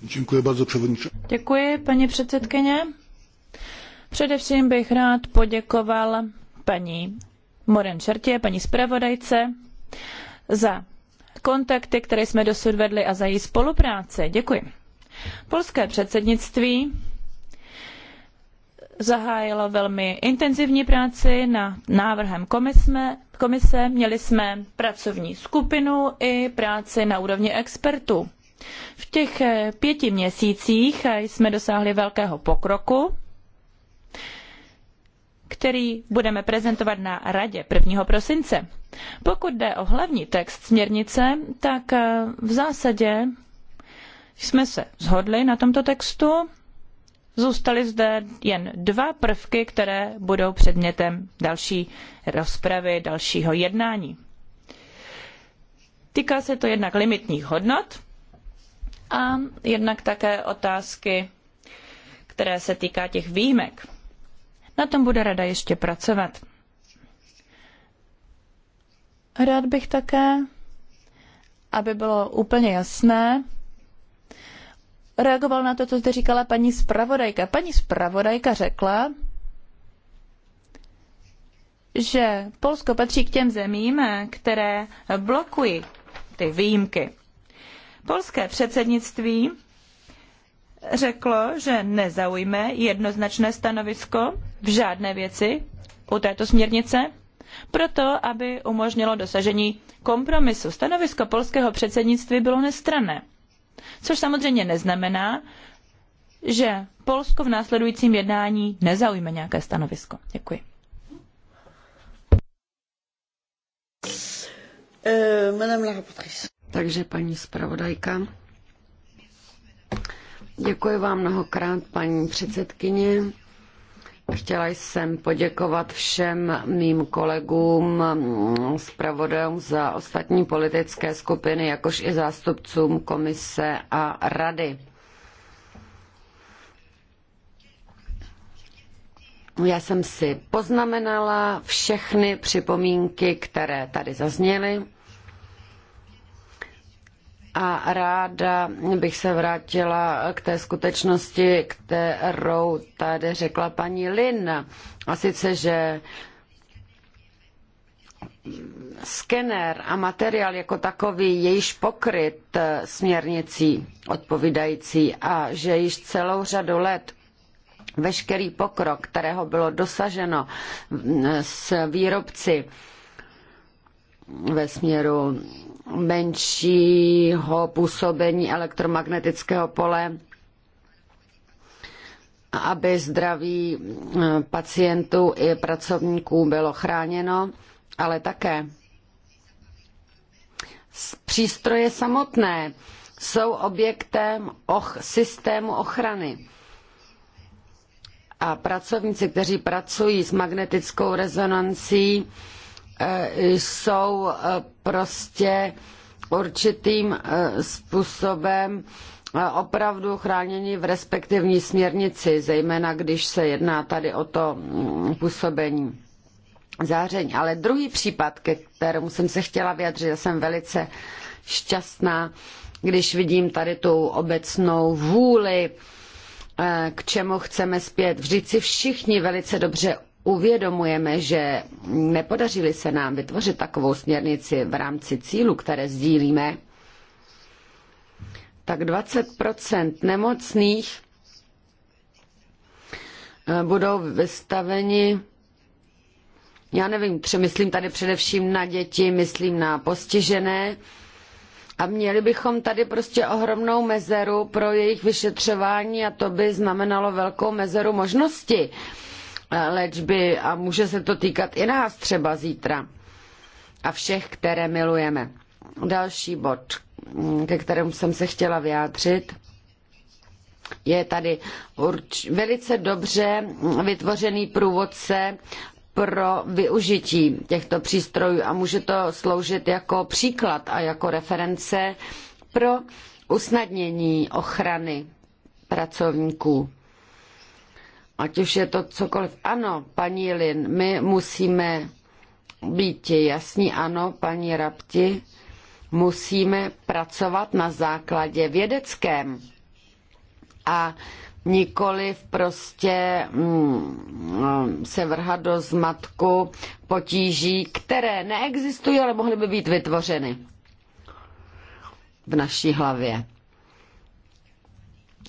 Děkuji, bardzo, Děkuji, paní předsedkyně. Především bych rád poděkoval paní Moren Čertě, paní zpravodajce, za kontakty, které jsme dosud vedli a za její spolupráci. Děkuji. Polské předsednictví zahájilo velmi intenzivní práci na návrhem komise. komise. Měli jsme pracovní skupinu i práci na úrovni expertů. V těch pěti měsících jsme dosáhli velkého pokroku který budeme prezentovat na Radě 1. prosince. Pokud jde o hlavní text směrnice, tak eh, v zásadě jsme se shodli na tomto textu. Zůstaly zde jen dva prvky, které budou předmětem další rozpravy, dalšího jednání. Týká se to jednak limitních hodnot a jednak také otázky, které se týká těch výjimek. Na tom bude rada ještě pracovat. Rád bych také, aby bylo úplně jasné, reagoval na to, co zde říkala paní zpravodajka. Paní zpravodajka řekla, že Polsko patří k těm zemím, které blokují ty výjimky. Polské předsednictví řeklo, že nezaujme jednoznačné stanovisko v žádné věci u této směrnice, proto aby umožnilo dosažení kompromisu. Stanovisko polského předsednictví bylo nestranné, což samozřejmě neznamená, že Polsko v následujícím jednání nezaujme nějaké stanovisko. Děkuji. Euh, madame la rapportrice. Takže paní zpravodajka. Děkuji vám mnohokrát, paní předsedkyně. Chtěla jsem poděkovat všem mým kolegům, zpravodajům za ostatní politické skupiny, jakož i zástupcům komise a rady. Já jsem si poznamenala všechny připomínky, které tady zazněly. A ráda bych se vrátila k té skutečnosti, kterou tady řekla paní Lin. A sice, že skener a materiál jako takový je již pokryt směrnicí odpovídající a že již celou řadu let veškerý pokrok, kterého bylo dosaženo s výrobci, ve směru menšího působení elektromagnetického pole, aby zdraví eh, pacientů i pracovníků bylo chráněno, ale také přístroje samotné jsou objektem och, systému ochrany. A pracovníci, kteří pracují s magnetickou rezonancí, jsou eh, prostě určitým eh, způsobem eh, opravdu chráněni v respektivní směrnici, zejména když se jedná tady o to mm, působení záření. Ale druhý případ, ke kterému jsem se chtěla vyjadřit, já jsem velice šťastná, když vidím tady tu obecnou vůli, k čemu chceme zpět. Vždyť si všichni velice dobře uvědomujeme, že nepodařili se nám vytvořit takovou směrnici v rámci cílu, které sdílíme, tak 20 nemocných eh, budou vystaveni já nevím, myslím tady především na děti, myslím na postižené, a měli bychom tady prostě ohromnou mezeru pro jejich vyšetřování a to by znamenalo velkou mezeru možností léčby a může se to týkat i nás třeba zítra a všech, které milujeme. Další bod, ke kterému jsem se chtěla vyjádřit, je tady urč- velice dobře vytvořený průvodce pro využití těchto přístrojů a může to sloužit jako příklad a jako reference pro usnadnění ochrany pracovníků ať už je to cokoliv. Ano, paní Lin, my musíme být jasní, ano, paní Rapti, musíme pracovat na základě vědeckém a nikoliv prostě mm, mm, se vrhat do zmatku potíží, které neexistují, ale mohly by být vytvořeny v naší hlavě.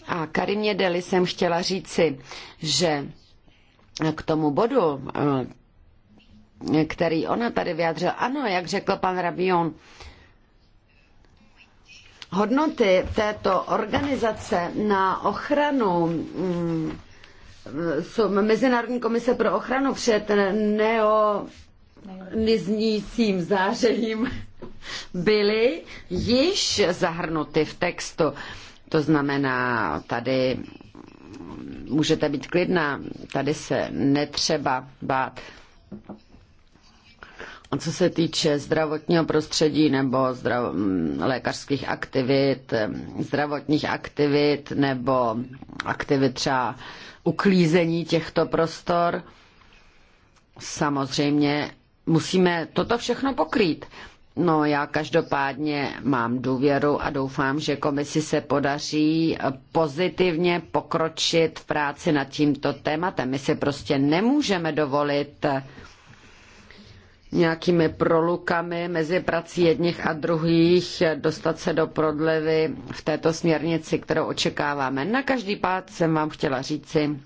A Karimě Deli jsem chtěla říci, že k tomu bodu, eh, který ona tady vyjádřila, ano, jak řekl pan Rabion, hodnoty této organizace na ochranu mm, Mezinárodní komise pro ochranu před neoniznícím zářením byly již zahrnuty v textu. To znamená, tady můžete být klidná, tady se netřeba bát. A co se týče zdravotního prostředí nebo zdrav- lékařských aktivit, zdravotních aktivit nebo aktivit třeba uklízení těchto prostor, samozřejmě musíme toto všechno pokrýt. No já každopádně mám důvěru a doufám, že komisi se podaří pozitivně pokročit v práci nad tímto tématem. My si prostě nemůžeme dovolit nějakými prolukami mezi prací jedních a druhých dostat se do prodlevy v této směrnici, kterou očekáváme. Na každý pád jsem vám chtěla říci,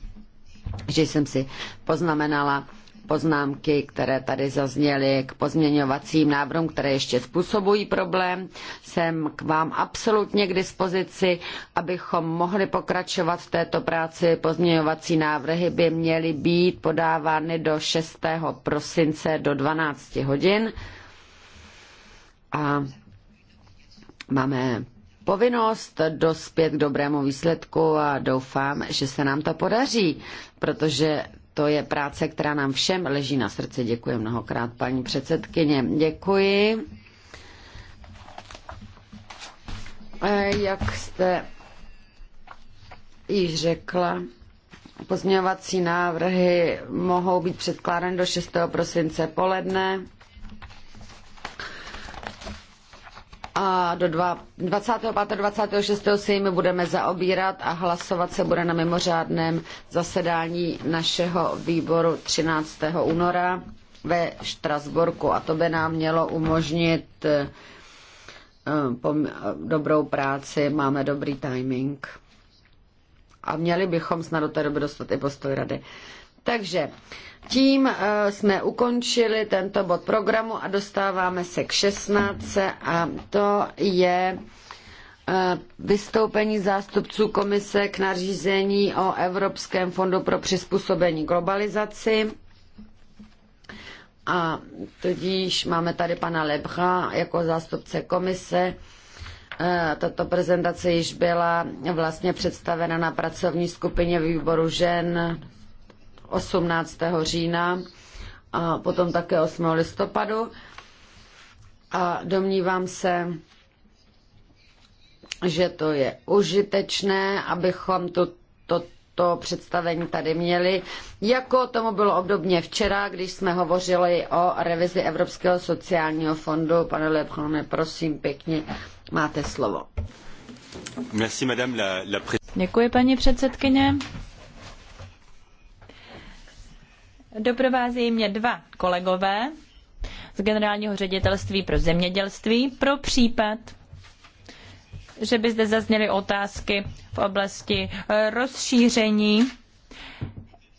že jsem si poznamenala poznámky, které tady zazněly k pozměňovacím návrhům, které ještě způsobují problém. Jsem k vám absolutně k dispozici, abychom mohli pokračovat v této práci. Pozměňovací návrhy by měly být podávány do 6. prosince do 12 hodin. A máme povinnost dospět k dobrému výsledku a doufám, že se nám to podaří, protože to je práce, která nám všem leží na srdci. Děkuji mnohokrát, paní předsedkyně. Děkuji. E, jak jste již řekla, pozměňovací návrhy mohou být předkládány do 6. prosince poledne. a do 25. 26. se jimi budeme zaobírat a hlasovat se bude na mimořádném zasedání našeho výboru 13. února ve Štrasburku a to by nám mělo umožnit eh, dobrou práci, máme dobrý timing a měli bychom snad do té doby dostat i postoj rady. Takže tím eh, jsme ukončili tento bod programu a dostáváme se k 16. a to je eh, vystoupení zástupců komise k nařízení o Evropském fondu pro přizpůsobení globalizaci. A tudíž máme tady pana Lebra jako zástupce komise. Eh, tato prezentace již byla vlastně představena na pracovní skupině výboru žen 18. října a potom také 8. listopadu. A domnívám se, že to je užitečné, abychom tu, to, to představení tady měli, jako tomu bylo obdobně včera, když jsme hovořili o revizi Evropského sociálního fondu. Pane Lebrone, prosím pěkně, máte slovo. Děkuji, paní předsedkyně. Doprovázejí mě dva kolegové z Generálního ředitelství pro zemědělství pro případ, že by zde zazněly otázky v oblasti eh, rozšíření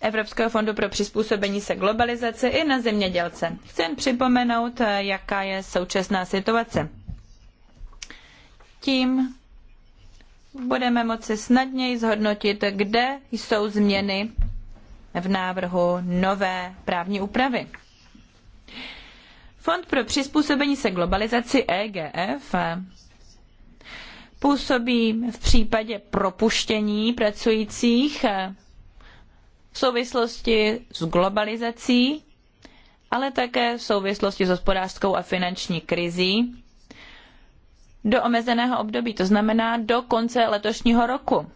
Evropského fondu pro přizpůsobení se globalizaci i na zemědělce. Chci jen připomenout, eh, jaká je současná situace. Tím budeme moci snadněji zhodnotit, kde jsou změny v návrhu nové právní úpravy. Fond pro přizpůsobení se globalizaci EGF působí v případě propuštění pracujících v souvislosti s globalizací, ale také v souvislosti s hospodářskou a finanční krizí do omezeného období, to znamená do konce letošního roku.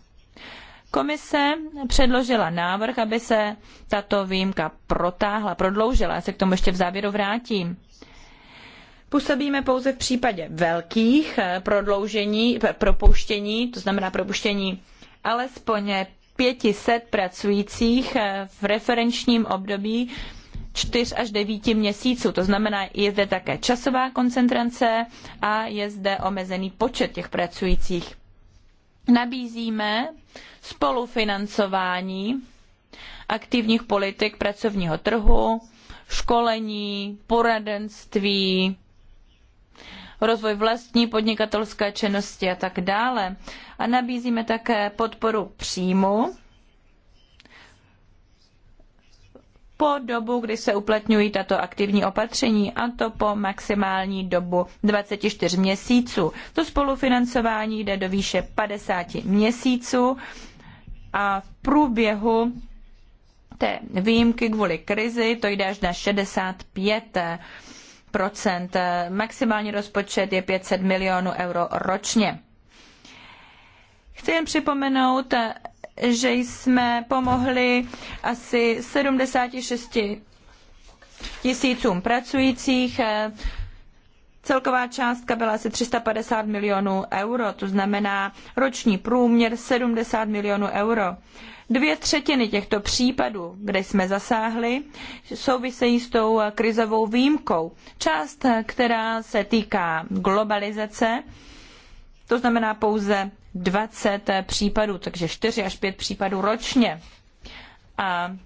Komise předložila návrh, aby se tato výjimka protáhla, prodloužila. Já se k tomu ještě v závěru vrátím. Působíme pouze v případě velkých eh, prodloužení, propuštění, to znamená propuštění alespoň 500 pracujících eh, v referenčním období 4 až 9 měsíců. To znamená, je zde také časová koncentrace a je zde omezený počet těch pracujících. Nabízíme spolufinancování aktivních politik pracovního trhu, školení, poradenství, rozvoj vlastní podnikatelské činnosti a tak dále. A nabízíme také podporu příjmu po dobu, kdy se uplatňují tato aktivní opatření, a to po maximální dobu 24 měsíců. To spolufinancování jde do výše 50 měsíců a v průběhu té výjimky kvůli krizi to jde až na 65 Maximální rozpočet je 500 milionů euro ročně. Chci jen připomenout, že jsme pomohli asi 76 tisícům pracujících. Celková částka byla asi 350 milionů euro, to znamená roční průměr 70 milionů euro. Dvě třetiny těchto případů, kde jsme zasáhli, souvisejí s tou krizovou výjimkou. Část, která se týká globalizace, to znamená pouze 20 případů, takže 4 až 5 případů ročně. A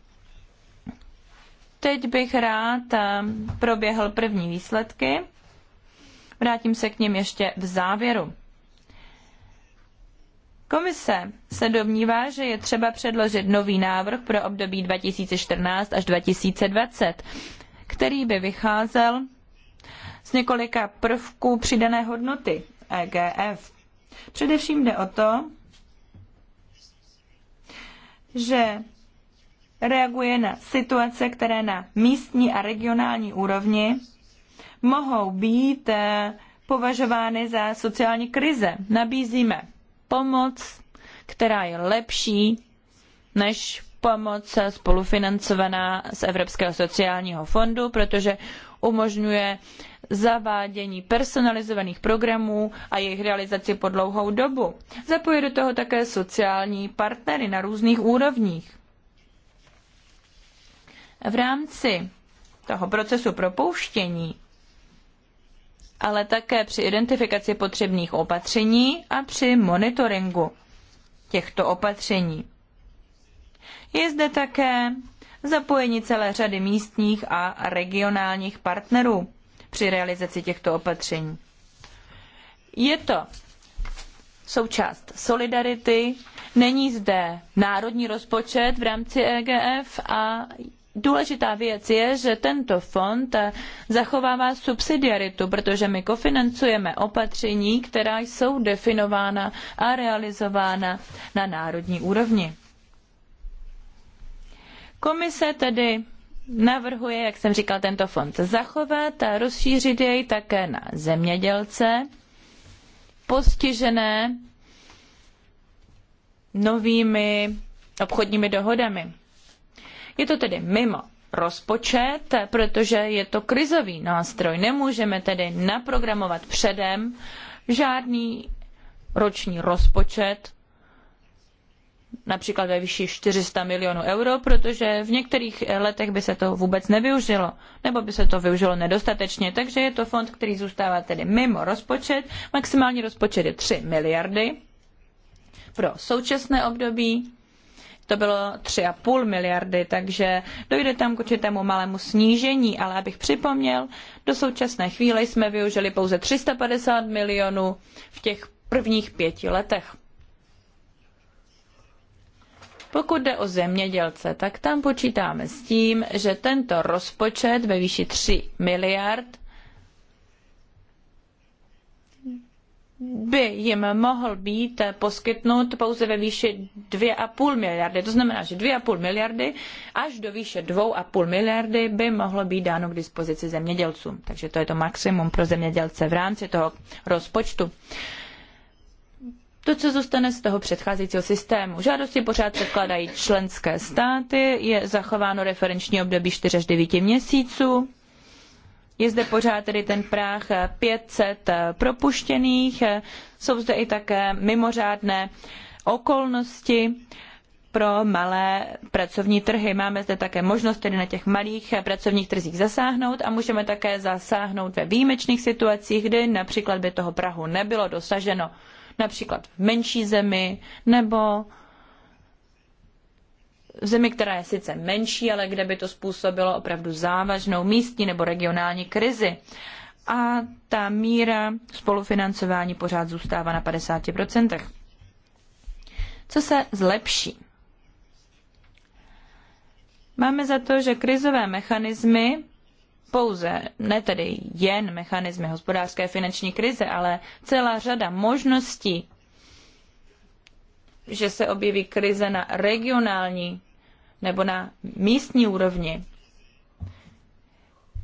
teď bych rád eh, proběhl první výsledky. Vrátím se k ním ještě v závěru. Komise se domnívá, že je třeba předložit nový návrh pro období 2014 až 2020, který by vycházel z několika prvků přidané hodnoty EGF. Především jde o to, že reaguje na situace, které na místní a regionální úrovni mohou být eh, považovány za sociální krize. Nabízíme pomoc, která je lepší než pomoc spolufinancovaná z Evropského sociálního fondu, protože umožňuje zavádění personalizovaných programů a jejich realizaci po dlouhou dobu. Zapojí do toho také sociální partnery na různých úrovních. V rámci toho procesu propouštění, ale také při identifikaci potřebných opatření a při monitoringu těchto opatření. Je zde také zapojení celé řady místních a regionálních partnerů při realizaci těchto opatření. Je to součást solidarity, není zde národní rozpočet v rámci EGF a důležitá věc je, že tento fond zachovává subsidiaritu, protože my kofinancujeme opatření, která jsou definována a realizována na národní úrovni. Komise tedy navrhuje, jak jsem říkal, tento fond zachovat a rozšířit jej také na zemědělce postižené novými obchodními dohodami. Je to tedy mimo rozpočet, protože je to krizový nástroj. Nemůžeme tedy naprogramovat předem žádný roční rozpočet například ve výši 400 milionů euro, protože v některých letech by se to vůbec nevyužilo, nebo by se to využilo nedostatečně. Takže je to fond, který zůstává tedy mimo rozpočet. Maximální rozpočet je 3 miliardy. Pro současné období to bylo 3,5 miliardy, takže dojde tam k určitému malému snížení, ale abych připomněl, do současné chvíle jsme využili pouze 350 milionů v těch prvních pěti letech. Pokud jde o zemědělce, tak tam počítáme s tím, že tento rozpočet ve výši 3 miliard by jim mohl být poskytnut pouze ve výši 2,5 miliardy. To znamená, že 2,5 miliardy až do výše 2,5 miliardy by mohlo být dáno k dispozici zemědělcům. Takže to je to maximum pro zemědělce v rámci toho rozpočtu to, co zůstane z toho předcházejícího systému. Žádosti pořád předkládají členské státy, je zachováno referenční období 4 až 9 měsíců. Je zde pořád tedy ten práh 500 propuštěných, jsou zde i také mimořádné okolnosti pro malé pracovní trhy. Máme zde také možnost tedy na těch malých pracovních trzích zasáhnout a můžeme také zasáhnout ve výjimečných situacích, kdy například by toho Prahu nebylo dosaženo například v menší zemi nebo v zemi, která je sice menší, ale kde by to způsobilo opravdu závažnou místní nebo regionální krizi. A ta míra spolufinancování pořád zůstává na 50%. Co se zlepší? Máme za to, že krizové mechanismy pouze, ne tedy jen mechanismy hospodářské finanční krize, ale celá řada možností, že se objeví krize na regionální nebo na místní úrovni.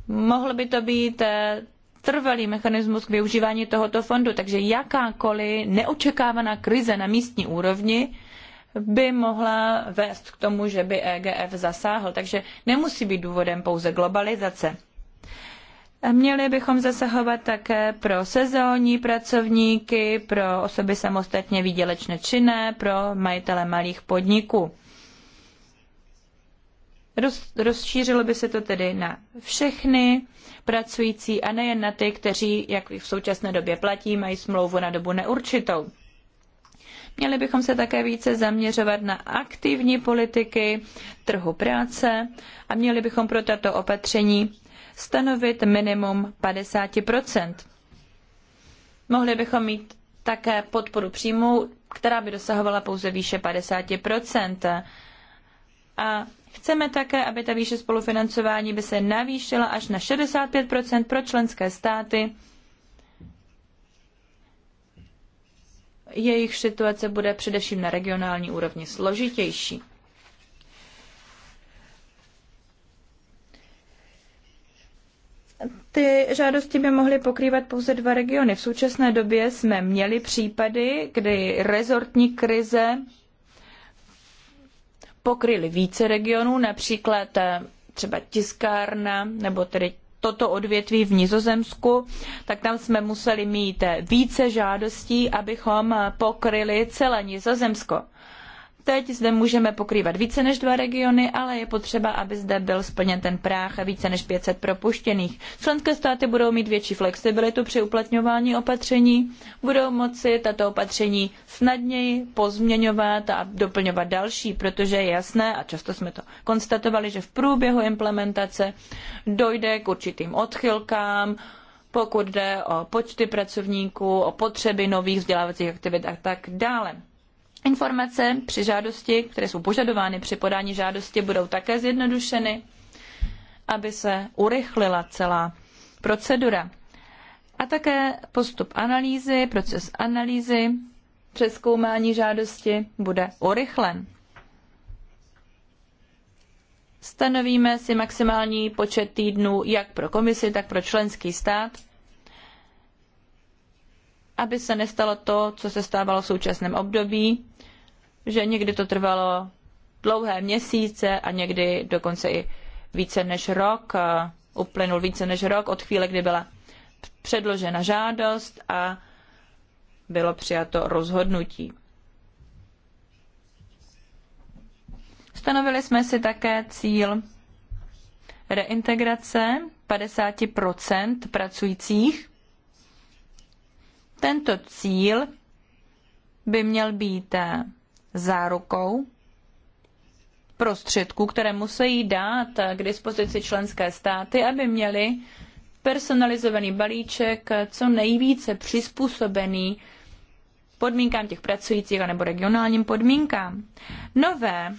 Mohl by to být eh, trvalý mechanismus k využívání tohoto fondu, takže jakákoliv neočekávaná krize na místní úrovni by mohla vést k tomu, že by EGF zasáhl. Takže nemusí být důvodem pouze globalizace. Měli bychom zasahovat také pro sezónní pracovníky, pro osoby samostatně výdělečně činné, pro majitele malých podniků. Roz, rozšířilo by se to tedy na všechny pracující a nejen na ty, kteří, jak v současné době platí, mají smlouvu na dobu neurčitou. Měli bychom se také více zaměřovat na aktivní politiky trhu práce a měli bychom pro tato opatření stanovit minimum 50 Mohli bychom mít také podporu příjmů, která by dosahovala pouze výše 50 A chceme také, aby ta výše spolufinancování by se navýšila až na 65 pro členské státy, jejich situace bude především na regionální úrovni složitější. ty žádosti by mohly pokrývat pouze dva regiony. V současné době jsme měli případy, kdy rezortní krize pokryly více regionů, například eh, třeba tiskárna nebo tedy toto odvětví v Nizozemsku, tak tam jsme museli mít eh, více žádostí, abychom eh, pokryli celé Nizozemsko. Teď zde můžeme pokrývat více než dva regiony, ale je potřeba, aby zde byl splněn ten práh více než 500 propuštěných. Členské státy budou mít větší flexibilitu při uplatňování opatření, budou moci tato opatření snadněji pozměňovat a doplňovat další, protože je jasné, a často jsme to konstatovali, že v průběhu implementace dojde k určitým odchylkám, pokud jde o počty pracovníků, o potřeby nových vzdělávacích aktivit a tak dále. Informace při žádosti, které jsou požadovány při podání žádosti, budou také zjednodušeny, aby se urychlila celá procedura. A také postup analýzy, proces analýzy, přeskoumání žádosti bude urychlen. Stanovíme si maximální počet týdnů jak pro komisi, tak pro členský stát, aby se nestalo to, co se stávalo v současném období, že někdy to trvalo dlouhé měsíce a někdy dokonce i více než rok, uplynul více než rok od chvíle, kdy byla předložena žádost a bylo přijato rozhodnutí. Stanovili jsme si také cíl reintegrace 50 pracujících. Tento cíl by měl být zárukou prostředků, které musí dát k dispozici členské státy, aby měly personalizovaný balíček co nejvíce přizpůsobený podmínkám těch pracujících anebo regionálním podmínkám. Nové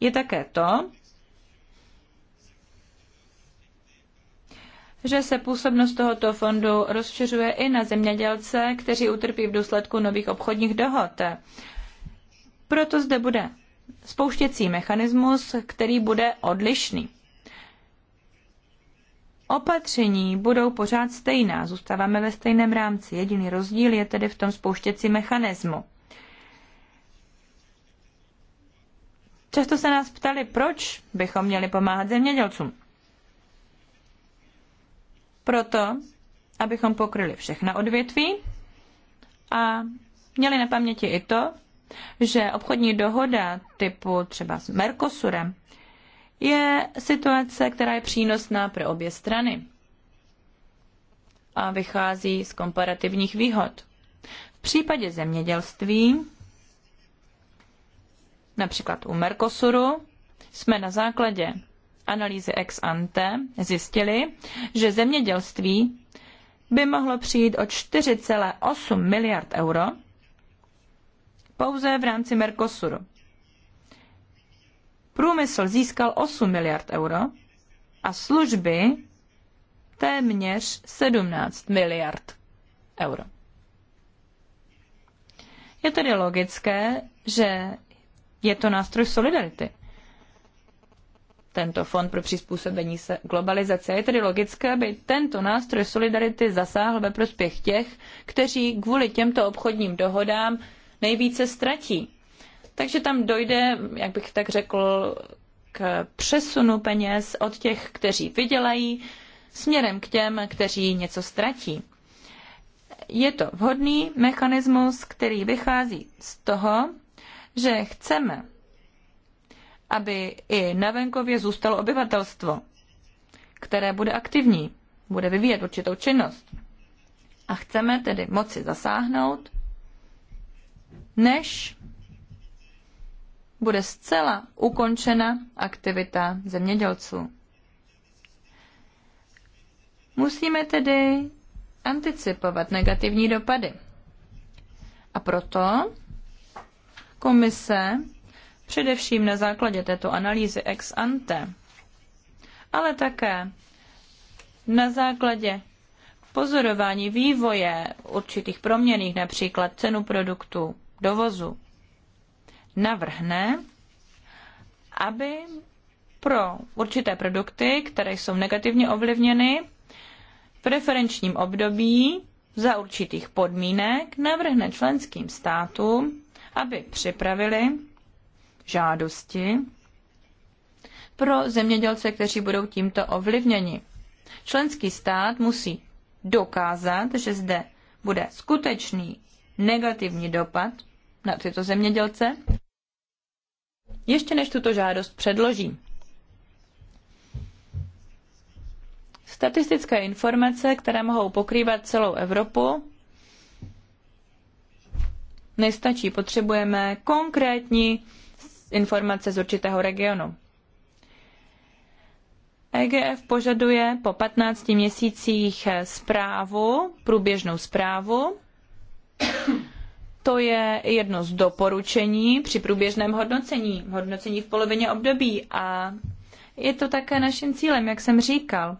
je také to, že se působnost tohoto fondu rozšiřuje i na zemědělce, kteří utrpí v důsledku nových obchodních dohod. Proto zde bude spouštěcí mechanismus, který bude odlišný. Opatření budou pořád stejná, zůstáváme ve stejném rámci. Jediný rozdíl je tedy v tom spouštěcí mechanismu. Často se nás ptali, proč bychom měli pomáhat zemědělcům proto, abychom pokryli všechna odvětví a měli na paměti i to, že obchodní dohoda typu třeba s Mercosurem je situace, která je přínosná pro obě strany a vychází z komparativních výhod. V případě zemědělství, například u Mercosuru, jsme na základě analýzy ex ante zjistili, že zemědělství by mohlo přijít o 4,8 miliard euro pouze v rámci Mercosuru. Průmysl získal 8 miliard euro a služby téměř 17 miliard euro. Je tedy logické, že je to nástroj solidarity tento fond pro přizpůsobení se globalizace. Je tedy logické, aby tento nástroj solidarity zasáhl ve prospěch těch, kteří kvůli těmto obchodním dohodám nejvíce ztratí. Takže tam dojde, jak bych tak řekl, k přesunu peněz od těch, kteří vydělají, směrem k těm, kteří něco ztratí. Je to vhodný mechanismus, který vychází z toho, že chceme aby i na venkově zůstalo obyvatelstvo, které bude aktivní, bude vyvíjet určitou činnost. A chceme tedy moci zasáhnout, než bude zcela ukončena aktivita zemědělců. Musíme tedy anticipovat negativní dopady. A proto komise především na základě této analýzy ex ante, ale také na základě pozorování vývoje určitých proměných, například cenu produktu, dovozu, navrhne, aby pro určité produkty, které jsou negativně ovlivněny, v referenčním období za určitých podmínek navrhne členským státům, aby připravili žádosti pro zemědělce, kteří budou tímto ovlivněni. Členský stát musí dokázat, že zde bude skutečný negativní dopad na tyto zemědělce, ještě než tuto žádost předloží. Statistické informace, které mohou pokrývat celou Evropu, nestačí. Potřebujeme konkrétní informace z určitého regionu. EGF požaduje po 15 měsících zprávu, průběžnou zprávu. To je jedno z doporučení při průběžném hodnocení, hodnocení v polovině období a je to také naším cílem, jak jsem říkal.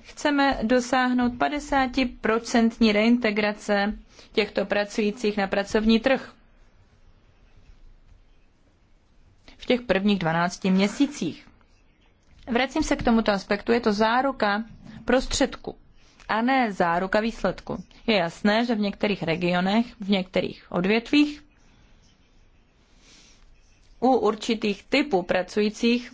Chceme dosáhnout 50% reintegrace těchto pracujících na pracovní trh. těch prvních 12 měsících. Vracím se k tomuto aspektu. Je to záruka prostředku a ne záruka výsledku. Je jasné, že v některých regionech, v některých odvětvích u určitých typů pracujících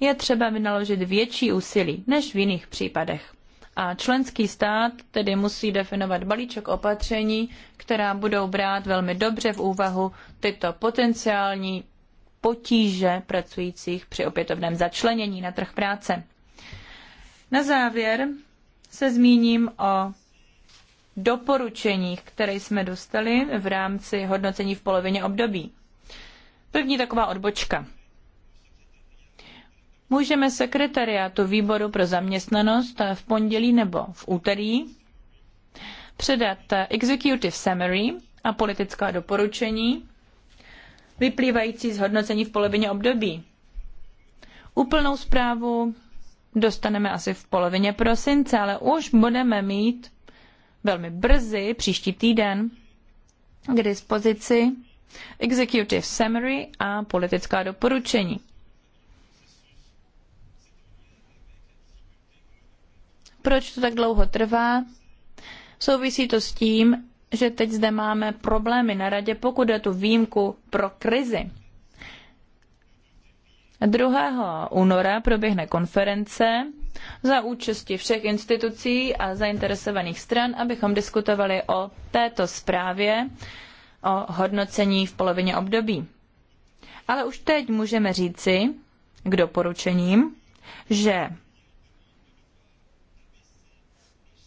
je třeba vynaložit větší úsilí než v jiných případech. A členský stát tedy musí definovat balíček opatření, která budou brát velmi dobře v úvahu tyto potenciální potíže pracujících při opětovném začlenění na trh práce. Na závěr se zmíním o doporučeních, které jsme dostali v rámci hodnocení v polovině období. První taková odbočka. Můžeme sekretariátu výboru pro zaměstnanost v pondělí nebo v úterý předat executive summary a politická doporučení vyplývající z hodnocení v polovině období. Úplnou zprávu dostaneme asi v polovině prosince, ale už budeme mít velmi brzy, příští týden, k dispozici executive summary a politická doporučení. Proč to tak dlouho trvá? Souvisí to s tím, že teď zde máme problémy na radě, pokud je tu výjimku pro krizi. 2. února proběhne konference za účasti všech institucí a zainteresovaných stran, abychom diskutovali o této zprávě, o hodnocení v polovině období. Ale už teď můžeme říci k doporučením, že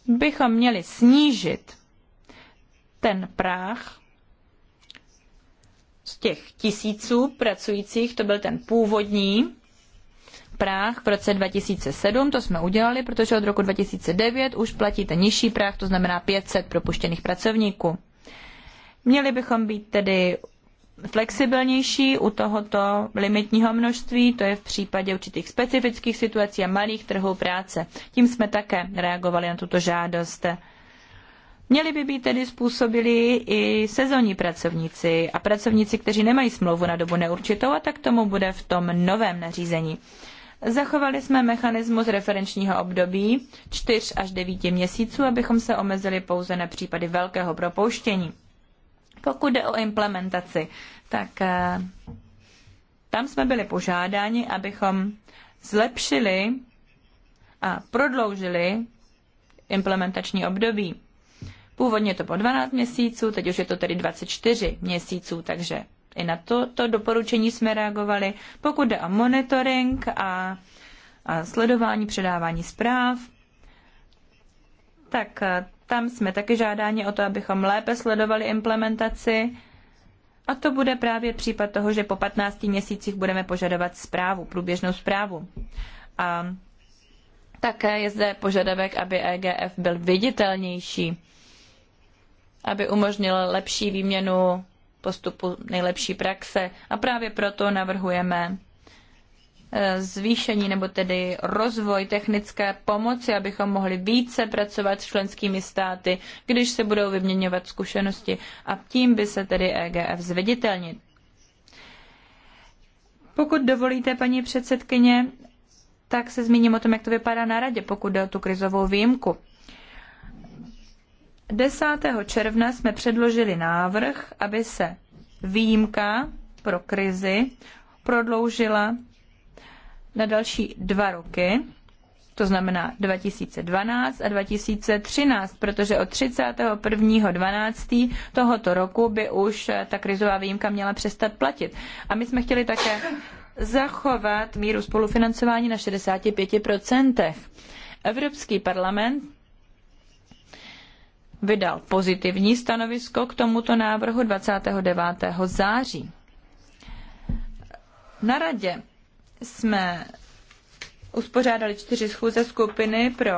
bychom měli snížit ten práh z těch tisíců pracujících, to byl ten původní práh v roce 2007, to jsme udělali, protože od roku 2009 už platí ten nižší práh, to znamená 500 propuštěných pracovníků. Měli bychom být tedy flexibilnější u tohoto limitního množství, to je v případě určitých specifických situací a malých trhů práce. Tím jsme také reagovali na tuto žádost. Měli by být tedy způsobili i sezónní pracovníci a pracovníci, kteří nemají smlouvu na dobu neurčitou a tak tomu bude v tom novém nařízení. Zachovali jsme mechanismus referenčního období 4 až 9 měsíců, abychom se omezili pouze na případy velkého propouštění. Pokud jde o implementaci, tak eh, tam jsme byli požádáni, abychom zlepšili a prodloužili implementační období. Původně to po 12 měsíců, teď už je to tedy 24 měsíců, takže i na to, to doporučení jsme reagovali. Pokud jde o monitoring a, a sledování předávání zpráv, tak eh, tam jsme taky žádáni o to, abychom lépe sledovali implementaci. A to bude právě případ toho, že po 15 měsících budeme požadovat zprávu, průběžnou zprávu. A také je zde požadavek, aby EGF byl viditelnější aby umožnil lepší výměnu postupu nejlepší praxe. A právě proto navrhujeme eh, zvýšení nebo tedy rozvoj technické pomoci, abychom mohli více pracovat s členskými státy, když se budou vyměňovat zkušenosti a tím by se tedy EGF zviditelnit. Pokud dovolíte, paní předsedkyně, tak se zmíním o tom, jak to vypadá na radě, pokud jde o tu krizovou výjimku. 10. června jsme předložili návrh, aby se výjimka pro krizi prodloužila na další dva roky, to znamená 2012 a 2013, protože od 31.12. tohoto roku by už ta krizová výjimka měla přestat platit. A my jsme chtěli také zachovat míru spolufinancování na 65%. Evropský parlament vydal pozitivní stanovisko k tomuto návrhu 29. září. Na radě jsme uspořádali čtyři schůze skupiny pro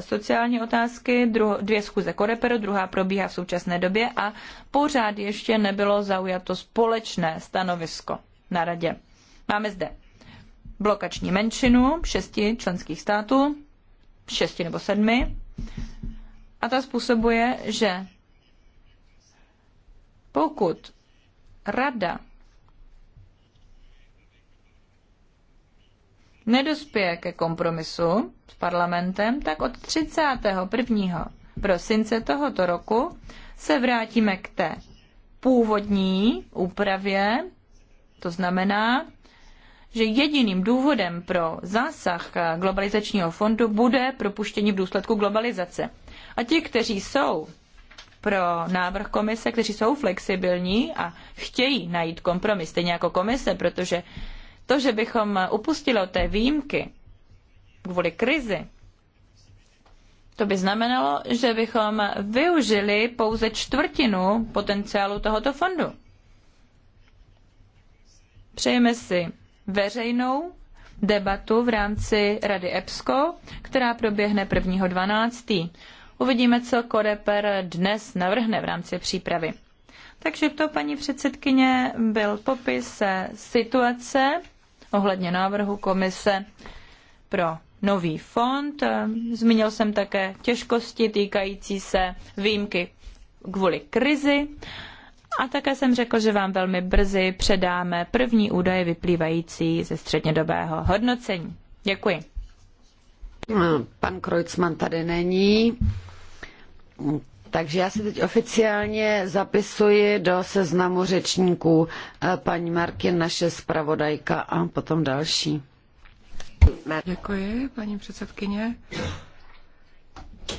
sociální otázky, druho, dvě schůze koreperu, druhá probíhá v současné době a pořád ještě nebylo zaujato společné stanovisko na radě. Máme zde blokační menšinu šesti členských států, šesti nebo sedmi, a ta způsobuje, že pokud rada nedospěje ke kompromisu s parlamentem, tak od 31. prosince tohoto roku se vrátíme k té původní úpravě. To znamená, že jediným důvodem pro zásah globalizačního fondu bude propuštění v důsledku globalizace. A ti, kteří jsou pro návrh komise, kteří jsou flexibilní a chtějí najít kompromis, stejně jako komise, protože to, že bychom upustili od té výjimky kvůli krizi, to by znamenalo, že bychom využili pouze čtvrtinu potenciálu tohoto fondu. Přejeme si veřejnou debatu v rámci Rady EPSCO, která proběhne 1.12. Uvidíme, co Koreper dnes navrhne v rámci přípravy. Takže to, paní předsedkyně, byl popis situace ohledně návrhu komise pro nový fond. Zmínil jsem také těžkosti týkající se výjimky kvůli krizi. A také jsem řekl, že vám velmi brzy předáme první údaje vyplývající ze střednědobého hodnocení. Děkuji. Pan Krojcman tady není. Takže já si teď oficiálně zapisuji do seznamu řečníků eh, paní Markin, naše zpravodajka a potom další. Děkuji, paní předsedkyně.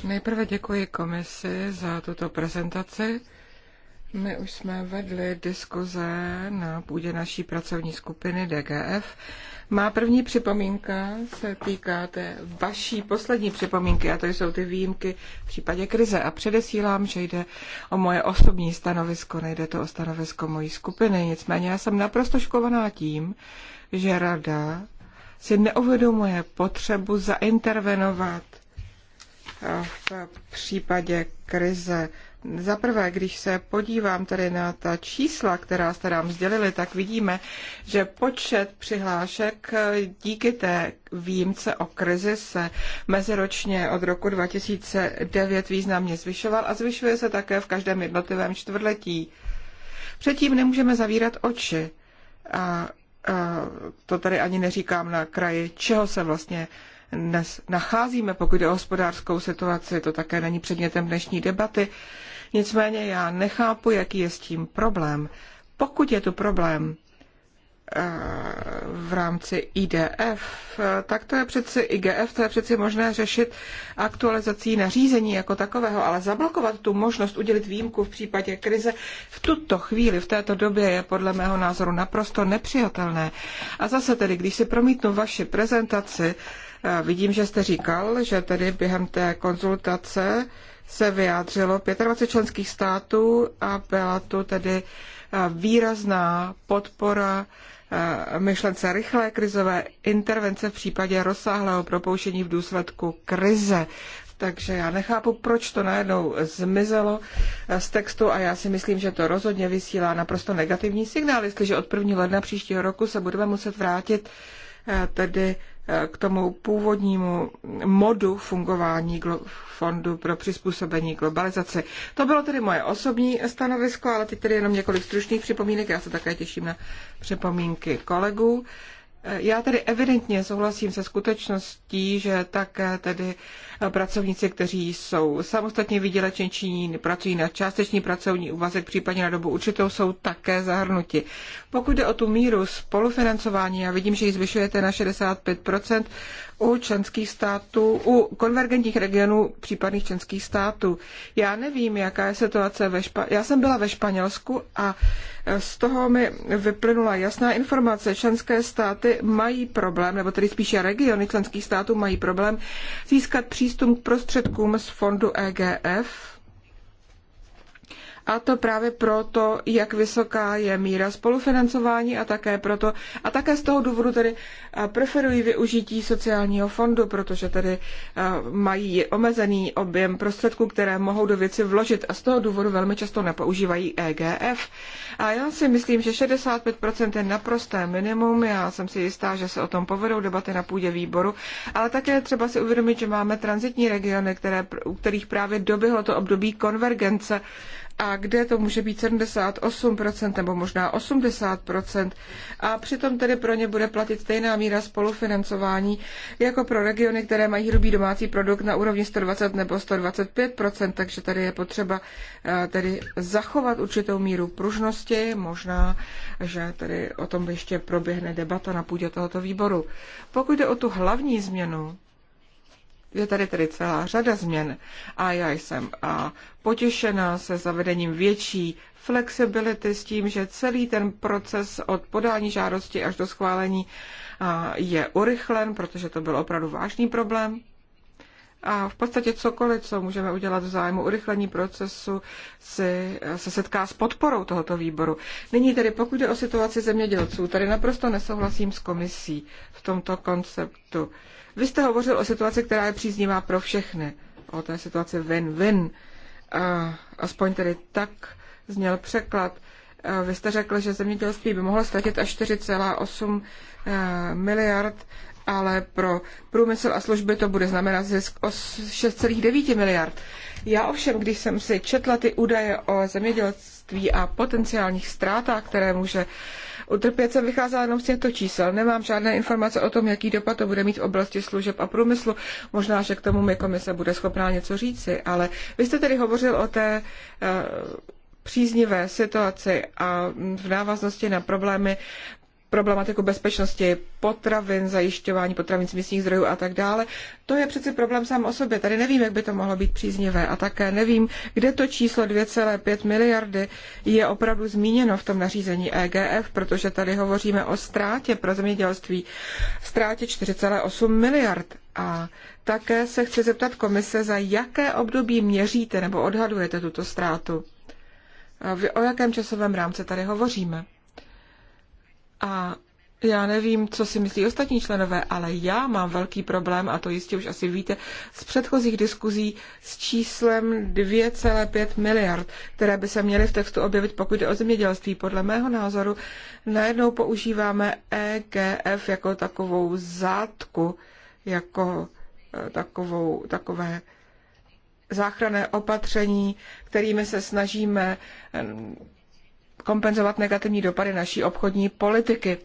Nejprve děkuji komisi za tuto prezentaci. My už jsme vedli diskuze na půdě naší pracovní skupiny DGF má první připomínka se týká té vaší poslední připomínky, a to jsou ty výjimky v případě krize. A předesílám, že jde o moje osobní stanovisko, nejde to o stanovisko mojí skupiny. Nicméně já jsem naprosto škovaná tím, že rada si neuvědomuje potřebu zaintervenovat v případě krize za prvé, když se podívám tady na ta čísla, která jste nám sdělili, tak vidíme, že počet přihlášek díky té výjimce o krizi se meziročně od roku 2009 významně zvyšoval a zvyšuje se také v každém jednotlivém čtvrtletí. Předtím nemůžeme zavírat oči. A, a to tady ani neříkám na kraji, čeho se vlastně dnes nacházíme, pokud je o hospodářskou situaci, to také není předmětem dnešní debaty. Nicméně já nechápu, jaký je s tím problém. Pokud je tu problém eh, v rámci IDF, tak to je přeci IGF, to je přeci možné řešit aktualizací nařízení jako takového, ale zablokovat tu možnost udělit výjimku v případě krize v tuto chvíli, v této době je podle mého názoru naprosto nepřijatelné. A zase tedy, když si promítnu vaši prezentaci, eh, vidím, že jste říkal, že tedy během té konzultace se vyjádřilo 25 členských států a byla tu tedy eh, výrazná podpora eh, myšlence rychlé krizové intervence v případě rozsáhlého propouštění v důsledku krize. Takže já nechápu, proč to najednou zmizelo eh, z textu a já si myslím, že to rozhodně vysílá naprosto negativní signál, jestliže od 1. ledna příštího roku se budeme muset vrátit tedy k tomu původnímu modu fungování Fondu pro přizpůsobení globalizaci. To bylo tedy moje osobní stanovisko, ale teď tedy jenom několik stručných připomínek. Já se také těším na připomínky kolegů. Já tedy evidentně souhlasím se skutečností, že také tedy pracovníci, kteří jsou samostatně výdělečně činní, pracují na částečný pracovní úvazek, případně na dobu určitou, jsou také zahrnuti. Pokud jde o tu míru spolufinancování, já vidím, že ji zvyšujete na 65 u členských států, u konvergentních regionů případných členských států. Já nevím, jaká je situace ve Španělsku. Já jsem byla ve Španělsku a z toho mi vyplynula jasná informace. Členské státy mají problém, nebo tedy spíše regiony členských států mají problém získat přístup přístup k prostředkům z fondu EGF a to právě proto, jak vysoká je míra spolufinancování a také proto, a také z toho důvodu tedy preferují využití sociálního fondu, protože tedy mají omezený objem prostředků, které mohou do věci vložit a z toho důvodu velmi často nepoužívají EGF. A já si myslím, že 65% je naprosté minimum, já jsem si jistá, že se o tom povedou debaty na půdě výboru, ale také třeba si uvědomit, že máme transitní regiony, které, u kterých právě doběhlo to období konvergence a kde to může být 78% nebo možná 80%. A přitom tedy pro ně bude platit stejná míra spolufinancování jako pro regiony, které mají hrubý domácí produkt na úrovni 120 nebo 125%, takže tady je potřeba eh, tedy zachovat určitou míru pružnosti, možná, že tedy o tom ještě proběhne debata na půdě tohoto výboru. Pokud jde o tu hlavní změnu, je tady tedy celá řada změn a já jsem a potěšena se zavedením větší flexibility s tím, že celý ten proces od podání žádosti až do schválení je urychlen, protože to byl opravdu vážný problém. A v podstatě cokoliv, co můžeme udělat v zájmu urychlení procesu, si, se setká s podporou tohoto výboru. Nyní tedy, pokud jde o situaci zemědělců, tady naprosto nesouhlasím s komisí v tomto konceptu. Vy jste hovořil o situaci, která je příznivá pro všechny, o té situaci win-win, aspoň tedy tak zněl překlad. Vy jste řekl, že zemědělství by mohlo ztratit až 4,8 eh, miliard, ale pro průmysl a služby to bude znamenat zisk o 6,9 miliard. Já ovšem, když jsem si četla ty údaje o zemědělství a potenciálních ztrátách, které může utrpět, jsem vycházela jenom z těchto čísel. Nemám žádné informace o tom, jaký dopad to bude mít v oblasti služeb a průmyslu. Možná, že k tomu mi komise bude schopná něco říci, ale vy jste tedy hovořil o té eh, příznivé situaci a v návaznosti na problémy problematiku bezpečnosti potravin, zajišťování potravin z místních zdrojů a tak dále. To je přeci problém sám o sobě. Tady nevím, jak by to mohlo být příznivé a také nevím, kde to číslo 2,5 miliardy je opravdu zmíněno v tom nařízení EGF, protože tady hovoříme o ztrátě pro zemědělství, ztrátě 4,8 miliard. A také se chci zeptat komise, za jaké období měříte nebo odhadujete tuto ztrátu? O jakém časovém rámci tady hovoříme? A já nevím, co si myslí ostatní členové, ale já mám velký problém, a to jistě už asi víte, z předchozích diskuzí s číslem 2,5 miliard, které by se měly v textu objevit, pokud jde o zemědělství. Podle mého názoru najednou používáme EGF jako takovou zátku, jako e, takovou, takové záchranné opatření, kterými se snažíme kompenzovat negativní dopady naší obchodní politiky.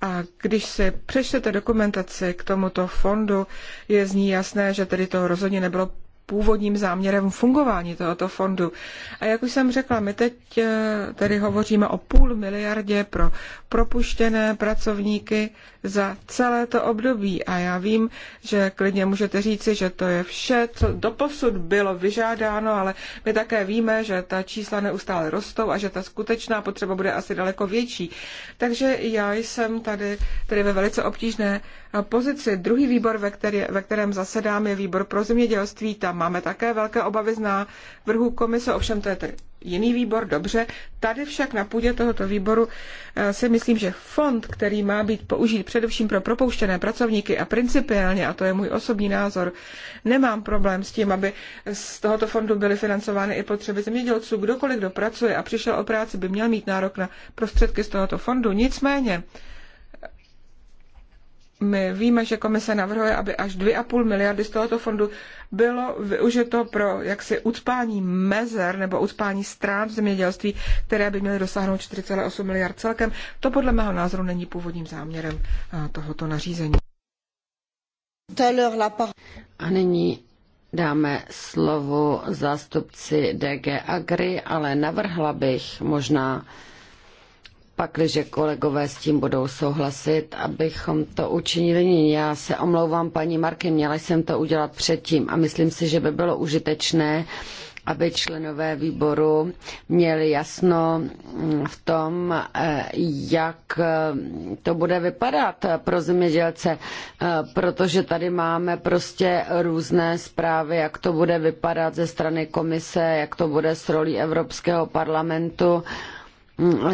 A když si přečtete dokumentaci k tomuto fondu, je z ní jasné, že tedy to rozhodně nebylo původním záměrem fungování tohoto fondu. A jak už jsem řekla, my teď eh, tedy hovoříme o půl miliardě pro propuštěné pracovníky za celé to období. A já vím, že klidně můžete říci, že to je vše, co doposud bylo vyžádáno, ale my také víme, že ta čísla neustále rostou a že ta skutečná potřeba bude asi daleko větší. Takže já jsem tady, tady ve velice obtížné pozici. Druhý výbor, ve, který, ve kterém zasedám, je výbor pro zemědělství. Tam máme také velké obavy z návrhu komise, ovšem to je tedy jiný výbor, dobře. Tady však na půdě tohoto výboru eh, si myslím, že fond, který má být použít především pro propouštěné pracovníky a principiálně, a to je můj osobní názor, nemám problém s tím, aby z tohoto fondu byly financovány i potřeby zemědělců. Kdokoliv, kdo pracuje a přišel o práci, by měl mít nárok na prostředky z tohoto fondu. Nicméně, my víme, že komise navrhuje, aby až 2,5 miliardy z tohoto fondu bylo využito pro jaksi ucpání mezer nebo ucpání strán v zemědělství, které by měly dosáhnout 4,8 miliard celkem. To podle mého názoru není původním záměrem eh, tohoto nařízení. A nyní dáme slovo zástupci DG Agri, ale navrhla bych možná pakliže kolegové s tím budou souhlasit, abychom to učinili. Já se omlouvám, paní Marky, měla jsem to udělat předtím a myslím si, že by bylo užitečné, aby členové výboru měli jasno mm, v tom, eh, jak eh, to bude vypadat pro zemědělce, eh, protože tady máme prostě různé zprávy, jak to bude vypadat ze strany komise, jak to bude s rolí Evropského parlamentu.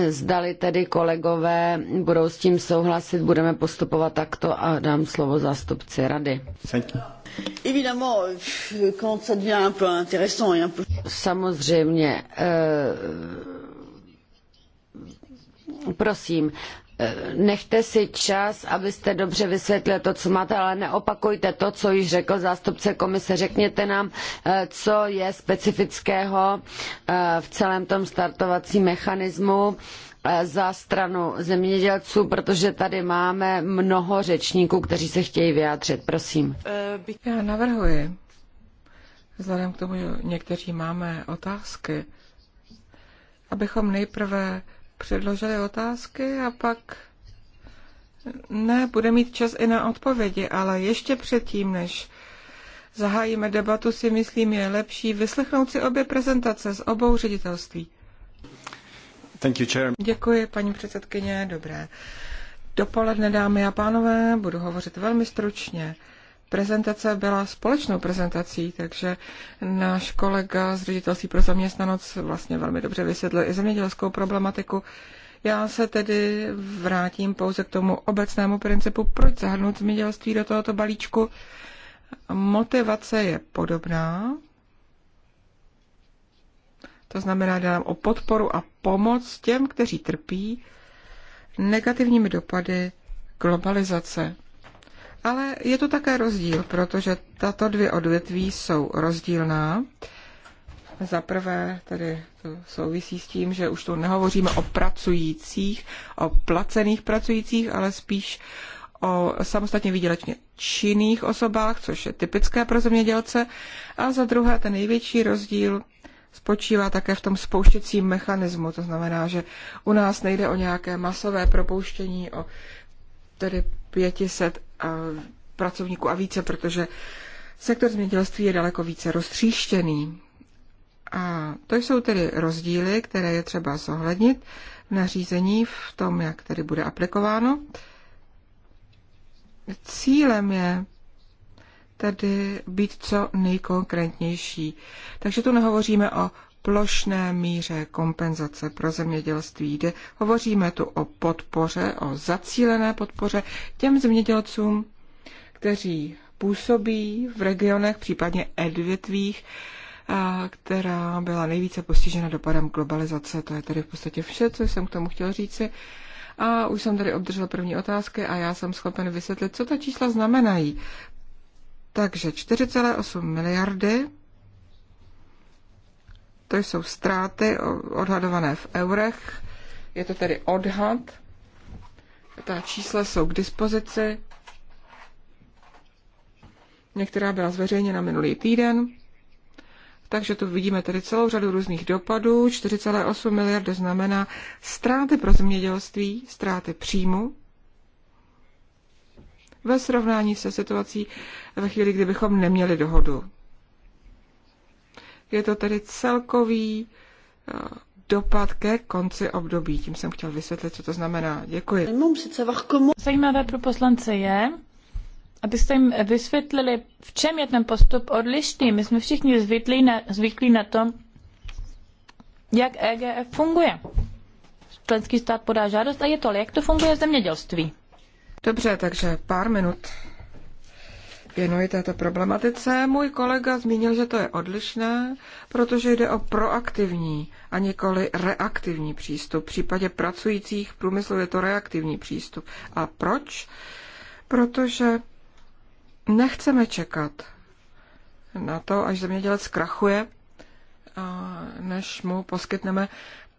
Zdali tedy kolegové budou s tím souhlasit, budeme postupovat takto a dám slovo zástupci rady. Samozřejmě, eh, prosím, Eh, nechte si čas, abyste dobře vysvětlil to, co máte, ale neopakujte to, co již řekl zástupce komise. Řekněte nám, eh, co je specifického eh, v celém tom startovacím mechanismu za stranu zemědělců, protože tady máme mnoho řečníků, kteří se chtějí vyjádřit. Prosím. Já navrhuji, vzhledem k tomu, že někteří máme otázky, abychom nejprve předložili otázky a pak ne, bude mít čas i na odpovědi, ale ještě předtím, než zahájíme debatu, si myslím, je lepší vyslechnout si obě prezentace z obou ředitelství. Thank you, chair. Děkuji, paní předsedkyně, dobré. Dopoledne, dámy a pánové, budu hovořit velmi stručně prezentace byla společnou prezentací, takže náš kolega z ředitelství pro zaměstnanost vlastně velmi dobře vysvětlil i zemědělskou problematiku. Já se tedy vrátím pouze k tomu obecnému principu, proč zahrnout zemědělství do tohoto balíčku. Motivace je podobná, to znamená, že nám o podporu a pomoc těm, kteří trpí negativními dopady globalizace. Ale je to také rozdíl, protože tato dvě odvětví jsou rozdílná. Za prvé tedy to souvisí s tím, že už tu nehovoříme o pracujících, o placených pracujících, ale spíš o samostatně výdělečně činných osobách, což je typické pro zemědělce. A za druhé, ten největší rozdíl spočívá také v tom spouštěcím mechanismu. To znamená, že u nás nejde o nějaké masové propouštění, o tedy 500 pracovníků a více, protože sektor zemědělství je daleko více roztříštěný. A to jsou tedy rozdíly, které je třeba zohlednit v nařízení v tom, jak tedy bude aplikováno. Cílem je tedy být co nejkonkrétnější. Takže tu nehovoříme o plošné míře kompenzace pro zemědělství. Jde, hovoříme tu o podpoře, o zacílené podpoře těm zemědělcům, kteří působí v regionech, případně edvětvích, která byla nejvíce postižena dopadem globalizace. To je tedy v podstatě vše, co jsem k tomu chtěl říci. A už jsem tady obdržel první otázky a já jsem schopen vysvětlit, co ta čísla znamenají. Takže 4,8 miliardy to jsou ztráty odhadované v eurech. Je to tedy odhad. Ta čísla jsou k dispozici. Některá byla zveřejněna minulý týden. Takže tu vidíme tedy celou řadu různých dopadů. 4,8 miliard znamená ztráty pro zemědělství, ztráty příjmu ve srovnání se situací ve chvíli, kdybychom neměli dohodu. Je to tedy celkový eh, dopad ke konci období. Tím jsem chtěl vysvětlit, co to znamená. Děkuji. Zajímavé pro poslance je, abyste jim vysvětlili, v čem je ten postup odlišný. My jsme všichni zvyklí na, zvyklí na tom, jak EGF funguje. Členský stát podá žádost a je to, jak to funguje v zemědělství. Dobře, takže pár minut věnuji této problematice. Můj kolega zmínil, že to je odlišné, protože jde o proaktivní a nikoli reaktivní přístup. V případě pracujících průmyslu je to reaktivní přístup. A proč? Protože nechceme čekat na to, až zemědělec krachuje, než mu poskytneme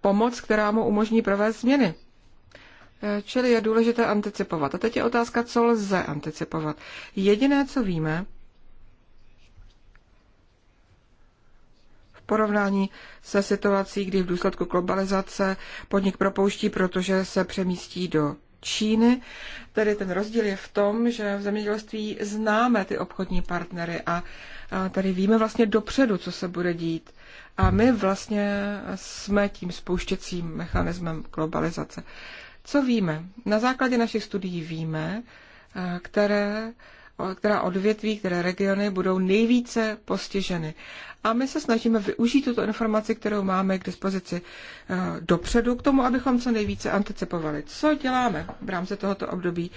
pomoc, která mu umožní provést změny. Eh, čili je důležité anticipovat. A teď je otázka, co lze anticipovat. Jediné, co víme, v porovnání se situací, kdy v důsledku globalizace podnik propouští, protože se přemístí do Číny. Tedy ten rozdíl je v tom, že v zemědělství známe ty obchodní partnery a tady víme vlastně dopředu, co se bude dít. A my vlastně jsme tím spouštěcím mechanismem globalizace. Co víme? Na základě našich studií víme, eh, které, která odvětví, které regiony budou nejvíce postiženy. A my se snažíme využít tuto informaci, kterou máme k dispozici eh, dopředu, k tomu, abychom co nejvíce anticipovali. Co děláme v rámci tohoto období?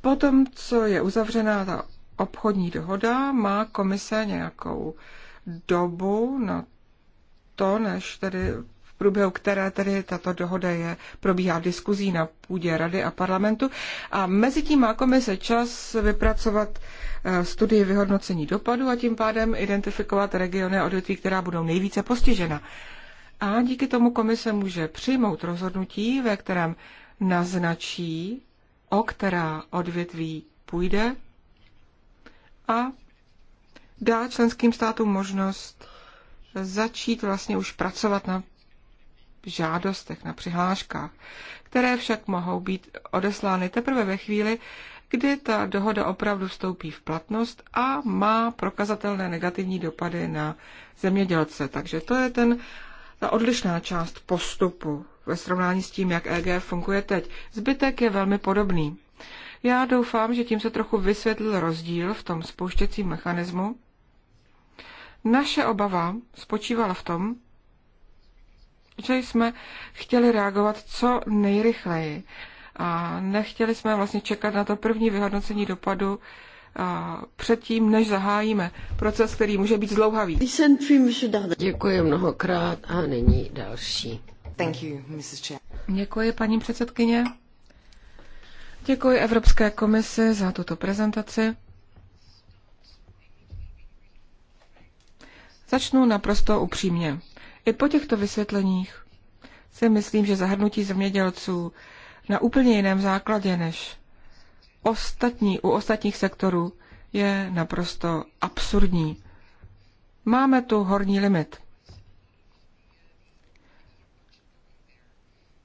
Potom, co je uzavřená ta obchodní dohoda, má komise nějakou dobu na to, než tedy průběhu které tedy tato dohoda je, probíhá diskuzí na půdě rady a parlamentu. A mezi tím má komise čas vypracovat eh, studii vyhodnocení dopadu a tím pádem identifikovat regiony a odvětví, která budou nejvíce postižena. A díky tomu komise může přijmout rozhodnutí, ve kterém naznačí, o která odvětví půjde a dá členským státům možnost začít vlastně už pracovat na žádostech, na přihláškách, které však mohou být odeslány teprve ve chvíli, kdy ta dohoda opravdu vstoupí v platnost a má prokazatelné negativní dopady na zemědělce. Takže to je ten, ta odlišná část postupu ve srovnání s tím, jak EG funguje teď. Zbytek je velmi podobný. Já doufám, že tím se trochu vysvětlil rozdíl v tom spouštěcím mechanismu. Naše obava spočívala v tom, že jsme chtěli reagovat co nejrychleji. A nechtěli jsme vlastně čekat na to první vyhodnocení dopadu předtím, než zahájíme proces, který může být zdlouhavý. Děkuji mnohokrát a nyní další. Thank you, Mrs. Chair. Děkuji, paní předsedkyně. Děkuji Evropské komisi za tuto prezentaci. Začnu naprosto upřímně. I po těchto vysvětleních si myslím, že zahrnutí zemědělců na úplně jiném základě než ostatní, u ostatních sektorů je naprosto absurdní. Máme tu horní limit.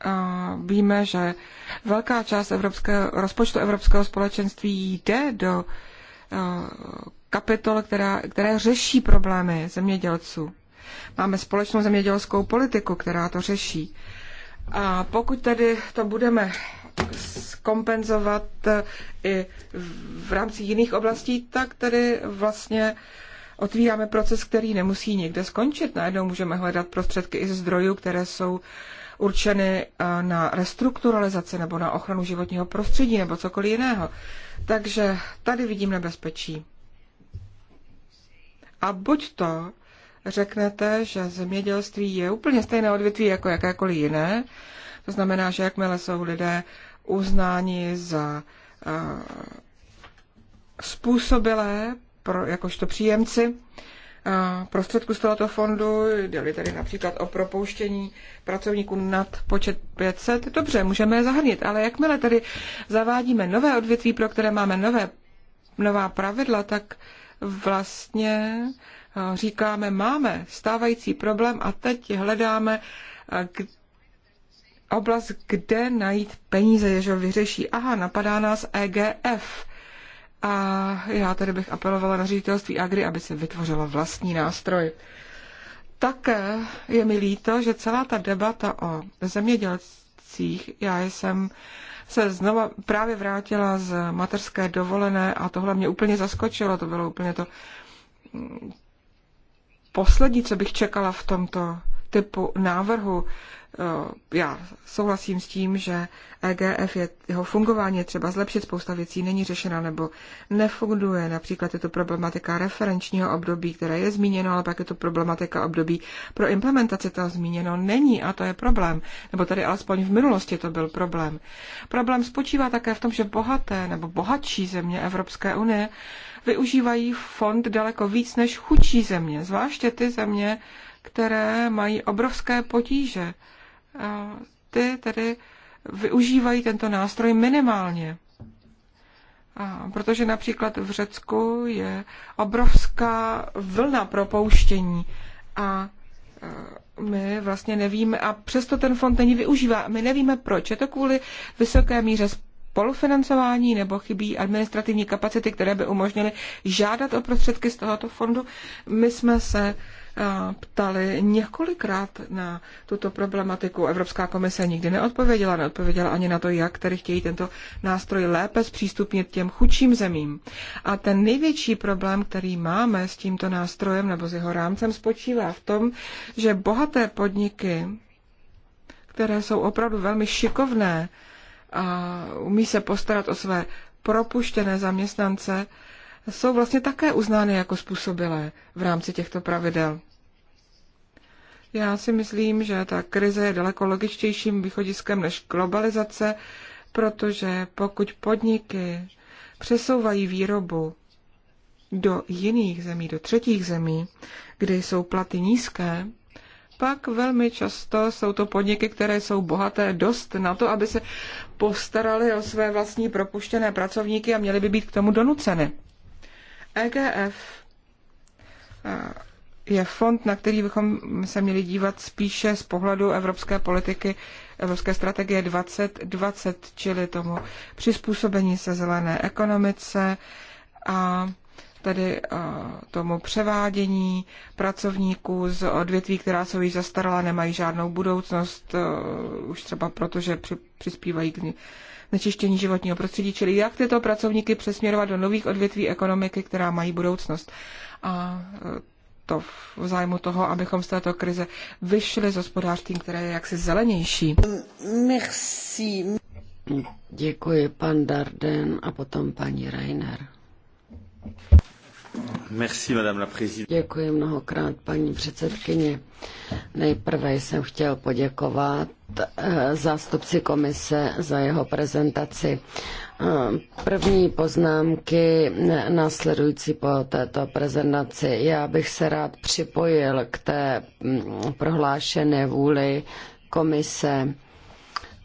A víme, že velká část evropského, rozpočtu Evropského společenství jde do eh, kapitol, která, které řeší problémy zemědělců. Máme společnou zemědělskou politiku, která to řeší. A pokud tedy to budeme kompenzovat eh, i v rámci jiných oblastí, tak tedy vlastně otvíráme proces, který nemusí někde skončit. Najednou můžeme hledat prostředky i ze zdrojů, které jsou určeny eh, na restrukturalizaci nebo na ochranu životního prostředí nebo cokoliv jiného. Takže tady vidím nebezpečí. A buď to řeknete, že zemědělství je úplně stejné odvětví jako jakékoliv jiné. To znamená, že jakmile jsou lidé uznáni za uh, způsobilé, pro, jakožto příjemci, eh, prostředku z tohoto fondu, jde tady například o propouštění pracovníků nad počet 500, dobře, můžeme je zahrnit, ale jakmile tady zavádíme nové odvětví, pro které máme nové, nová pravidla, tak vlastně říkáme, máme stávající problém a teď hledáme oblast, kde najít peníze, jež ho vyřeší. Aha, napadá nás EGF. A já tady bych apelovala na ředitelství Agri, aby se vytvořilo vlastní nástroj. Také je mi líto, že celá ta debata o zemědělcích, já jsem se znova právě vrátila z materské dovolené a tohle mě úplně zaskočilo, to bylo úplně to poslední, co bych čekala v tomto typu návrhu. Eh, já souhlasím s tím, že EGF je, jeho fungování je třeba zlepšit, spousta věcí není řešena nebo nefunguje. Například je to problematika referenčního období, které je zmíněno, ale pak je to problematika období pro implementaci toho zmíněno není a to je problém. Nebo tady alespoň v minulosti to byl problém. Problém spočívá také v tom, že bohaté nebo bohatší země Evropské unie využívají fond daleko víc než chudší země, zvláště ty země, které mají obrovské potíže. Ty tedy využívají tento nástroj minimálně. A protože například v Řecku je obrovská vlna propouštění a e, my vlastně nevíme, a přesto ten fond není využívá. My nevíme proč. Je to kvůli vysoké míře spolufinancování nebo chybí administrativní kapacity, které by umožnily žádat o prostředky z tohoto fondu. My jsme se ptali několikrát na tuto problematiku. Evropská komise nikdy neodpověděla, neodpověděla ani na to, jak tedy chtějí tento nástroj lépe zpřístupnit těm chudším zemím. A ten největší problém, který máme s tímto nástrojem nebo s jeho rámcem, spočívá v tom, že bohaté podniky, které jsou opravdu velmi šikovné a umí se postarat o své propuštěné zaměstnance, jsou vlastně také uznány jako způsobilé v rámci těchto pravidel. Já si myslím, že ta krize je daleko logičtějším východiskem než globalizace, protože pokud podniky přesouvají výrobu do jiných zemí, do třetích zemí, kde jsou platy nízké, pak velmi často jsou to podniky, které jsou bohaté dost na to, aby se postarali o své vlastní propuštěné pracovníky a měly by být k tomu donuceny. EGF e, je fond, na který bychom se měli dívat spíše z pohledu evropské politiky, evropské strategie 2020, čili tomu přizpůsobení se zelené ekonomice a tedy e, tomu převádění pracovníků z odvětví, která jsou již zastarala, nemají žádnou budoucnost, e, už třeba proto, že přispívají k znečištění životního prostředí, čili jak tyto pracovníky přesměrovat do nových odvětví ekonomiky, která mají budoucnost. A e, to v zájmu toho, abychom z této krize vyšli z hospodářství, které je jaksi zelenější. Merci. Děkuji, pan Darden a potom paní Reiner. Děkuji mnohokrát, paní předsedkyně. Nejprve jsem chtěl poděkovat eh, zástupci komise za jeho prezentaci. Eh, první poznámky následující po této prezentaci. Já bych se rád připojil k té mm, prohlášené vůli komise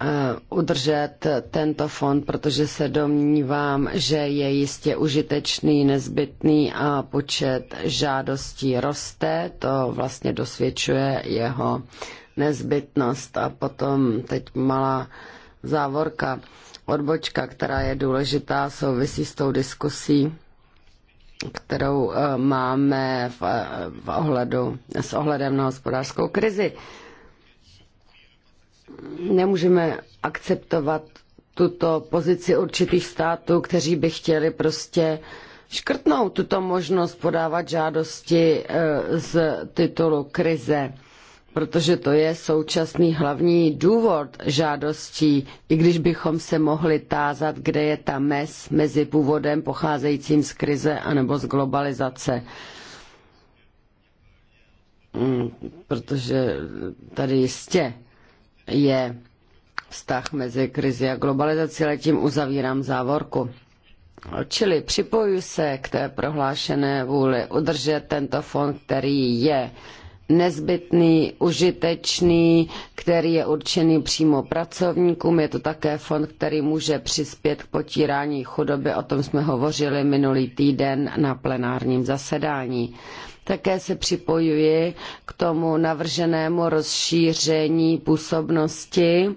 Eh, udržet tento fond, protože se domnívám, že je jistě užitečný, nezbytný a počet žádostí roste. To vlastně dosvědčuje jeho nezbytnost. A potom teď malá závorka, odbočka, která je důležitá, souvisí s tou diskusí kterou eh, máme v, eh, v ohledu, s ohledem na hospodářskou krizi nemůžeme akceptovat tuto pozici určitých států, kteří by chtěli prostě škrtnout tuto možnost podávat žádosti eh, z titulu krize, protože to je současný hlavní důvod žádostí, i když bychom se mohli tázat, kde je ta mez mezi původem pocházejícím z krize anebo z globalizace mm, protože tady jistě je vztah mezi krizi a globalizací, ale tím uzavírám závorku. Čili připojuji se k té prohlášené vůli udržet tento fond, který je nezbytný, užitečný, který je určený přímo pracovníkům. Je to také fond, který může přispět k potírání chudoby. O tom jsme hovořili minulý týden na plenárním zasedání. Také se připojuji k tomu navrženému rozšíření působnosti.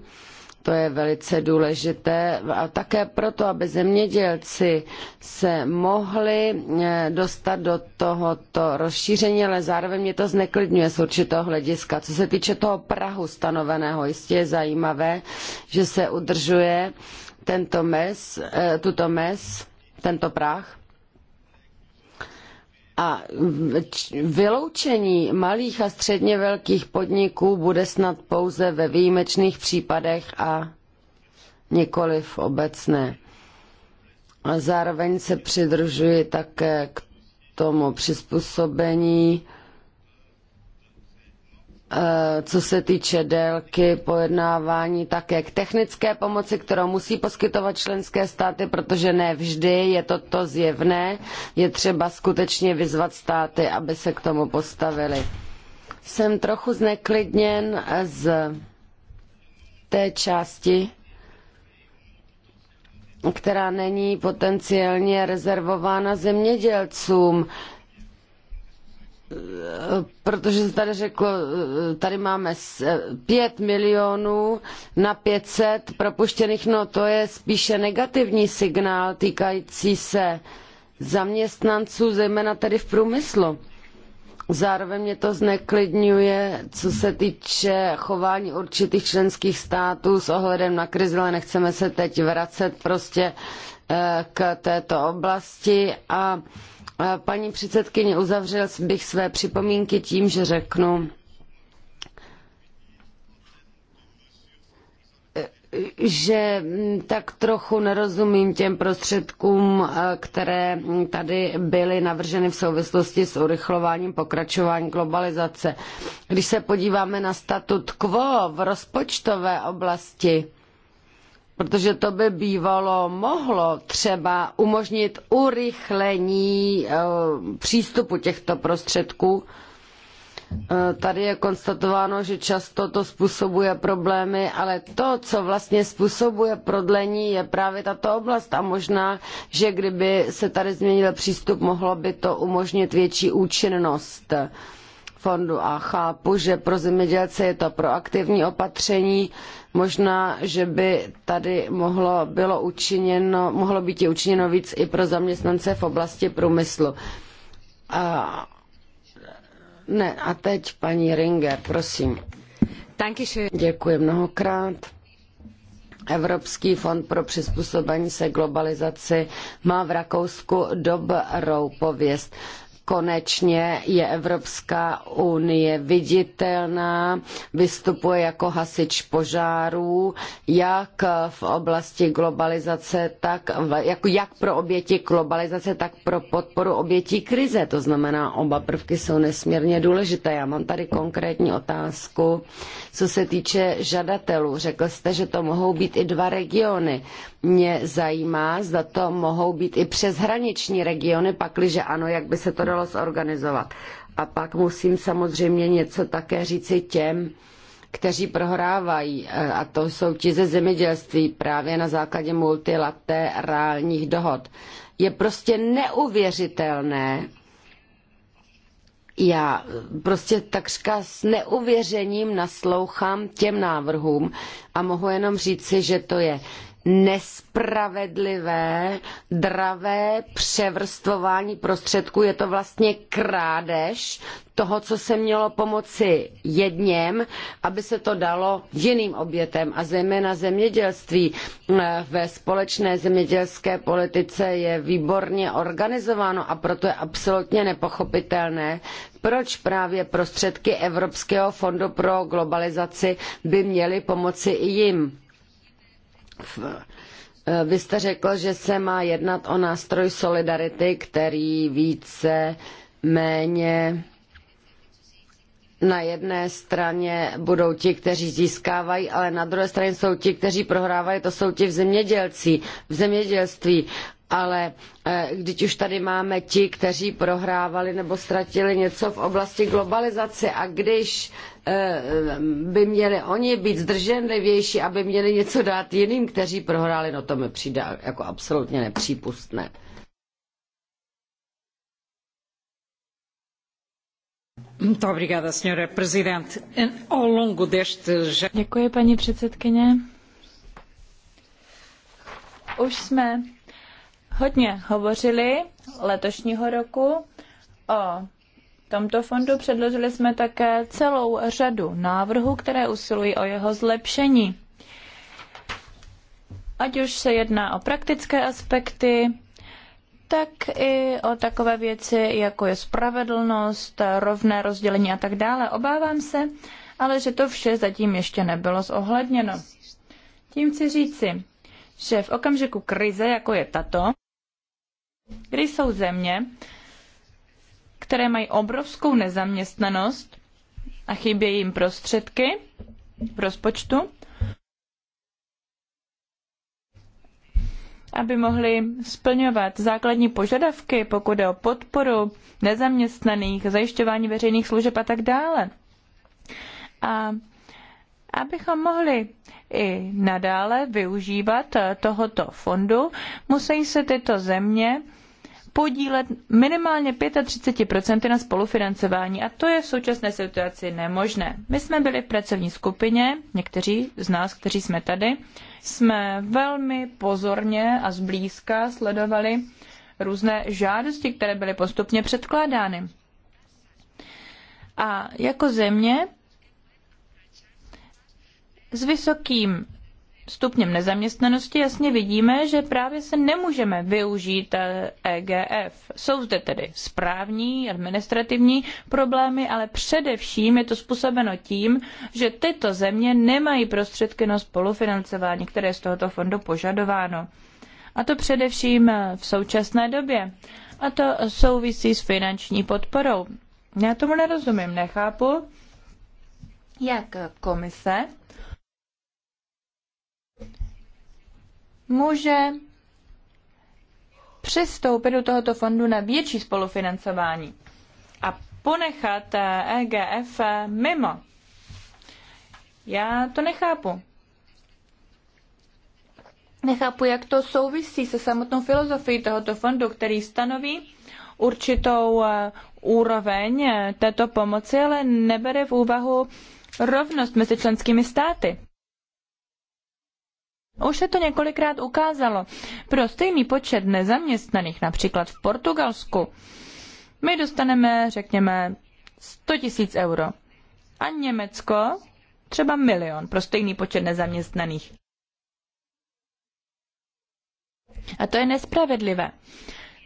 To je velice důležité a také proto, aby zemědělci se mohli eh, dostat do tohoto rozšíření, ale zároveň mě to zneklidňuje z určitého hlediska. Co se týče toho Prahu stanoveného, jistě je zajímavé, že se udržuje tento mes, eh, tuto mes, tento prach a vyloučení malých a středně velkých podniků bude snad pouze ve výjimečných případech a nikoliv obecné. A zároveň se přidružuji také k tomu přizpůsobení Eh, co se týče délky pojednávání, také k technické pomoci, kterou musí poskytovat členské státy, protože ne vždy je toto zjevné. Je třeba skutečně vyzvat státy, aby se k tomu postavili. Jsem trochu zneklidněn z té části, která není potenciálně rezervována zemědělcům protože se tady řeklo, tady máme 5 milionů na 500 propuštěných, no to je spíše negativní signál týkající se zaměstnanců, zejména tedy v průmyslu. Zároveň mě to zneklidňuje, co se týče chování určitých členských států s ohledem na krizi, ale nechceme se teď vracet prostě eh, k této oblasti a Paní předsedkyně, uzavřel bych své připomínky tím, že řeknu, že tak trochu nerozumím těm prostředkům, které tady byly navrženy v souvislosti s urychlováním pokračování globalizace. Když se podíváme na statut quo v rozpočtové oblasti, protože to by bývalo mohlo třeba umožnit urychlení eh, přístupu těchto prostředků. Eh, tady je konstatováno, že často to způsobuje problémy, ale to, co vlastně způsobuje prodlení, je právě tato oblast a možná, že kdyby se tady změnil přístup, mohlo by to umožnit větší účinnost fondu a chápu, že pro zemědělce je to proaktivní opatření. Možná, že by tady mohlo, bylo učiněno, mohlo být i učiněno víc i pro zaměstnance v oblasti průmyslu. A, ne, a teď paní Ringer, prosím. Děkuji mnohokrát. Evropský fond pro přizpůsobení se globalizaci má v Rakousku dobrou pověst. Konečně je Evropská unie viditelná, vystupuje jako hasič požárů, jak v oblasti globalizace, tak jako, jak pro oběti globalizace, tak pro podporu obětí krize. To znamená, oba prvky jsou nesmírně důležité. Já mám tady konkrétní otázku, co se týče žadatelů. Řekl jste, že to mohou být i dva regiony. Mě zajímá, zda to mohou být i přeshraniční regiony, pakliže ano, jak by se to dalo podařilo zorganizovat. A pak musím samozřejmě něco také říci těm, kteří prohrávají, a to jsou ti ze zemědělství právě na základě multilaterálních dohod. Je prostě neuvěřitelné, já prostě takřka s neuvěřením naslouchám těm návrhům a mohu jenom říci, že to je nespravedlivé, dravé převrstvování prostředků. Je to vlastně krádež toho, co se mělo pomoci jedněm, aby se to dalo jiným obětem a zejména zemědělství. Ve společné zemědělské politice je výborně organizováno a proto je absolutně nepochopitelné, proč právě prostředky Evropského fondu pro globalizaci by měly pomoci i jim Eh, vy jste řekl, že se má jednat o nástroj solidarity, který více méně na jedné straně budou ti, kteří získávají, ale na druhé straně jsou ti, kteří prohrávají, to jsou ti v zemědělci, v zemědělství ale eh, když už tady máme ti, kteří prohrávali nebo ztratili něco v oblasti globalizace a když eh, by měli oni být zdrženlivější, aby měli něco dát jiným, kteří prohráli, no to mi přijde jako absolutně nepřípustné. Děkuji, paní předsedkyně. Už jsme hodně hovořili letošního roku o tomto fondu. Předložili jsme také celou řadu návrhů, které usilují o jeho zlepšení. Ať už se jedná o praktické aspekty, tak i o takové věci, jako je spravedlnost, rovné rozdělení a tak dále. Obávám se, ale že to vše zatím ještě nebylo zohledněno. Tím chci říci, že v okamžiku krize, jako je tato, kde jsou země, které mají obrovskou nezaměstnanost a chybějí jim prostředky v rozpočtu, aby mohli splňovat základní požadavky, pokud je o podporu nezaměstnaných, zajišťování veřejných služeb a tak dále. A abychom mohli i nadále využívat tohoto fondu, musí se tyto země podílet minimálně 35% na spolufinancování a to je v současné situaci nemožné. My jsme byli v pracovní skupině, někteří z nás, kteří jsme tady, jsme velmi pozorně a zblízka sledovali různé žádosti, které byly postupně předkládány. A jako země s vysokým stupněm nezaměstnanosti jasně vidíme, že právě se nemůžeme využít EGF. Eh, e Jsou zde tedy správní, administrativní problémy, ale především je to způsobeno tím, že tyto země nemají prostředky na spolufinancování, které je z tohoto fondu požadováno. A to především eh, v současné době. A to souvisí s finanční podporou. Já tomu nerozumím, nechápu, jak komise může přistoupit do tohoto fondu na větší spolufinancování a ponechat EGF eh, e eh, mimo. Já to nechápu. Nechápu, jak to souvisí se samotnou filozofií tohoto fondu, který stanoví určitou eh, úroveň této pomoci, ale nebere v úvahu rovnost mezi členskými státy. Už se to několikrát ukázalo. Pro stejný počet nezaměstnaných, například v Portugalsku, my dostaneme, řekněme, 100 tisíc euro. A Německo třeba milion pro stejný počet nezaměstnaných. A to je nespravedlivé.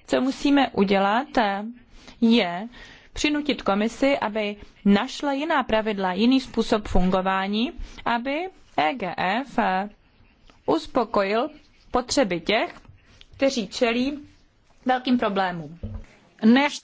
Co musíme udělat, je přinutit komisi, aby našla jiná pravidla, jiný způsob fungování, aby EGF uspokojil potřeby těch, kteří čelí velkým problémům. Než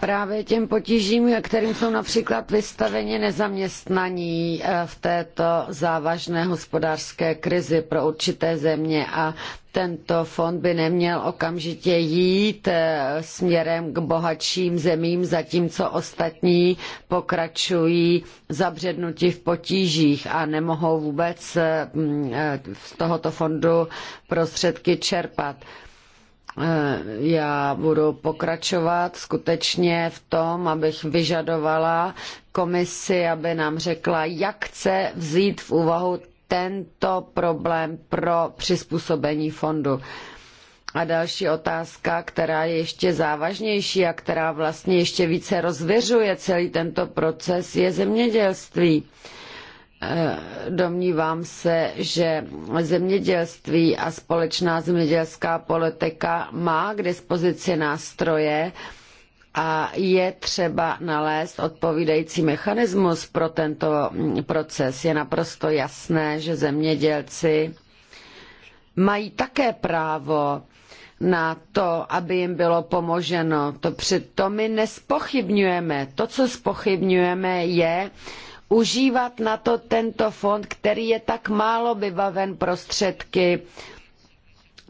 právě těm potížím, kterým jsou například vystaveni nezaměstnaní eh, v této závažné hospodářské krizi pro určité země a tento fond by neměl okamžitě jít eh, směrem k bohatším zemím, zatímco ostatní pokračují zabřednutí v potížích a nemohou vůbec eh, mm, z tohoto fondu prostředky čerpat. Eh, já budu pokračovat skutečně v tom, abych vyžadovala komisi, aby nám řekla, jak chce vzít v úvahu tento problém pro přizpůsobení fondu. A další otázka, která je ještě závažnější a která vlastně ještě více rozvěřuje celý tento proces, je zemědělství. Uh, Eh, domnívám se, že zemědělství a společná zemědělská politika má k dispozici nástroje a je třeba nalézt odpovídající mechanismus pro tento proces. Je naprosto jasné, že zemědělci mají také právo na to, aby jim bylo pomoženo. To přitom my nespochybňujeme. To, co spochybňujeme, je užívat na to tento fond, který je tak málo vybaven prostředky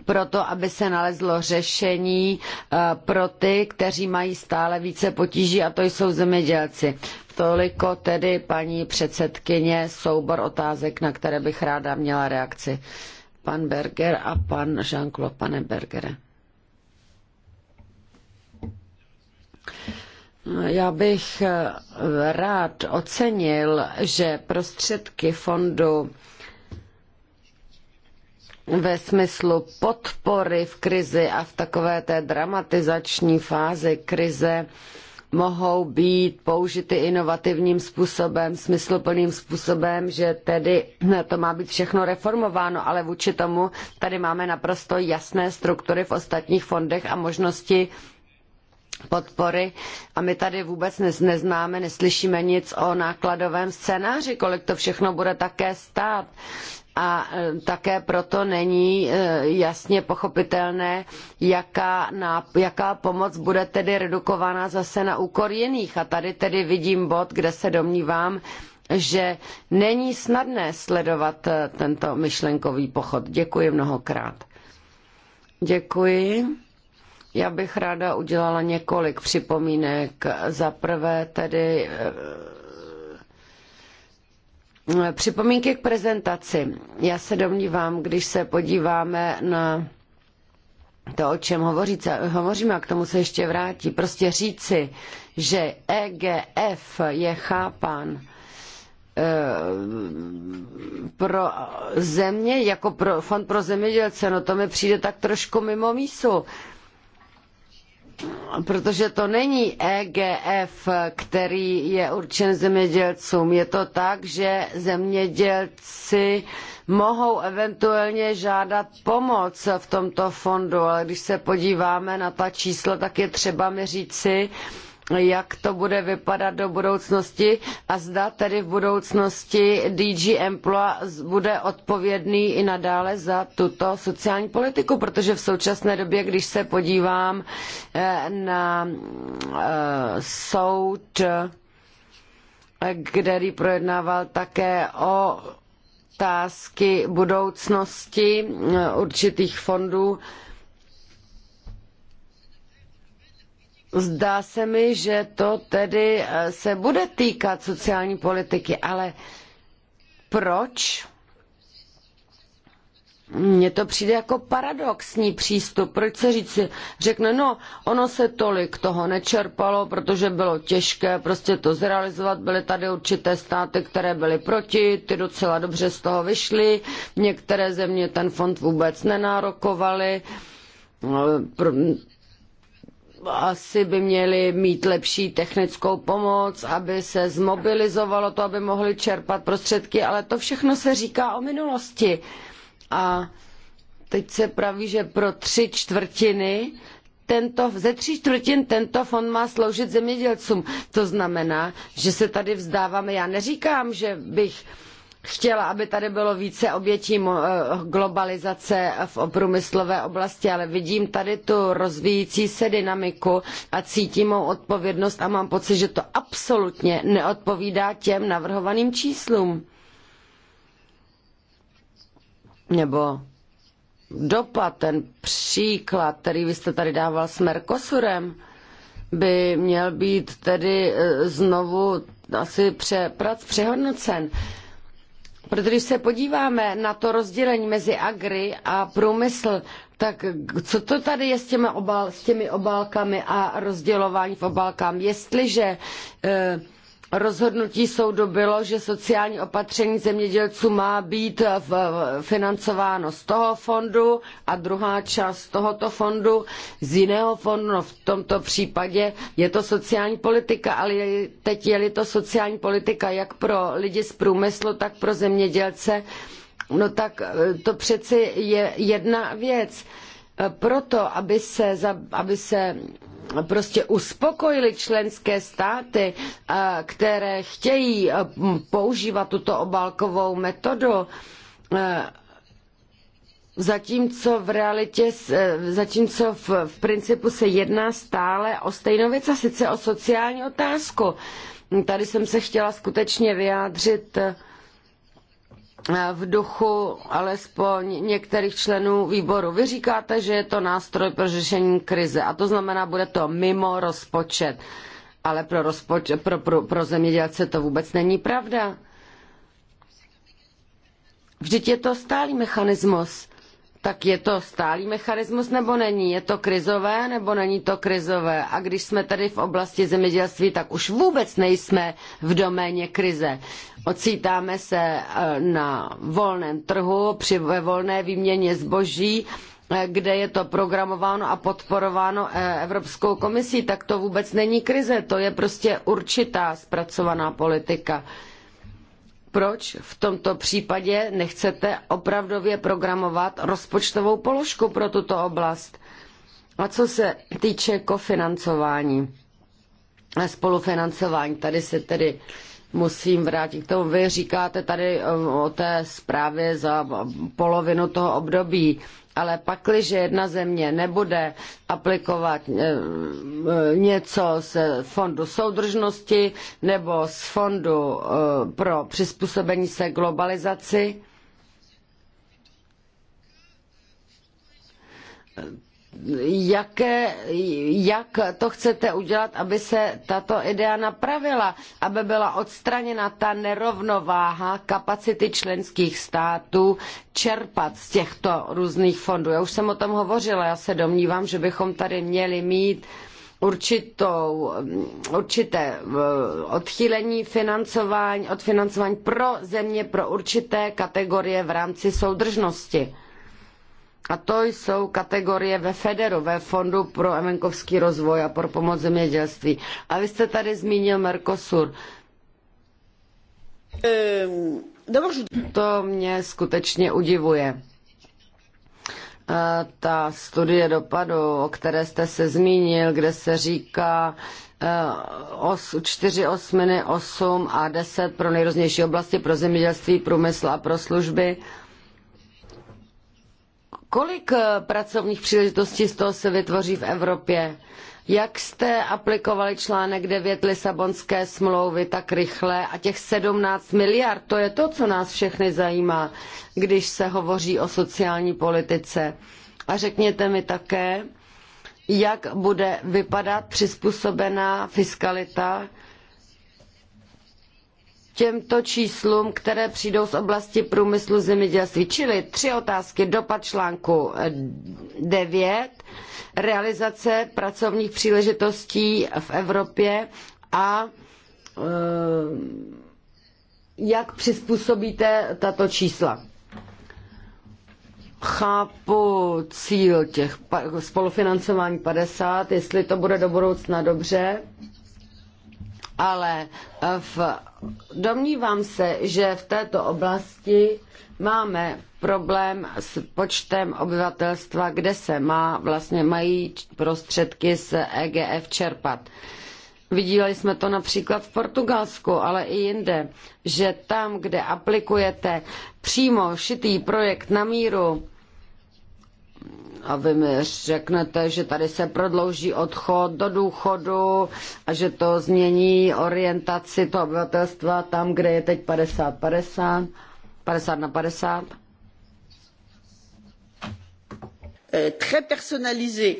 pro to, aby se nalezlo řešení eh, pro ty, kteří mají stále více potíží, a to jsou zemědělci. Toliko tedy, paní předsedkyně, soubor otázek, na které bych ráda měla reakci. Pan Berger a pan Jean-Claude, pane Bergere. Já bych eh, rád ocenil, že prostředky fondu ve smyslu podpory v krizi a v takové té dramatizační fázi krize mohou být použity inovativním způsobem, smysluplným způsobem, že tedy to má být všechno reformováno, ale vůči tomu tady máme naprosto jasné struktury v ostatních fondech a možnosti podpory a my tady vůbec neznáme, neslyšíme nic o nákladovém scénáři, kolik to všechno bude také stát. A e, také proto není e, jasně pochopitelné, jaká, jaká pomoc bude tedy redukována zase na úkor jiných. A tady tedy vidím bod, kde se domnívám, že není snadné sledovat e, tento myšlenkový pochod. Děkuji mnohokrát. Děkuji. Já bych ráda udělala několik připomínek. Za prvé tedy eh, připomínky k prezentaci. Já se domnívám, když se podíváme na to, o čem hovoříme, a k tomu se ještě vrátí, prostě říci, že EGF je chápán eh, pro země, jako pro fond pro zemědělce, no to mi přijde tak trošku mimo mísu protože to není EGF, který je určen zemědělcům. Je to tak, že zemědělci mohou eventuálně žádat pomoc v tomto fondu, ale když se podíváme na ta čísla, tak je třeba mi říci, jak to bude vypadat do budoucnosti a zda tedy v budoucnosti DG Emploa bude odpovědný i nadále za tuto sociální politiku, protože v současné době, když se podívám eh, na eh, soud, který projednával také o otázky budoucnosti eh, určitých fondů, Zdá se mi, že to tedy eh, se bude týkat sociální politiky, ale proč? Mně to přijde jako paradoxní přístup. Proč se říci, řekne, no, ono se tolik toho nečerpalo, protože bylo těžké prostě to zrealizovat. Byly tady určité státy, které byly proti, ty docela dobře z toho vyšly. Některé země ten fond vůbec nenárokovaly no, asi by měli mít lepší technickou pomoc, aby se zmobilizovalo to, aby mohli čerpat prostředky, ale to všechno se říká o minulosti. A teď se praví, že pro tři čtvrtiny tento, ze tří čtvrtin tento fond má sloužit zemědělcům. To znamená, že se tady vzdáváme. Já neříkám, že bych chtěla, aby tady bylo více obětí eh, globalizace v průmyslové oblasti, ale vidím tady tu rozvíjící se dynamiku a cítím mou odpovědnost a mám pocit, že to absolutně neodpovídá těm navrhovaným číslům. Nebo dopad, ten příklad, který vy jste tady dával s Mercosurem, by měl být tedy eh, znovu asi přeprac, přehodnocen. Protože když se podíváme na to rozdělení mezi agri a průmysl, tak co to tady je s těmi, obál, s těmi obálkami a rozdělování v obálkám? Jestliže eh, rozhodnutí soudu bylo, že sociální opatření zemědělců má být financováno z toho fondu a druhá část z tohoto fondu, z jiného fondu, no v tomto případě je to sociální politika, ale teď je-li to sociální politika jak pro lidi z průmyslu, tak pro zemědělce, no tak eh, to přeci je jedna věc. Eh, proto, aby se, aby se prostě uspokojili členské státy, eh, které chtějí eh, používat tuto obálkovou metodu, eh, zatímco v realitě, zatímco v, v principu se jedná stále o stejnou věc a sice o sociální otázku. Tady jsem se chtěla skutečně vyjádřit Eh, v duchu alespoň některých členů výboru. Vy říkáte, že je to nástroj pro řešení krize a to znamená, bude to mimo rozpočet. Ale pro, rozpočet, pro, pro, pro zemědělce to vůbec není pravda. Vždyť je to stálý mechanismus. Tak je to stálý mechanismus nebo není? Je to krizové nebo není to krizové? A když jsme tady v oblasti zemědělství, tak už vůbec nejsme v doméně krize. Ocítáme se e, na volném trhu, při ve volné výměně zboží, e, kde je to programováno a podporováno e, Evropskou komisí, tak to vůbec není krize, to je prostě určitá zpracovaná politika. Proč v tomto případě nechcete opravdově programovat rozpočtovou položku pro tuto oblast? A co se týče kofinancování, spolufinancování, tady se tedy musím vrátit k tomu. Vy říkáte tady um, o té zprávě za polovinu toho období, ale pakliže jedna země nebude aplikovat eh, eh, něco z fondu soudržnosti nebo z fondu eh, pro přizpůsobení se globalizaci, jaké, jak to chcete udělat, aby se tato idea napravila, aby byla odstraněna ta nerovnováha kapacity členských států čerpat z těchto různých fondů. Já už jsem o tom hovořila, já se domnívám, že bychom tady měli mít určitou, určité eh, odchýlení financování, od financování pro země, pro určité kategorie v rámci soudržnosti. A to jsou kategorie ve Federu, ve Fondu pro venkovský rozvoj a pro pomoc zemědělství. A vy jste tady zmínil Mercosur. Ehm, to mě skutečně udivuje. E, ta studie dopadu, o které jste se zmínil, kde se říká, 4 e, osminy, 8 a 10 pro nejrůznější oblasti, pro zemědělství, průmysl a pro služby, Kolik eh, pracovních příležitostí z toho se vytvoří v Evropě? Jak jste aplikovali článek 9 Lisabonské smlouvy tak rychle a těch 17 miliard, to je to, co nás všechny zajímá, když se hovoří o sociální politice. A řekněte mi také, jak bude vypadat přizpůsobená fiskalita těmto číslům, které přijdou z oblasti průmyslu zemědělství. Čili tři otázky. Dopad článku 9, realizace pracovních příležitostí v Evropě a eh, jak přizpůsobíte tato čísla. Chápu cíl těch spolufinancování 50, jestli to bude do budoucna dobře ale eh, v, domnívám se, že v této oblasti máme problém s počtem obyvatelstva, kde se má, vlastně mají prostředky z EGF čerpat. Viděli jsme to například v Portugalsku, ale i jinde, že tam, kde aplikujete přímo šitý projekt na míru, a vy mi řeknete, že tady se prodlouží odchod do důchodu a že to změní orientaci toho obyvatelstva tam, kde je teď 50-50, 50 na 50. Eh, très personnalisé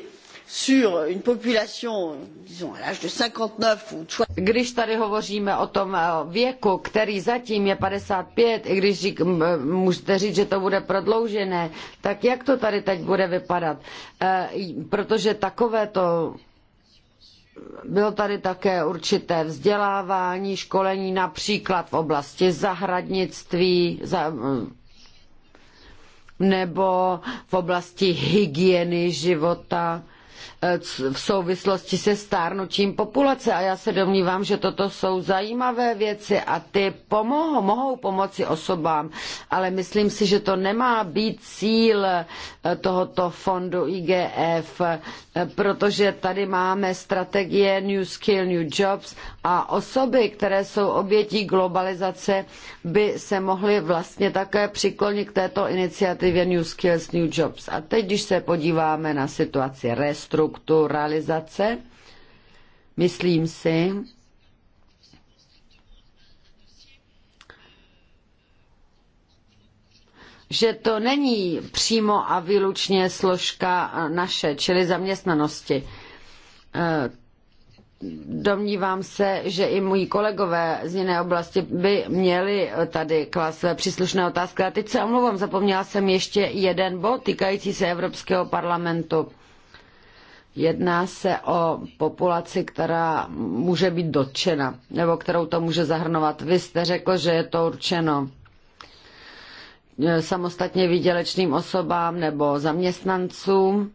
sur une population, disons, à l'âge de 59 ou Když tady hovoříme o tom eh, věku, který zatím je 55, i když řík, můžete říct, že to bude prodloužené, tak jak to tady teď bude vypadat? Eh, protože takové to bylo tady také určité vzdělávání, školení například v oblasti zahradnictví, za, nebo v oblasti hygieny života. Eh, v souvislosti se stárnutím populace a já se domnívám, že toto jsou zajímavé věci a ty pomohou, mohou pomoci osobám, ale myslím si, že to nemá být cíl eh, tohoto fondu IGF, eh, protože tady máme strategie New Skill, New Jobs a osoby, které jsou obětí globalizace, by se mohly vlastně také přiklonit k této iniciativě New Skills, New Jobs. A teď, když se podíváme na situaci restrukturalizace, restrukturalizace. Myslím si, že to není přímo a výlučně složka naše, čili zaměstnanosti. Eh, domnívám se, že i moji kolegové z jiné oblasti by měli tady klas příslušné otázky. A teď se omlouvám, zapomněla jsem ještě jeden bod týkající se Evropského parlamentu. Jedná se o populaci, která může být dotčena, nebo kterou to může zahrnovat. Vy jste řekl, že je to určeno eh, samostatně výdělečným osobám nebo zaměstnancům.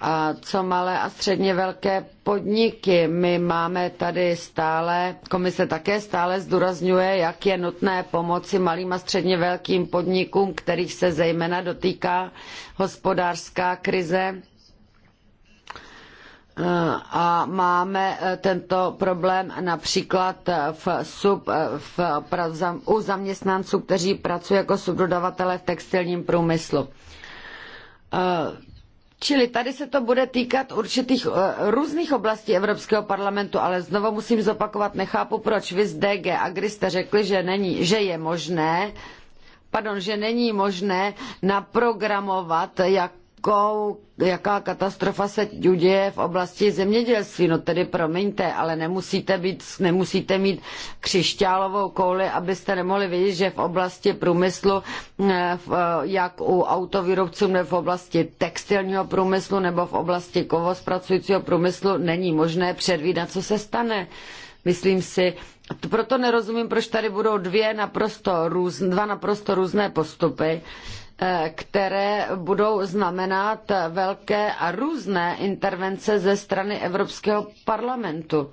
A co malé a středně velké podniky? My máme tady stále, komise také stále zdůrazňuje, jak je nutné pomoci malým a středně velkým podnikům, kterých se zejména dotýká hospodářská krize a máme eh, tento problém například eh, v sub, eh, v, u zaměstnanců, kteří pracují jako subdodavatele v textilním průmyslu. Čili tady se to bude týkat určitých různých oblastí Evropského parlamentu, ale znovu musím zopakovat, nechápu, proč vy z DG Agri jste řekli, že, není, že je možné, pardon, že není možné naprogramovat jak rukou, jaká katastrofa se děje v oblasti zemědělství. No tedy promiňte, ale nemusíte, být, nemusíte mít křišťálovou kouli, abyste nemohli vidět, že v oblasti průmyslu, eh, eh, jak u autovýrobců nebo v oblasti textilního průmyslu nebo v oblasti kovospracujícího průmyslu není možné předvídat, co se stane. Myslím si, proto nerozumím, proč tady budou dvě naprosto dva naprosto různé postupy. Eh, které budou znamenat velké a různé intervence ze strany Evropského parlamentu.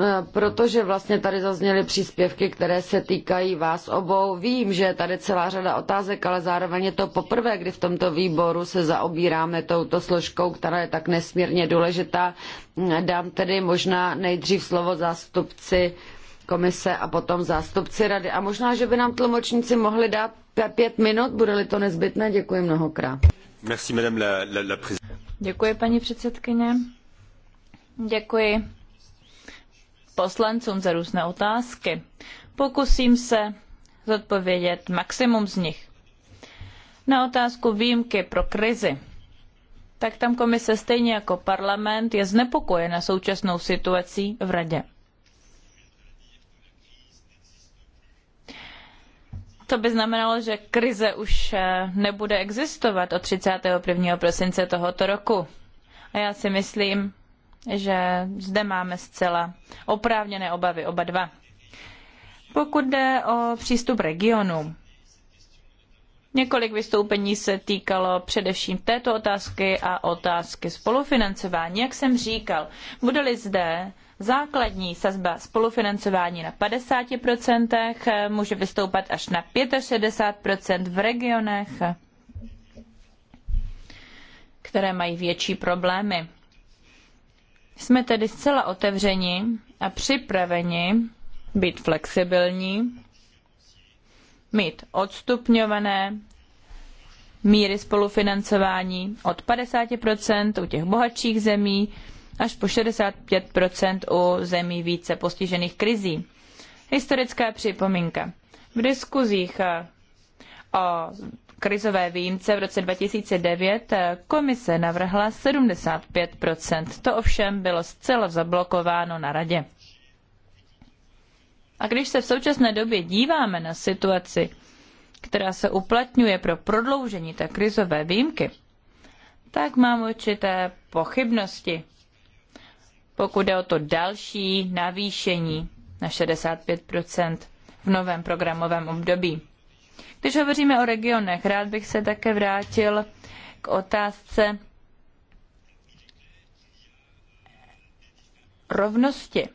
Eh, protože vlastně tady zazněly příspěvky, které se týkají vás obou. Vím, že je tady celá řada otázek, ale zároveň je to poprvé, kdy v tomto výboru se zaobíráme touto složkou, která je tak nesmírně důležitá. Dám tedy možná nejdřív slovo zástupci komise a potom zástupci rady. A možná, že by nám tlumočníci mohli dát pět minut, bude-li to nezbytné. Děkuji mnohokrát. Merci, madame la, la, la Děkuji, paní předsedkyně. Děkuji poslancům za různé otázky. Pokusím se zodpovědět maximum z nich. Na otázku výjimky pro krizi, tak tam komise stejně jako parlament je znepokojena současnou situací v radě. To by znamenalo, že krize už eh, nebude existovat od 31. prosince tohoto roku. A já si myslím, že zde máme zcela oprávněné obavy oba dva. Pokud jde o přístup regionu, několik vystoupení se týkalo především této otázky a otázky spolufinancování. Jak jsem říkal, bude-li zde základní sazba spolufinancování na 50%, eh, může vystoupat až na 65% v regionech, které mají větší problémy. Jsme tedy zcela otevřeni a připraveni být flexibilní, mít odstupňované míry spolufinancování od 50 u těch bohatších zemí až po 65 u zemí více postižených krizí. Historická připomínka. V diskuzích eh, o krizové výjimce v roce 2009 eh, komise navrhla 75 To ovšem bylo zcela zablokováno na radě. A když se v současné době díváme na situaci, která se uplatňuje pro prodloužení té krizové výjimky, tak mám určité pochybnosti pokud jde o to další navýšení na 65 v novém programovém období. Když hovoříme o regionech, rád bych se také vrátil k otázce rovnosti,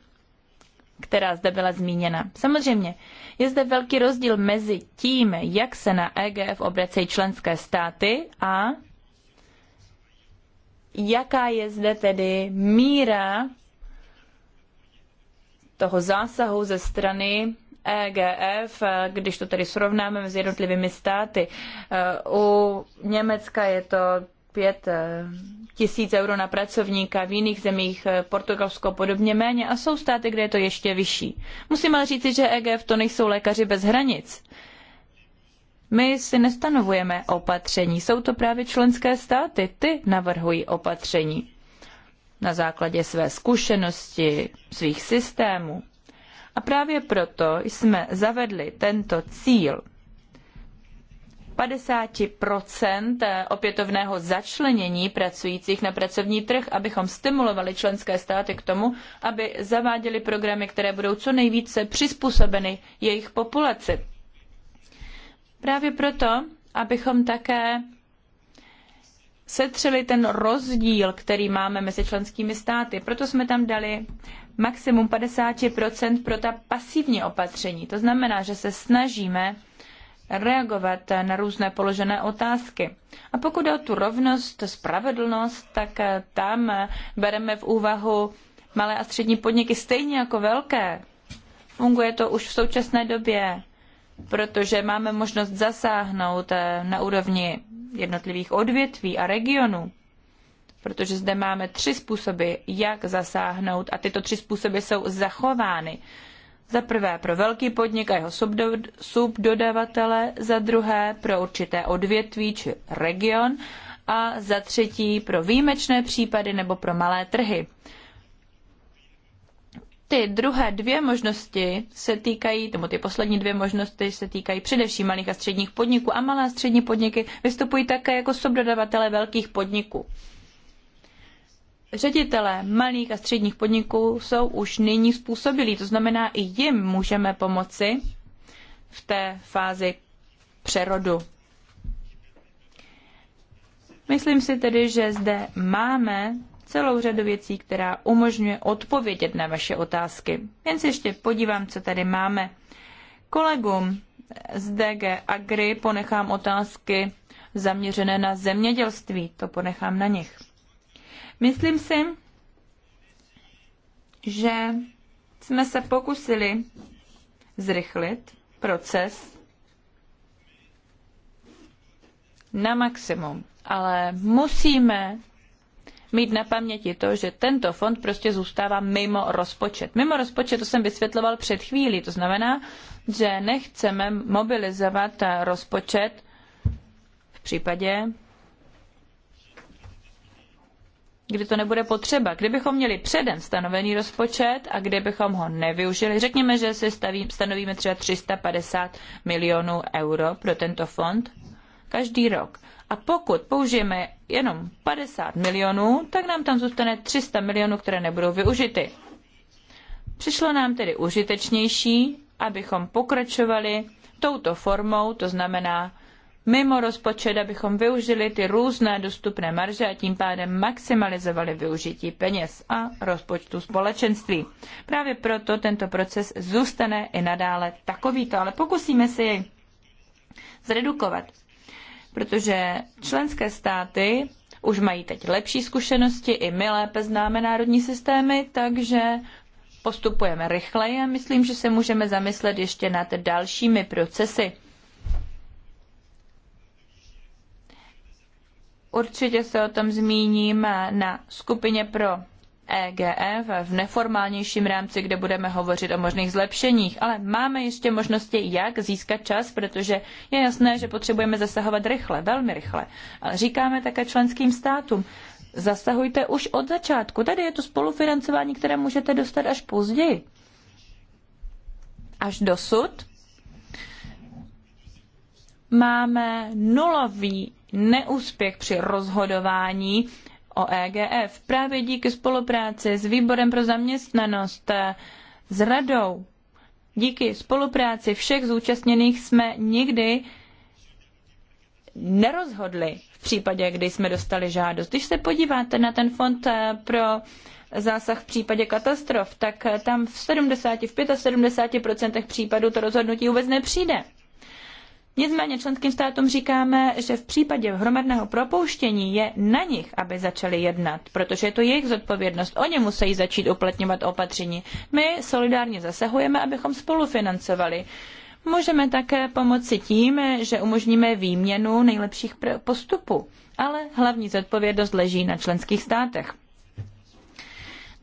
která zde byla zmíněna. Samozřejmě je zde velký rozdíl mezi tím, jak se na EGF obracejí členské státy a jaká je zde tedy míra toho zásahu ze strany EGF, když to tedy srovnáme mezi jednotlivými státy. U Německa je to pět eh, tisíc euro na pracovníka, v jiných zemích eh, Portugalsko podobně méně a jsou státy, kde je to ještě vyšší. Musím ale říci, že EGF to nejsou lékaři bez hranic. My si nestanovujeme opatření, jsou to právě členské státy, ty navrhují opatření na základě své zkušenosti, svých systémů. A právě proto jsme zavedli tento cíl 50 opětovného začlenění pracujících na pracovní trh, abychom stimulovali členské státy k tomu, aby zaváděly programy, které budou co nejvíce přizpůsobeny jejich populaci. Právě proto, abychom také setřeli ten rozdíl, který máme mezi členskými státy. Proto jsme tam dali maximum 50% pro ta pasivní opatření. To znamená, že se snažíme reagovat na různé položené otázky. A pokud jde o tu rovnost, spravedlnost, tak tam bereme v úvahu malé a střední podniky stejně jako velké. Funguje to už v současné době protože máme možnost zasáhnout eh, na úrovni jednotlivých odvětví a regionů, protože zde máme tři způsoby, jak zasáhnout a tyto tři způsoby jsou zachovány. Za prvé pro velký podnik a jeho subdodavatele, za druhé pro určité odvětví či region a za třetí pro výjimečné případy nebo pro malé trhy ty druhé dvě možnosti se týkají, nebo ty poslední dvě možnosti se týkají především malých a středních podniků a malé a střední podniky vystupují také jako subdodavatele velkých podniků. Ředitelé malých a středních podniků jsou už nyní způsobilí, to znamená i jim můžeme pomoci v té fázi přerodu. Myslím si tedy, že zde máme celou řadu věcí, která umožňuje odpovědět na vaše otázky. Jen se ještě podívám, co tady máme. Kolegům z DG Agri ponechám otázky zaměřené na zemědělství. To ponechám na nich. Myslím si, že jsme se pokusili zrychlit proces na maximum, ale musíme mít na paměti to, že tento fond prostě zůstává mimo rozpočet. Mimo rozpočet to jsem vysvětloval před chvílí, to znamená, že nechceme mobilizovat rozpočet v případě, kdy to nebude potřeba. Kdybychom měli předem stanovený rozpočet a kdybychom ho nevyužili, řekněme, že si staví, stanovíme třeba 350 milionů euro pro tento fond každý rok. A pokud použijeme jenom 50 milionů, tak nám tam zůstane 300 milionů, které nebudou využity. Přišlo nám tedy užitečnější, abychom pokračovali touto formou, to znamená mimo rozpočet, abychom využili ty různé dostupné marže a tím pádem maximalizovali využití peněz a rozpočtu společenství. Právě proto tento proces zůstane i nadále takovýto, ale pokusíme se jej zredukovat protože členské státy už mají teď lepší zkušenosti, i my lépe známe národní systémy, takže postupujeme rychleji a myslím, že se můžeme zamyslet ještě nad dalšími procesy. Určitě se o tom zmíním na skupině pro EGF e v neformálnějším rámci, kde budeme hovořit o možných zlepšeních, ale máme ještě možnosti, jak získat čas, protože je jasné, že potřebujeme zasahovat rychle, velmi rychle. Ale říkáme také členským státům, zasahujte už od začátku. Tady je to spolufinancování, které můžete dostat až později. Až dosud máme nulový neúspěch při rozhodování o EGF. Právě díky spolupráci s Výborem pro zaměstnanost, s radou, díky spolupráci všech zúčastněných jsme nikdy nerozhodli v případě, kdy jsme dostali žádost. Když se podíváte na ten fond eh, pro zásah v případě katastrof, tak eh, tam v 70, v 75% případů to rozhodnutí vůbec nepřijde. Nicméně členským státům říkáme, že v případě hromadného propouštění je na nich, aby začali jednat, protože je to jejich zodpovědnost. Oni musí začít uplatňovat opatření. My solidárně zasahujeme, abychom spolufinancovali. Můžeme také pomoci tím, že umožníme výměnu nejlepších postupů, ale hlavní zodpovědnost leží na členských státech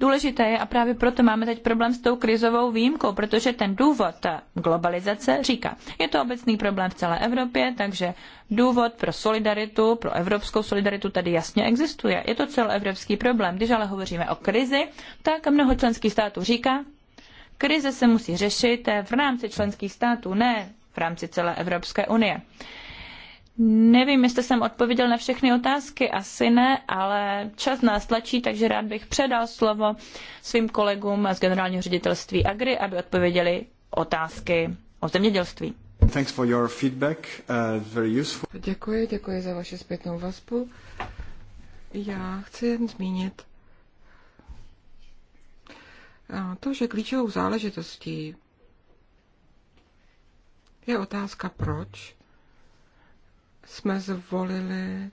důležité je a právě proto máme teď problém s tou krizovou výjimkou, protože ten důvod globalizace říká, je to obecný problém v celé Evropě, takže důvod pro solidaritu, pro evropskou solidaritu tady jasně existuje. Je to celoevropský problém. Když ale hovoříme o krizi, tak mnoho členských států říká, krize se musí řešit v rámci členských států, ne v rámci celé Evropské unie. Nevím, jestli jsem odpověděl na všechny otázky, asi ne, ale čas nás tlačí, takže rád bych předal slovo svým kolegům z generálního ředitelství Agri, aby odpověděli otázky o zemědělství. Thanks for your feedback. Uh, very useful. Děkuji, děkuji za vaši zpětnou vazbu. Já chci jen zmínit to, že klíčovou záležitostí je otázka proč jsme zvolili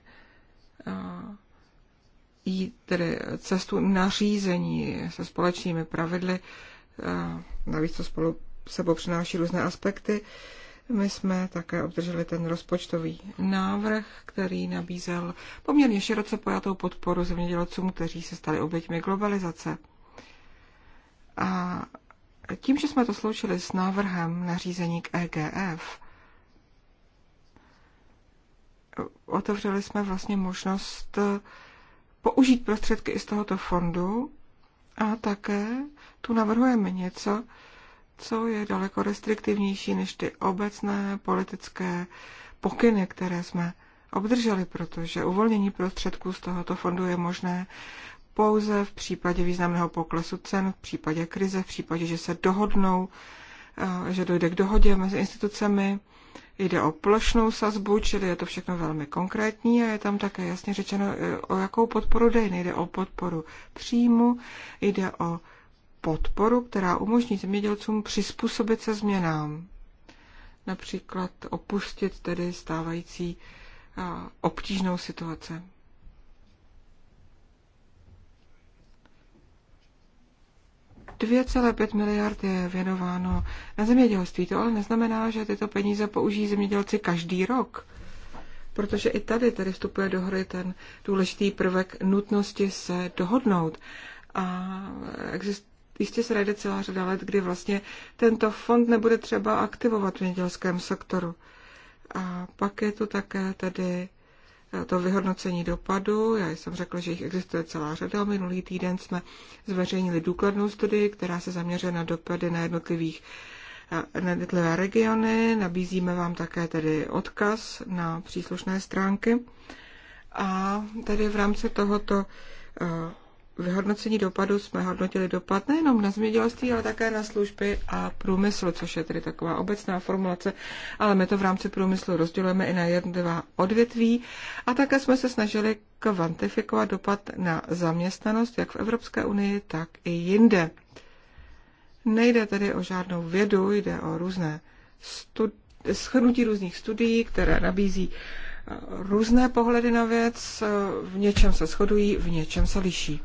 jít tedy cestu nařízení se společnými pravidly, navíc to spolu sebou přináší různé aspekty. My jsme také obdrželi ten rozpočtový návrh, který nabízel poměrně široce pojatou podporu zemědělcům, kteří se stali oběťmi globalizace. A tím, že jsme to sloučili s návrhem nařízení k EGF, otevřeli jsme vlastně možnost eh, použít prostředky i z tohoto fondu a také tu navrhujeme něco, co je daleko restriktivnější než ty obecné politické pokyny, které jsme obdrželi, protože uvolnění prostředků z tohoto fondu je možné pouze v případě významného poklesu cen, v případě krize, v případě, že se dohodnou, eh, že dojde k dohodě mezi institucemi, Jde o plošnou sazbu, čili je to všechno velmi konkrétní a je tam také jasně řečeno, e, o jakou podporu jde. Nejde o podporu příjmu, jde o podporu, která umožní zemědělcům přizpůsobit se změnám. Například opustit tedy stávající obtížnou situaci. 2,5 miliard je věnováno na zemědělství. To ale neznamená, že tyto peníze použijí zemědělci každý rok. Protože i tady tady vstupuje do hry ten důležitý prvek nutnosti se dohodnout. A exist, jistě se najde celá řada let, kdy vlastně tento fond nebude třeba aktivovat v zemědělském sektoru. A pak je tu také tedy to vyhodnocení dopadu. Já jsem řekla, že jich existuje celá řada. Minulý týden jsme zveřejnili důkladnou studii, která se zaměřuje na dopady na jednotlivých eh, na jednotlivé regiony. Nabízíme vám také tedy odkaz na příslušné stránky. A tady v rámci tohoto eh, vyhodnocení dopadu jsme hodnotili dopad nejenom na zemědělství, ale také na služby a průmysl, což je tedy taková obecná formulace, ale my to v rámci průmyslu rozdělujeme i na jednotlivá odvětví a také jsme se snažili kvantifikovat dopad na zaměstnanost jak v Evropské unii, tak i jinde. Nejde tedy o žádnou vědu, jde o různé studi- schrnutí různých studií, které nabízí eh, různé pohledy na věc, eh, v něčem se shodují, v něčem se liší.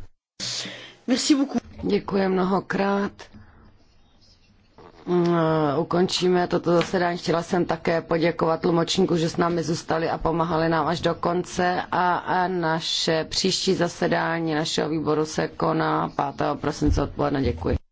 Děkuji mnohokrát. Mm, eh, ukončíme toto zasedání. Chtěla jsem také poděkovat tlumočníku, že s námi zůstali a pomáhali nám až do konce. A, a naše příští zasedání našeho výboru se koná 5. prosince odpoledne. Děkuji.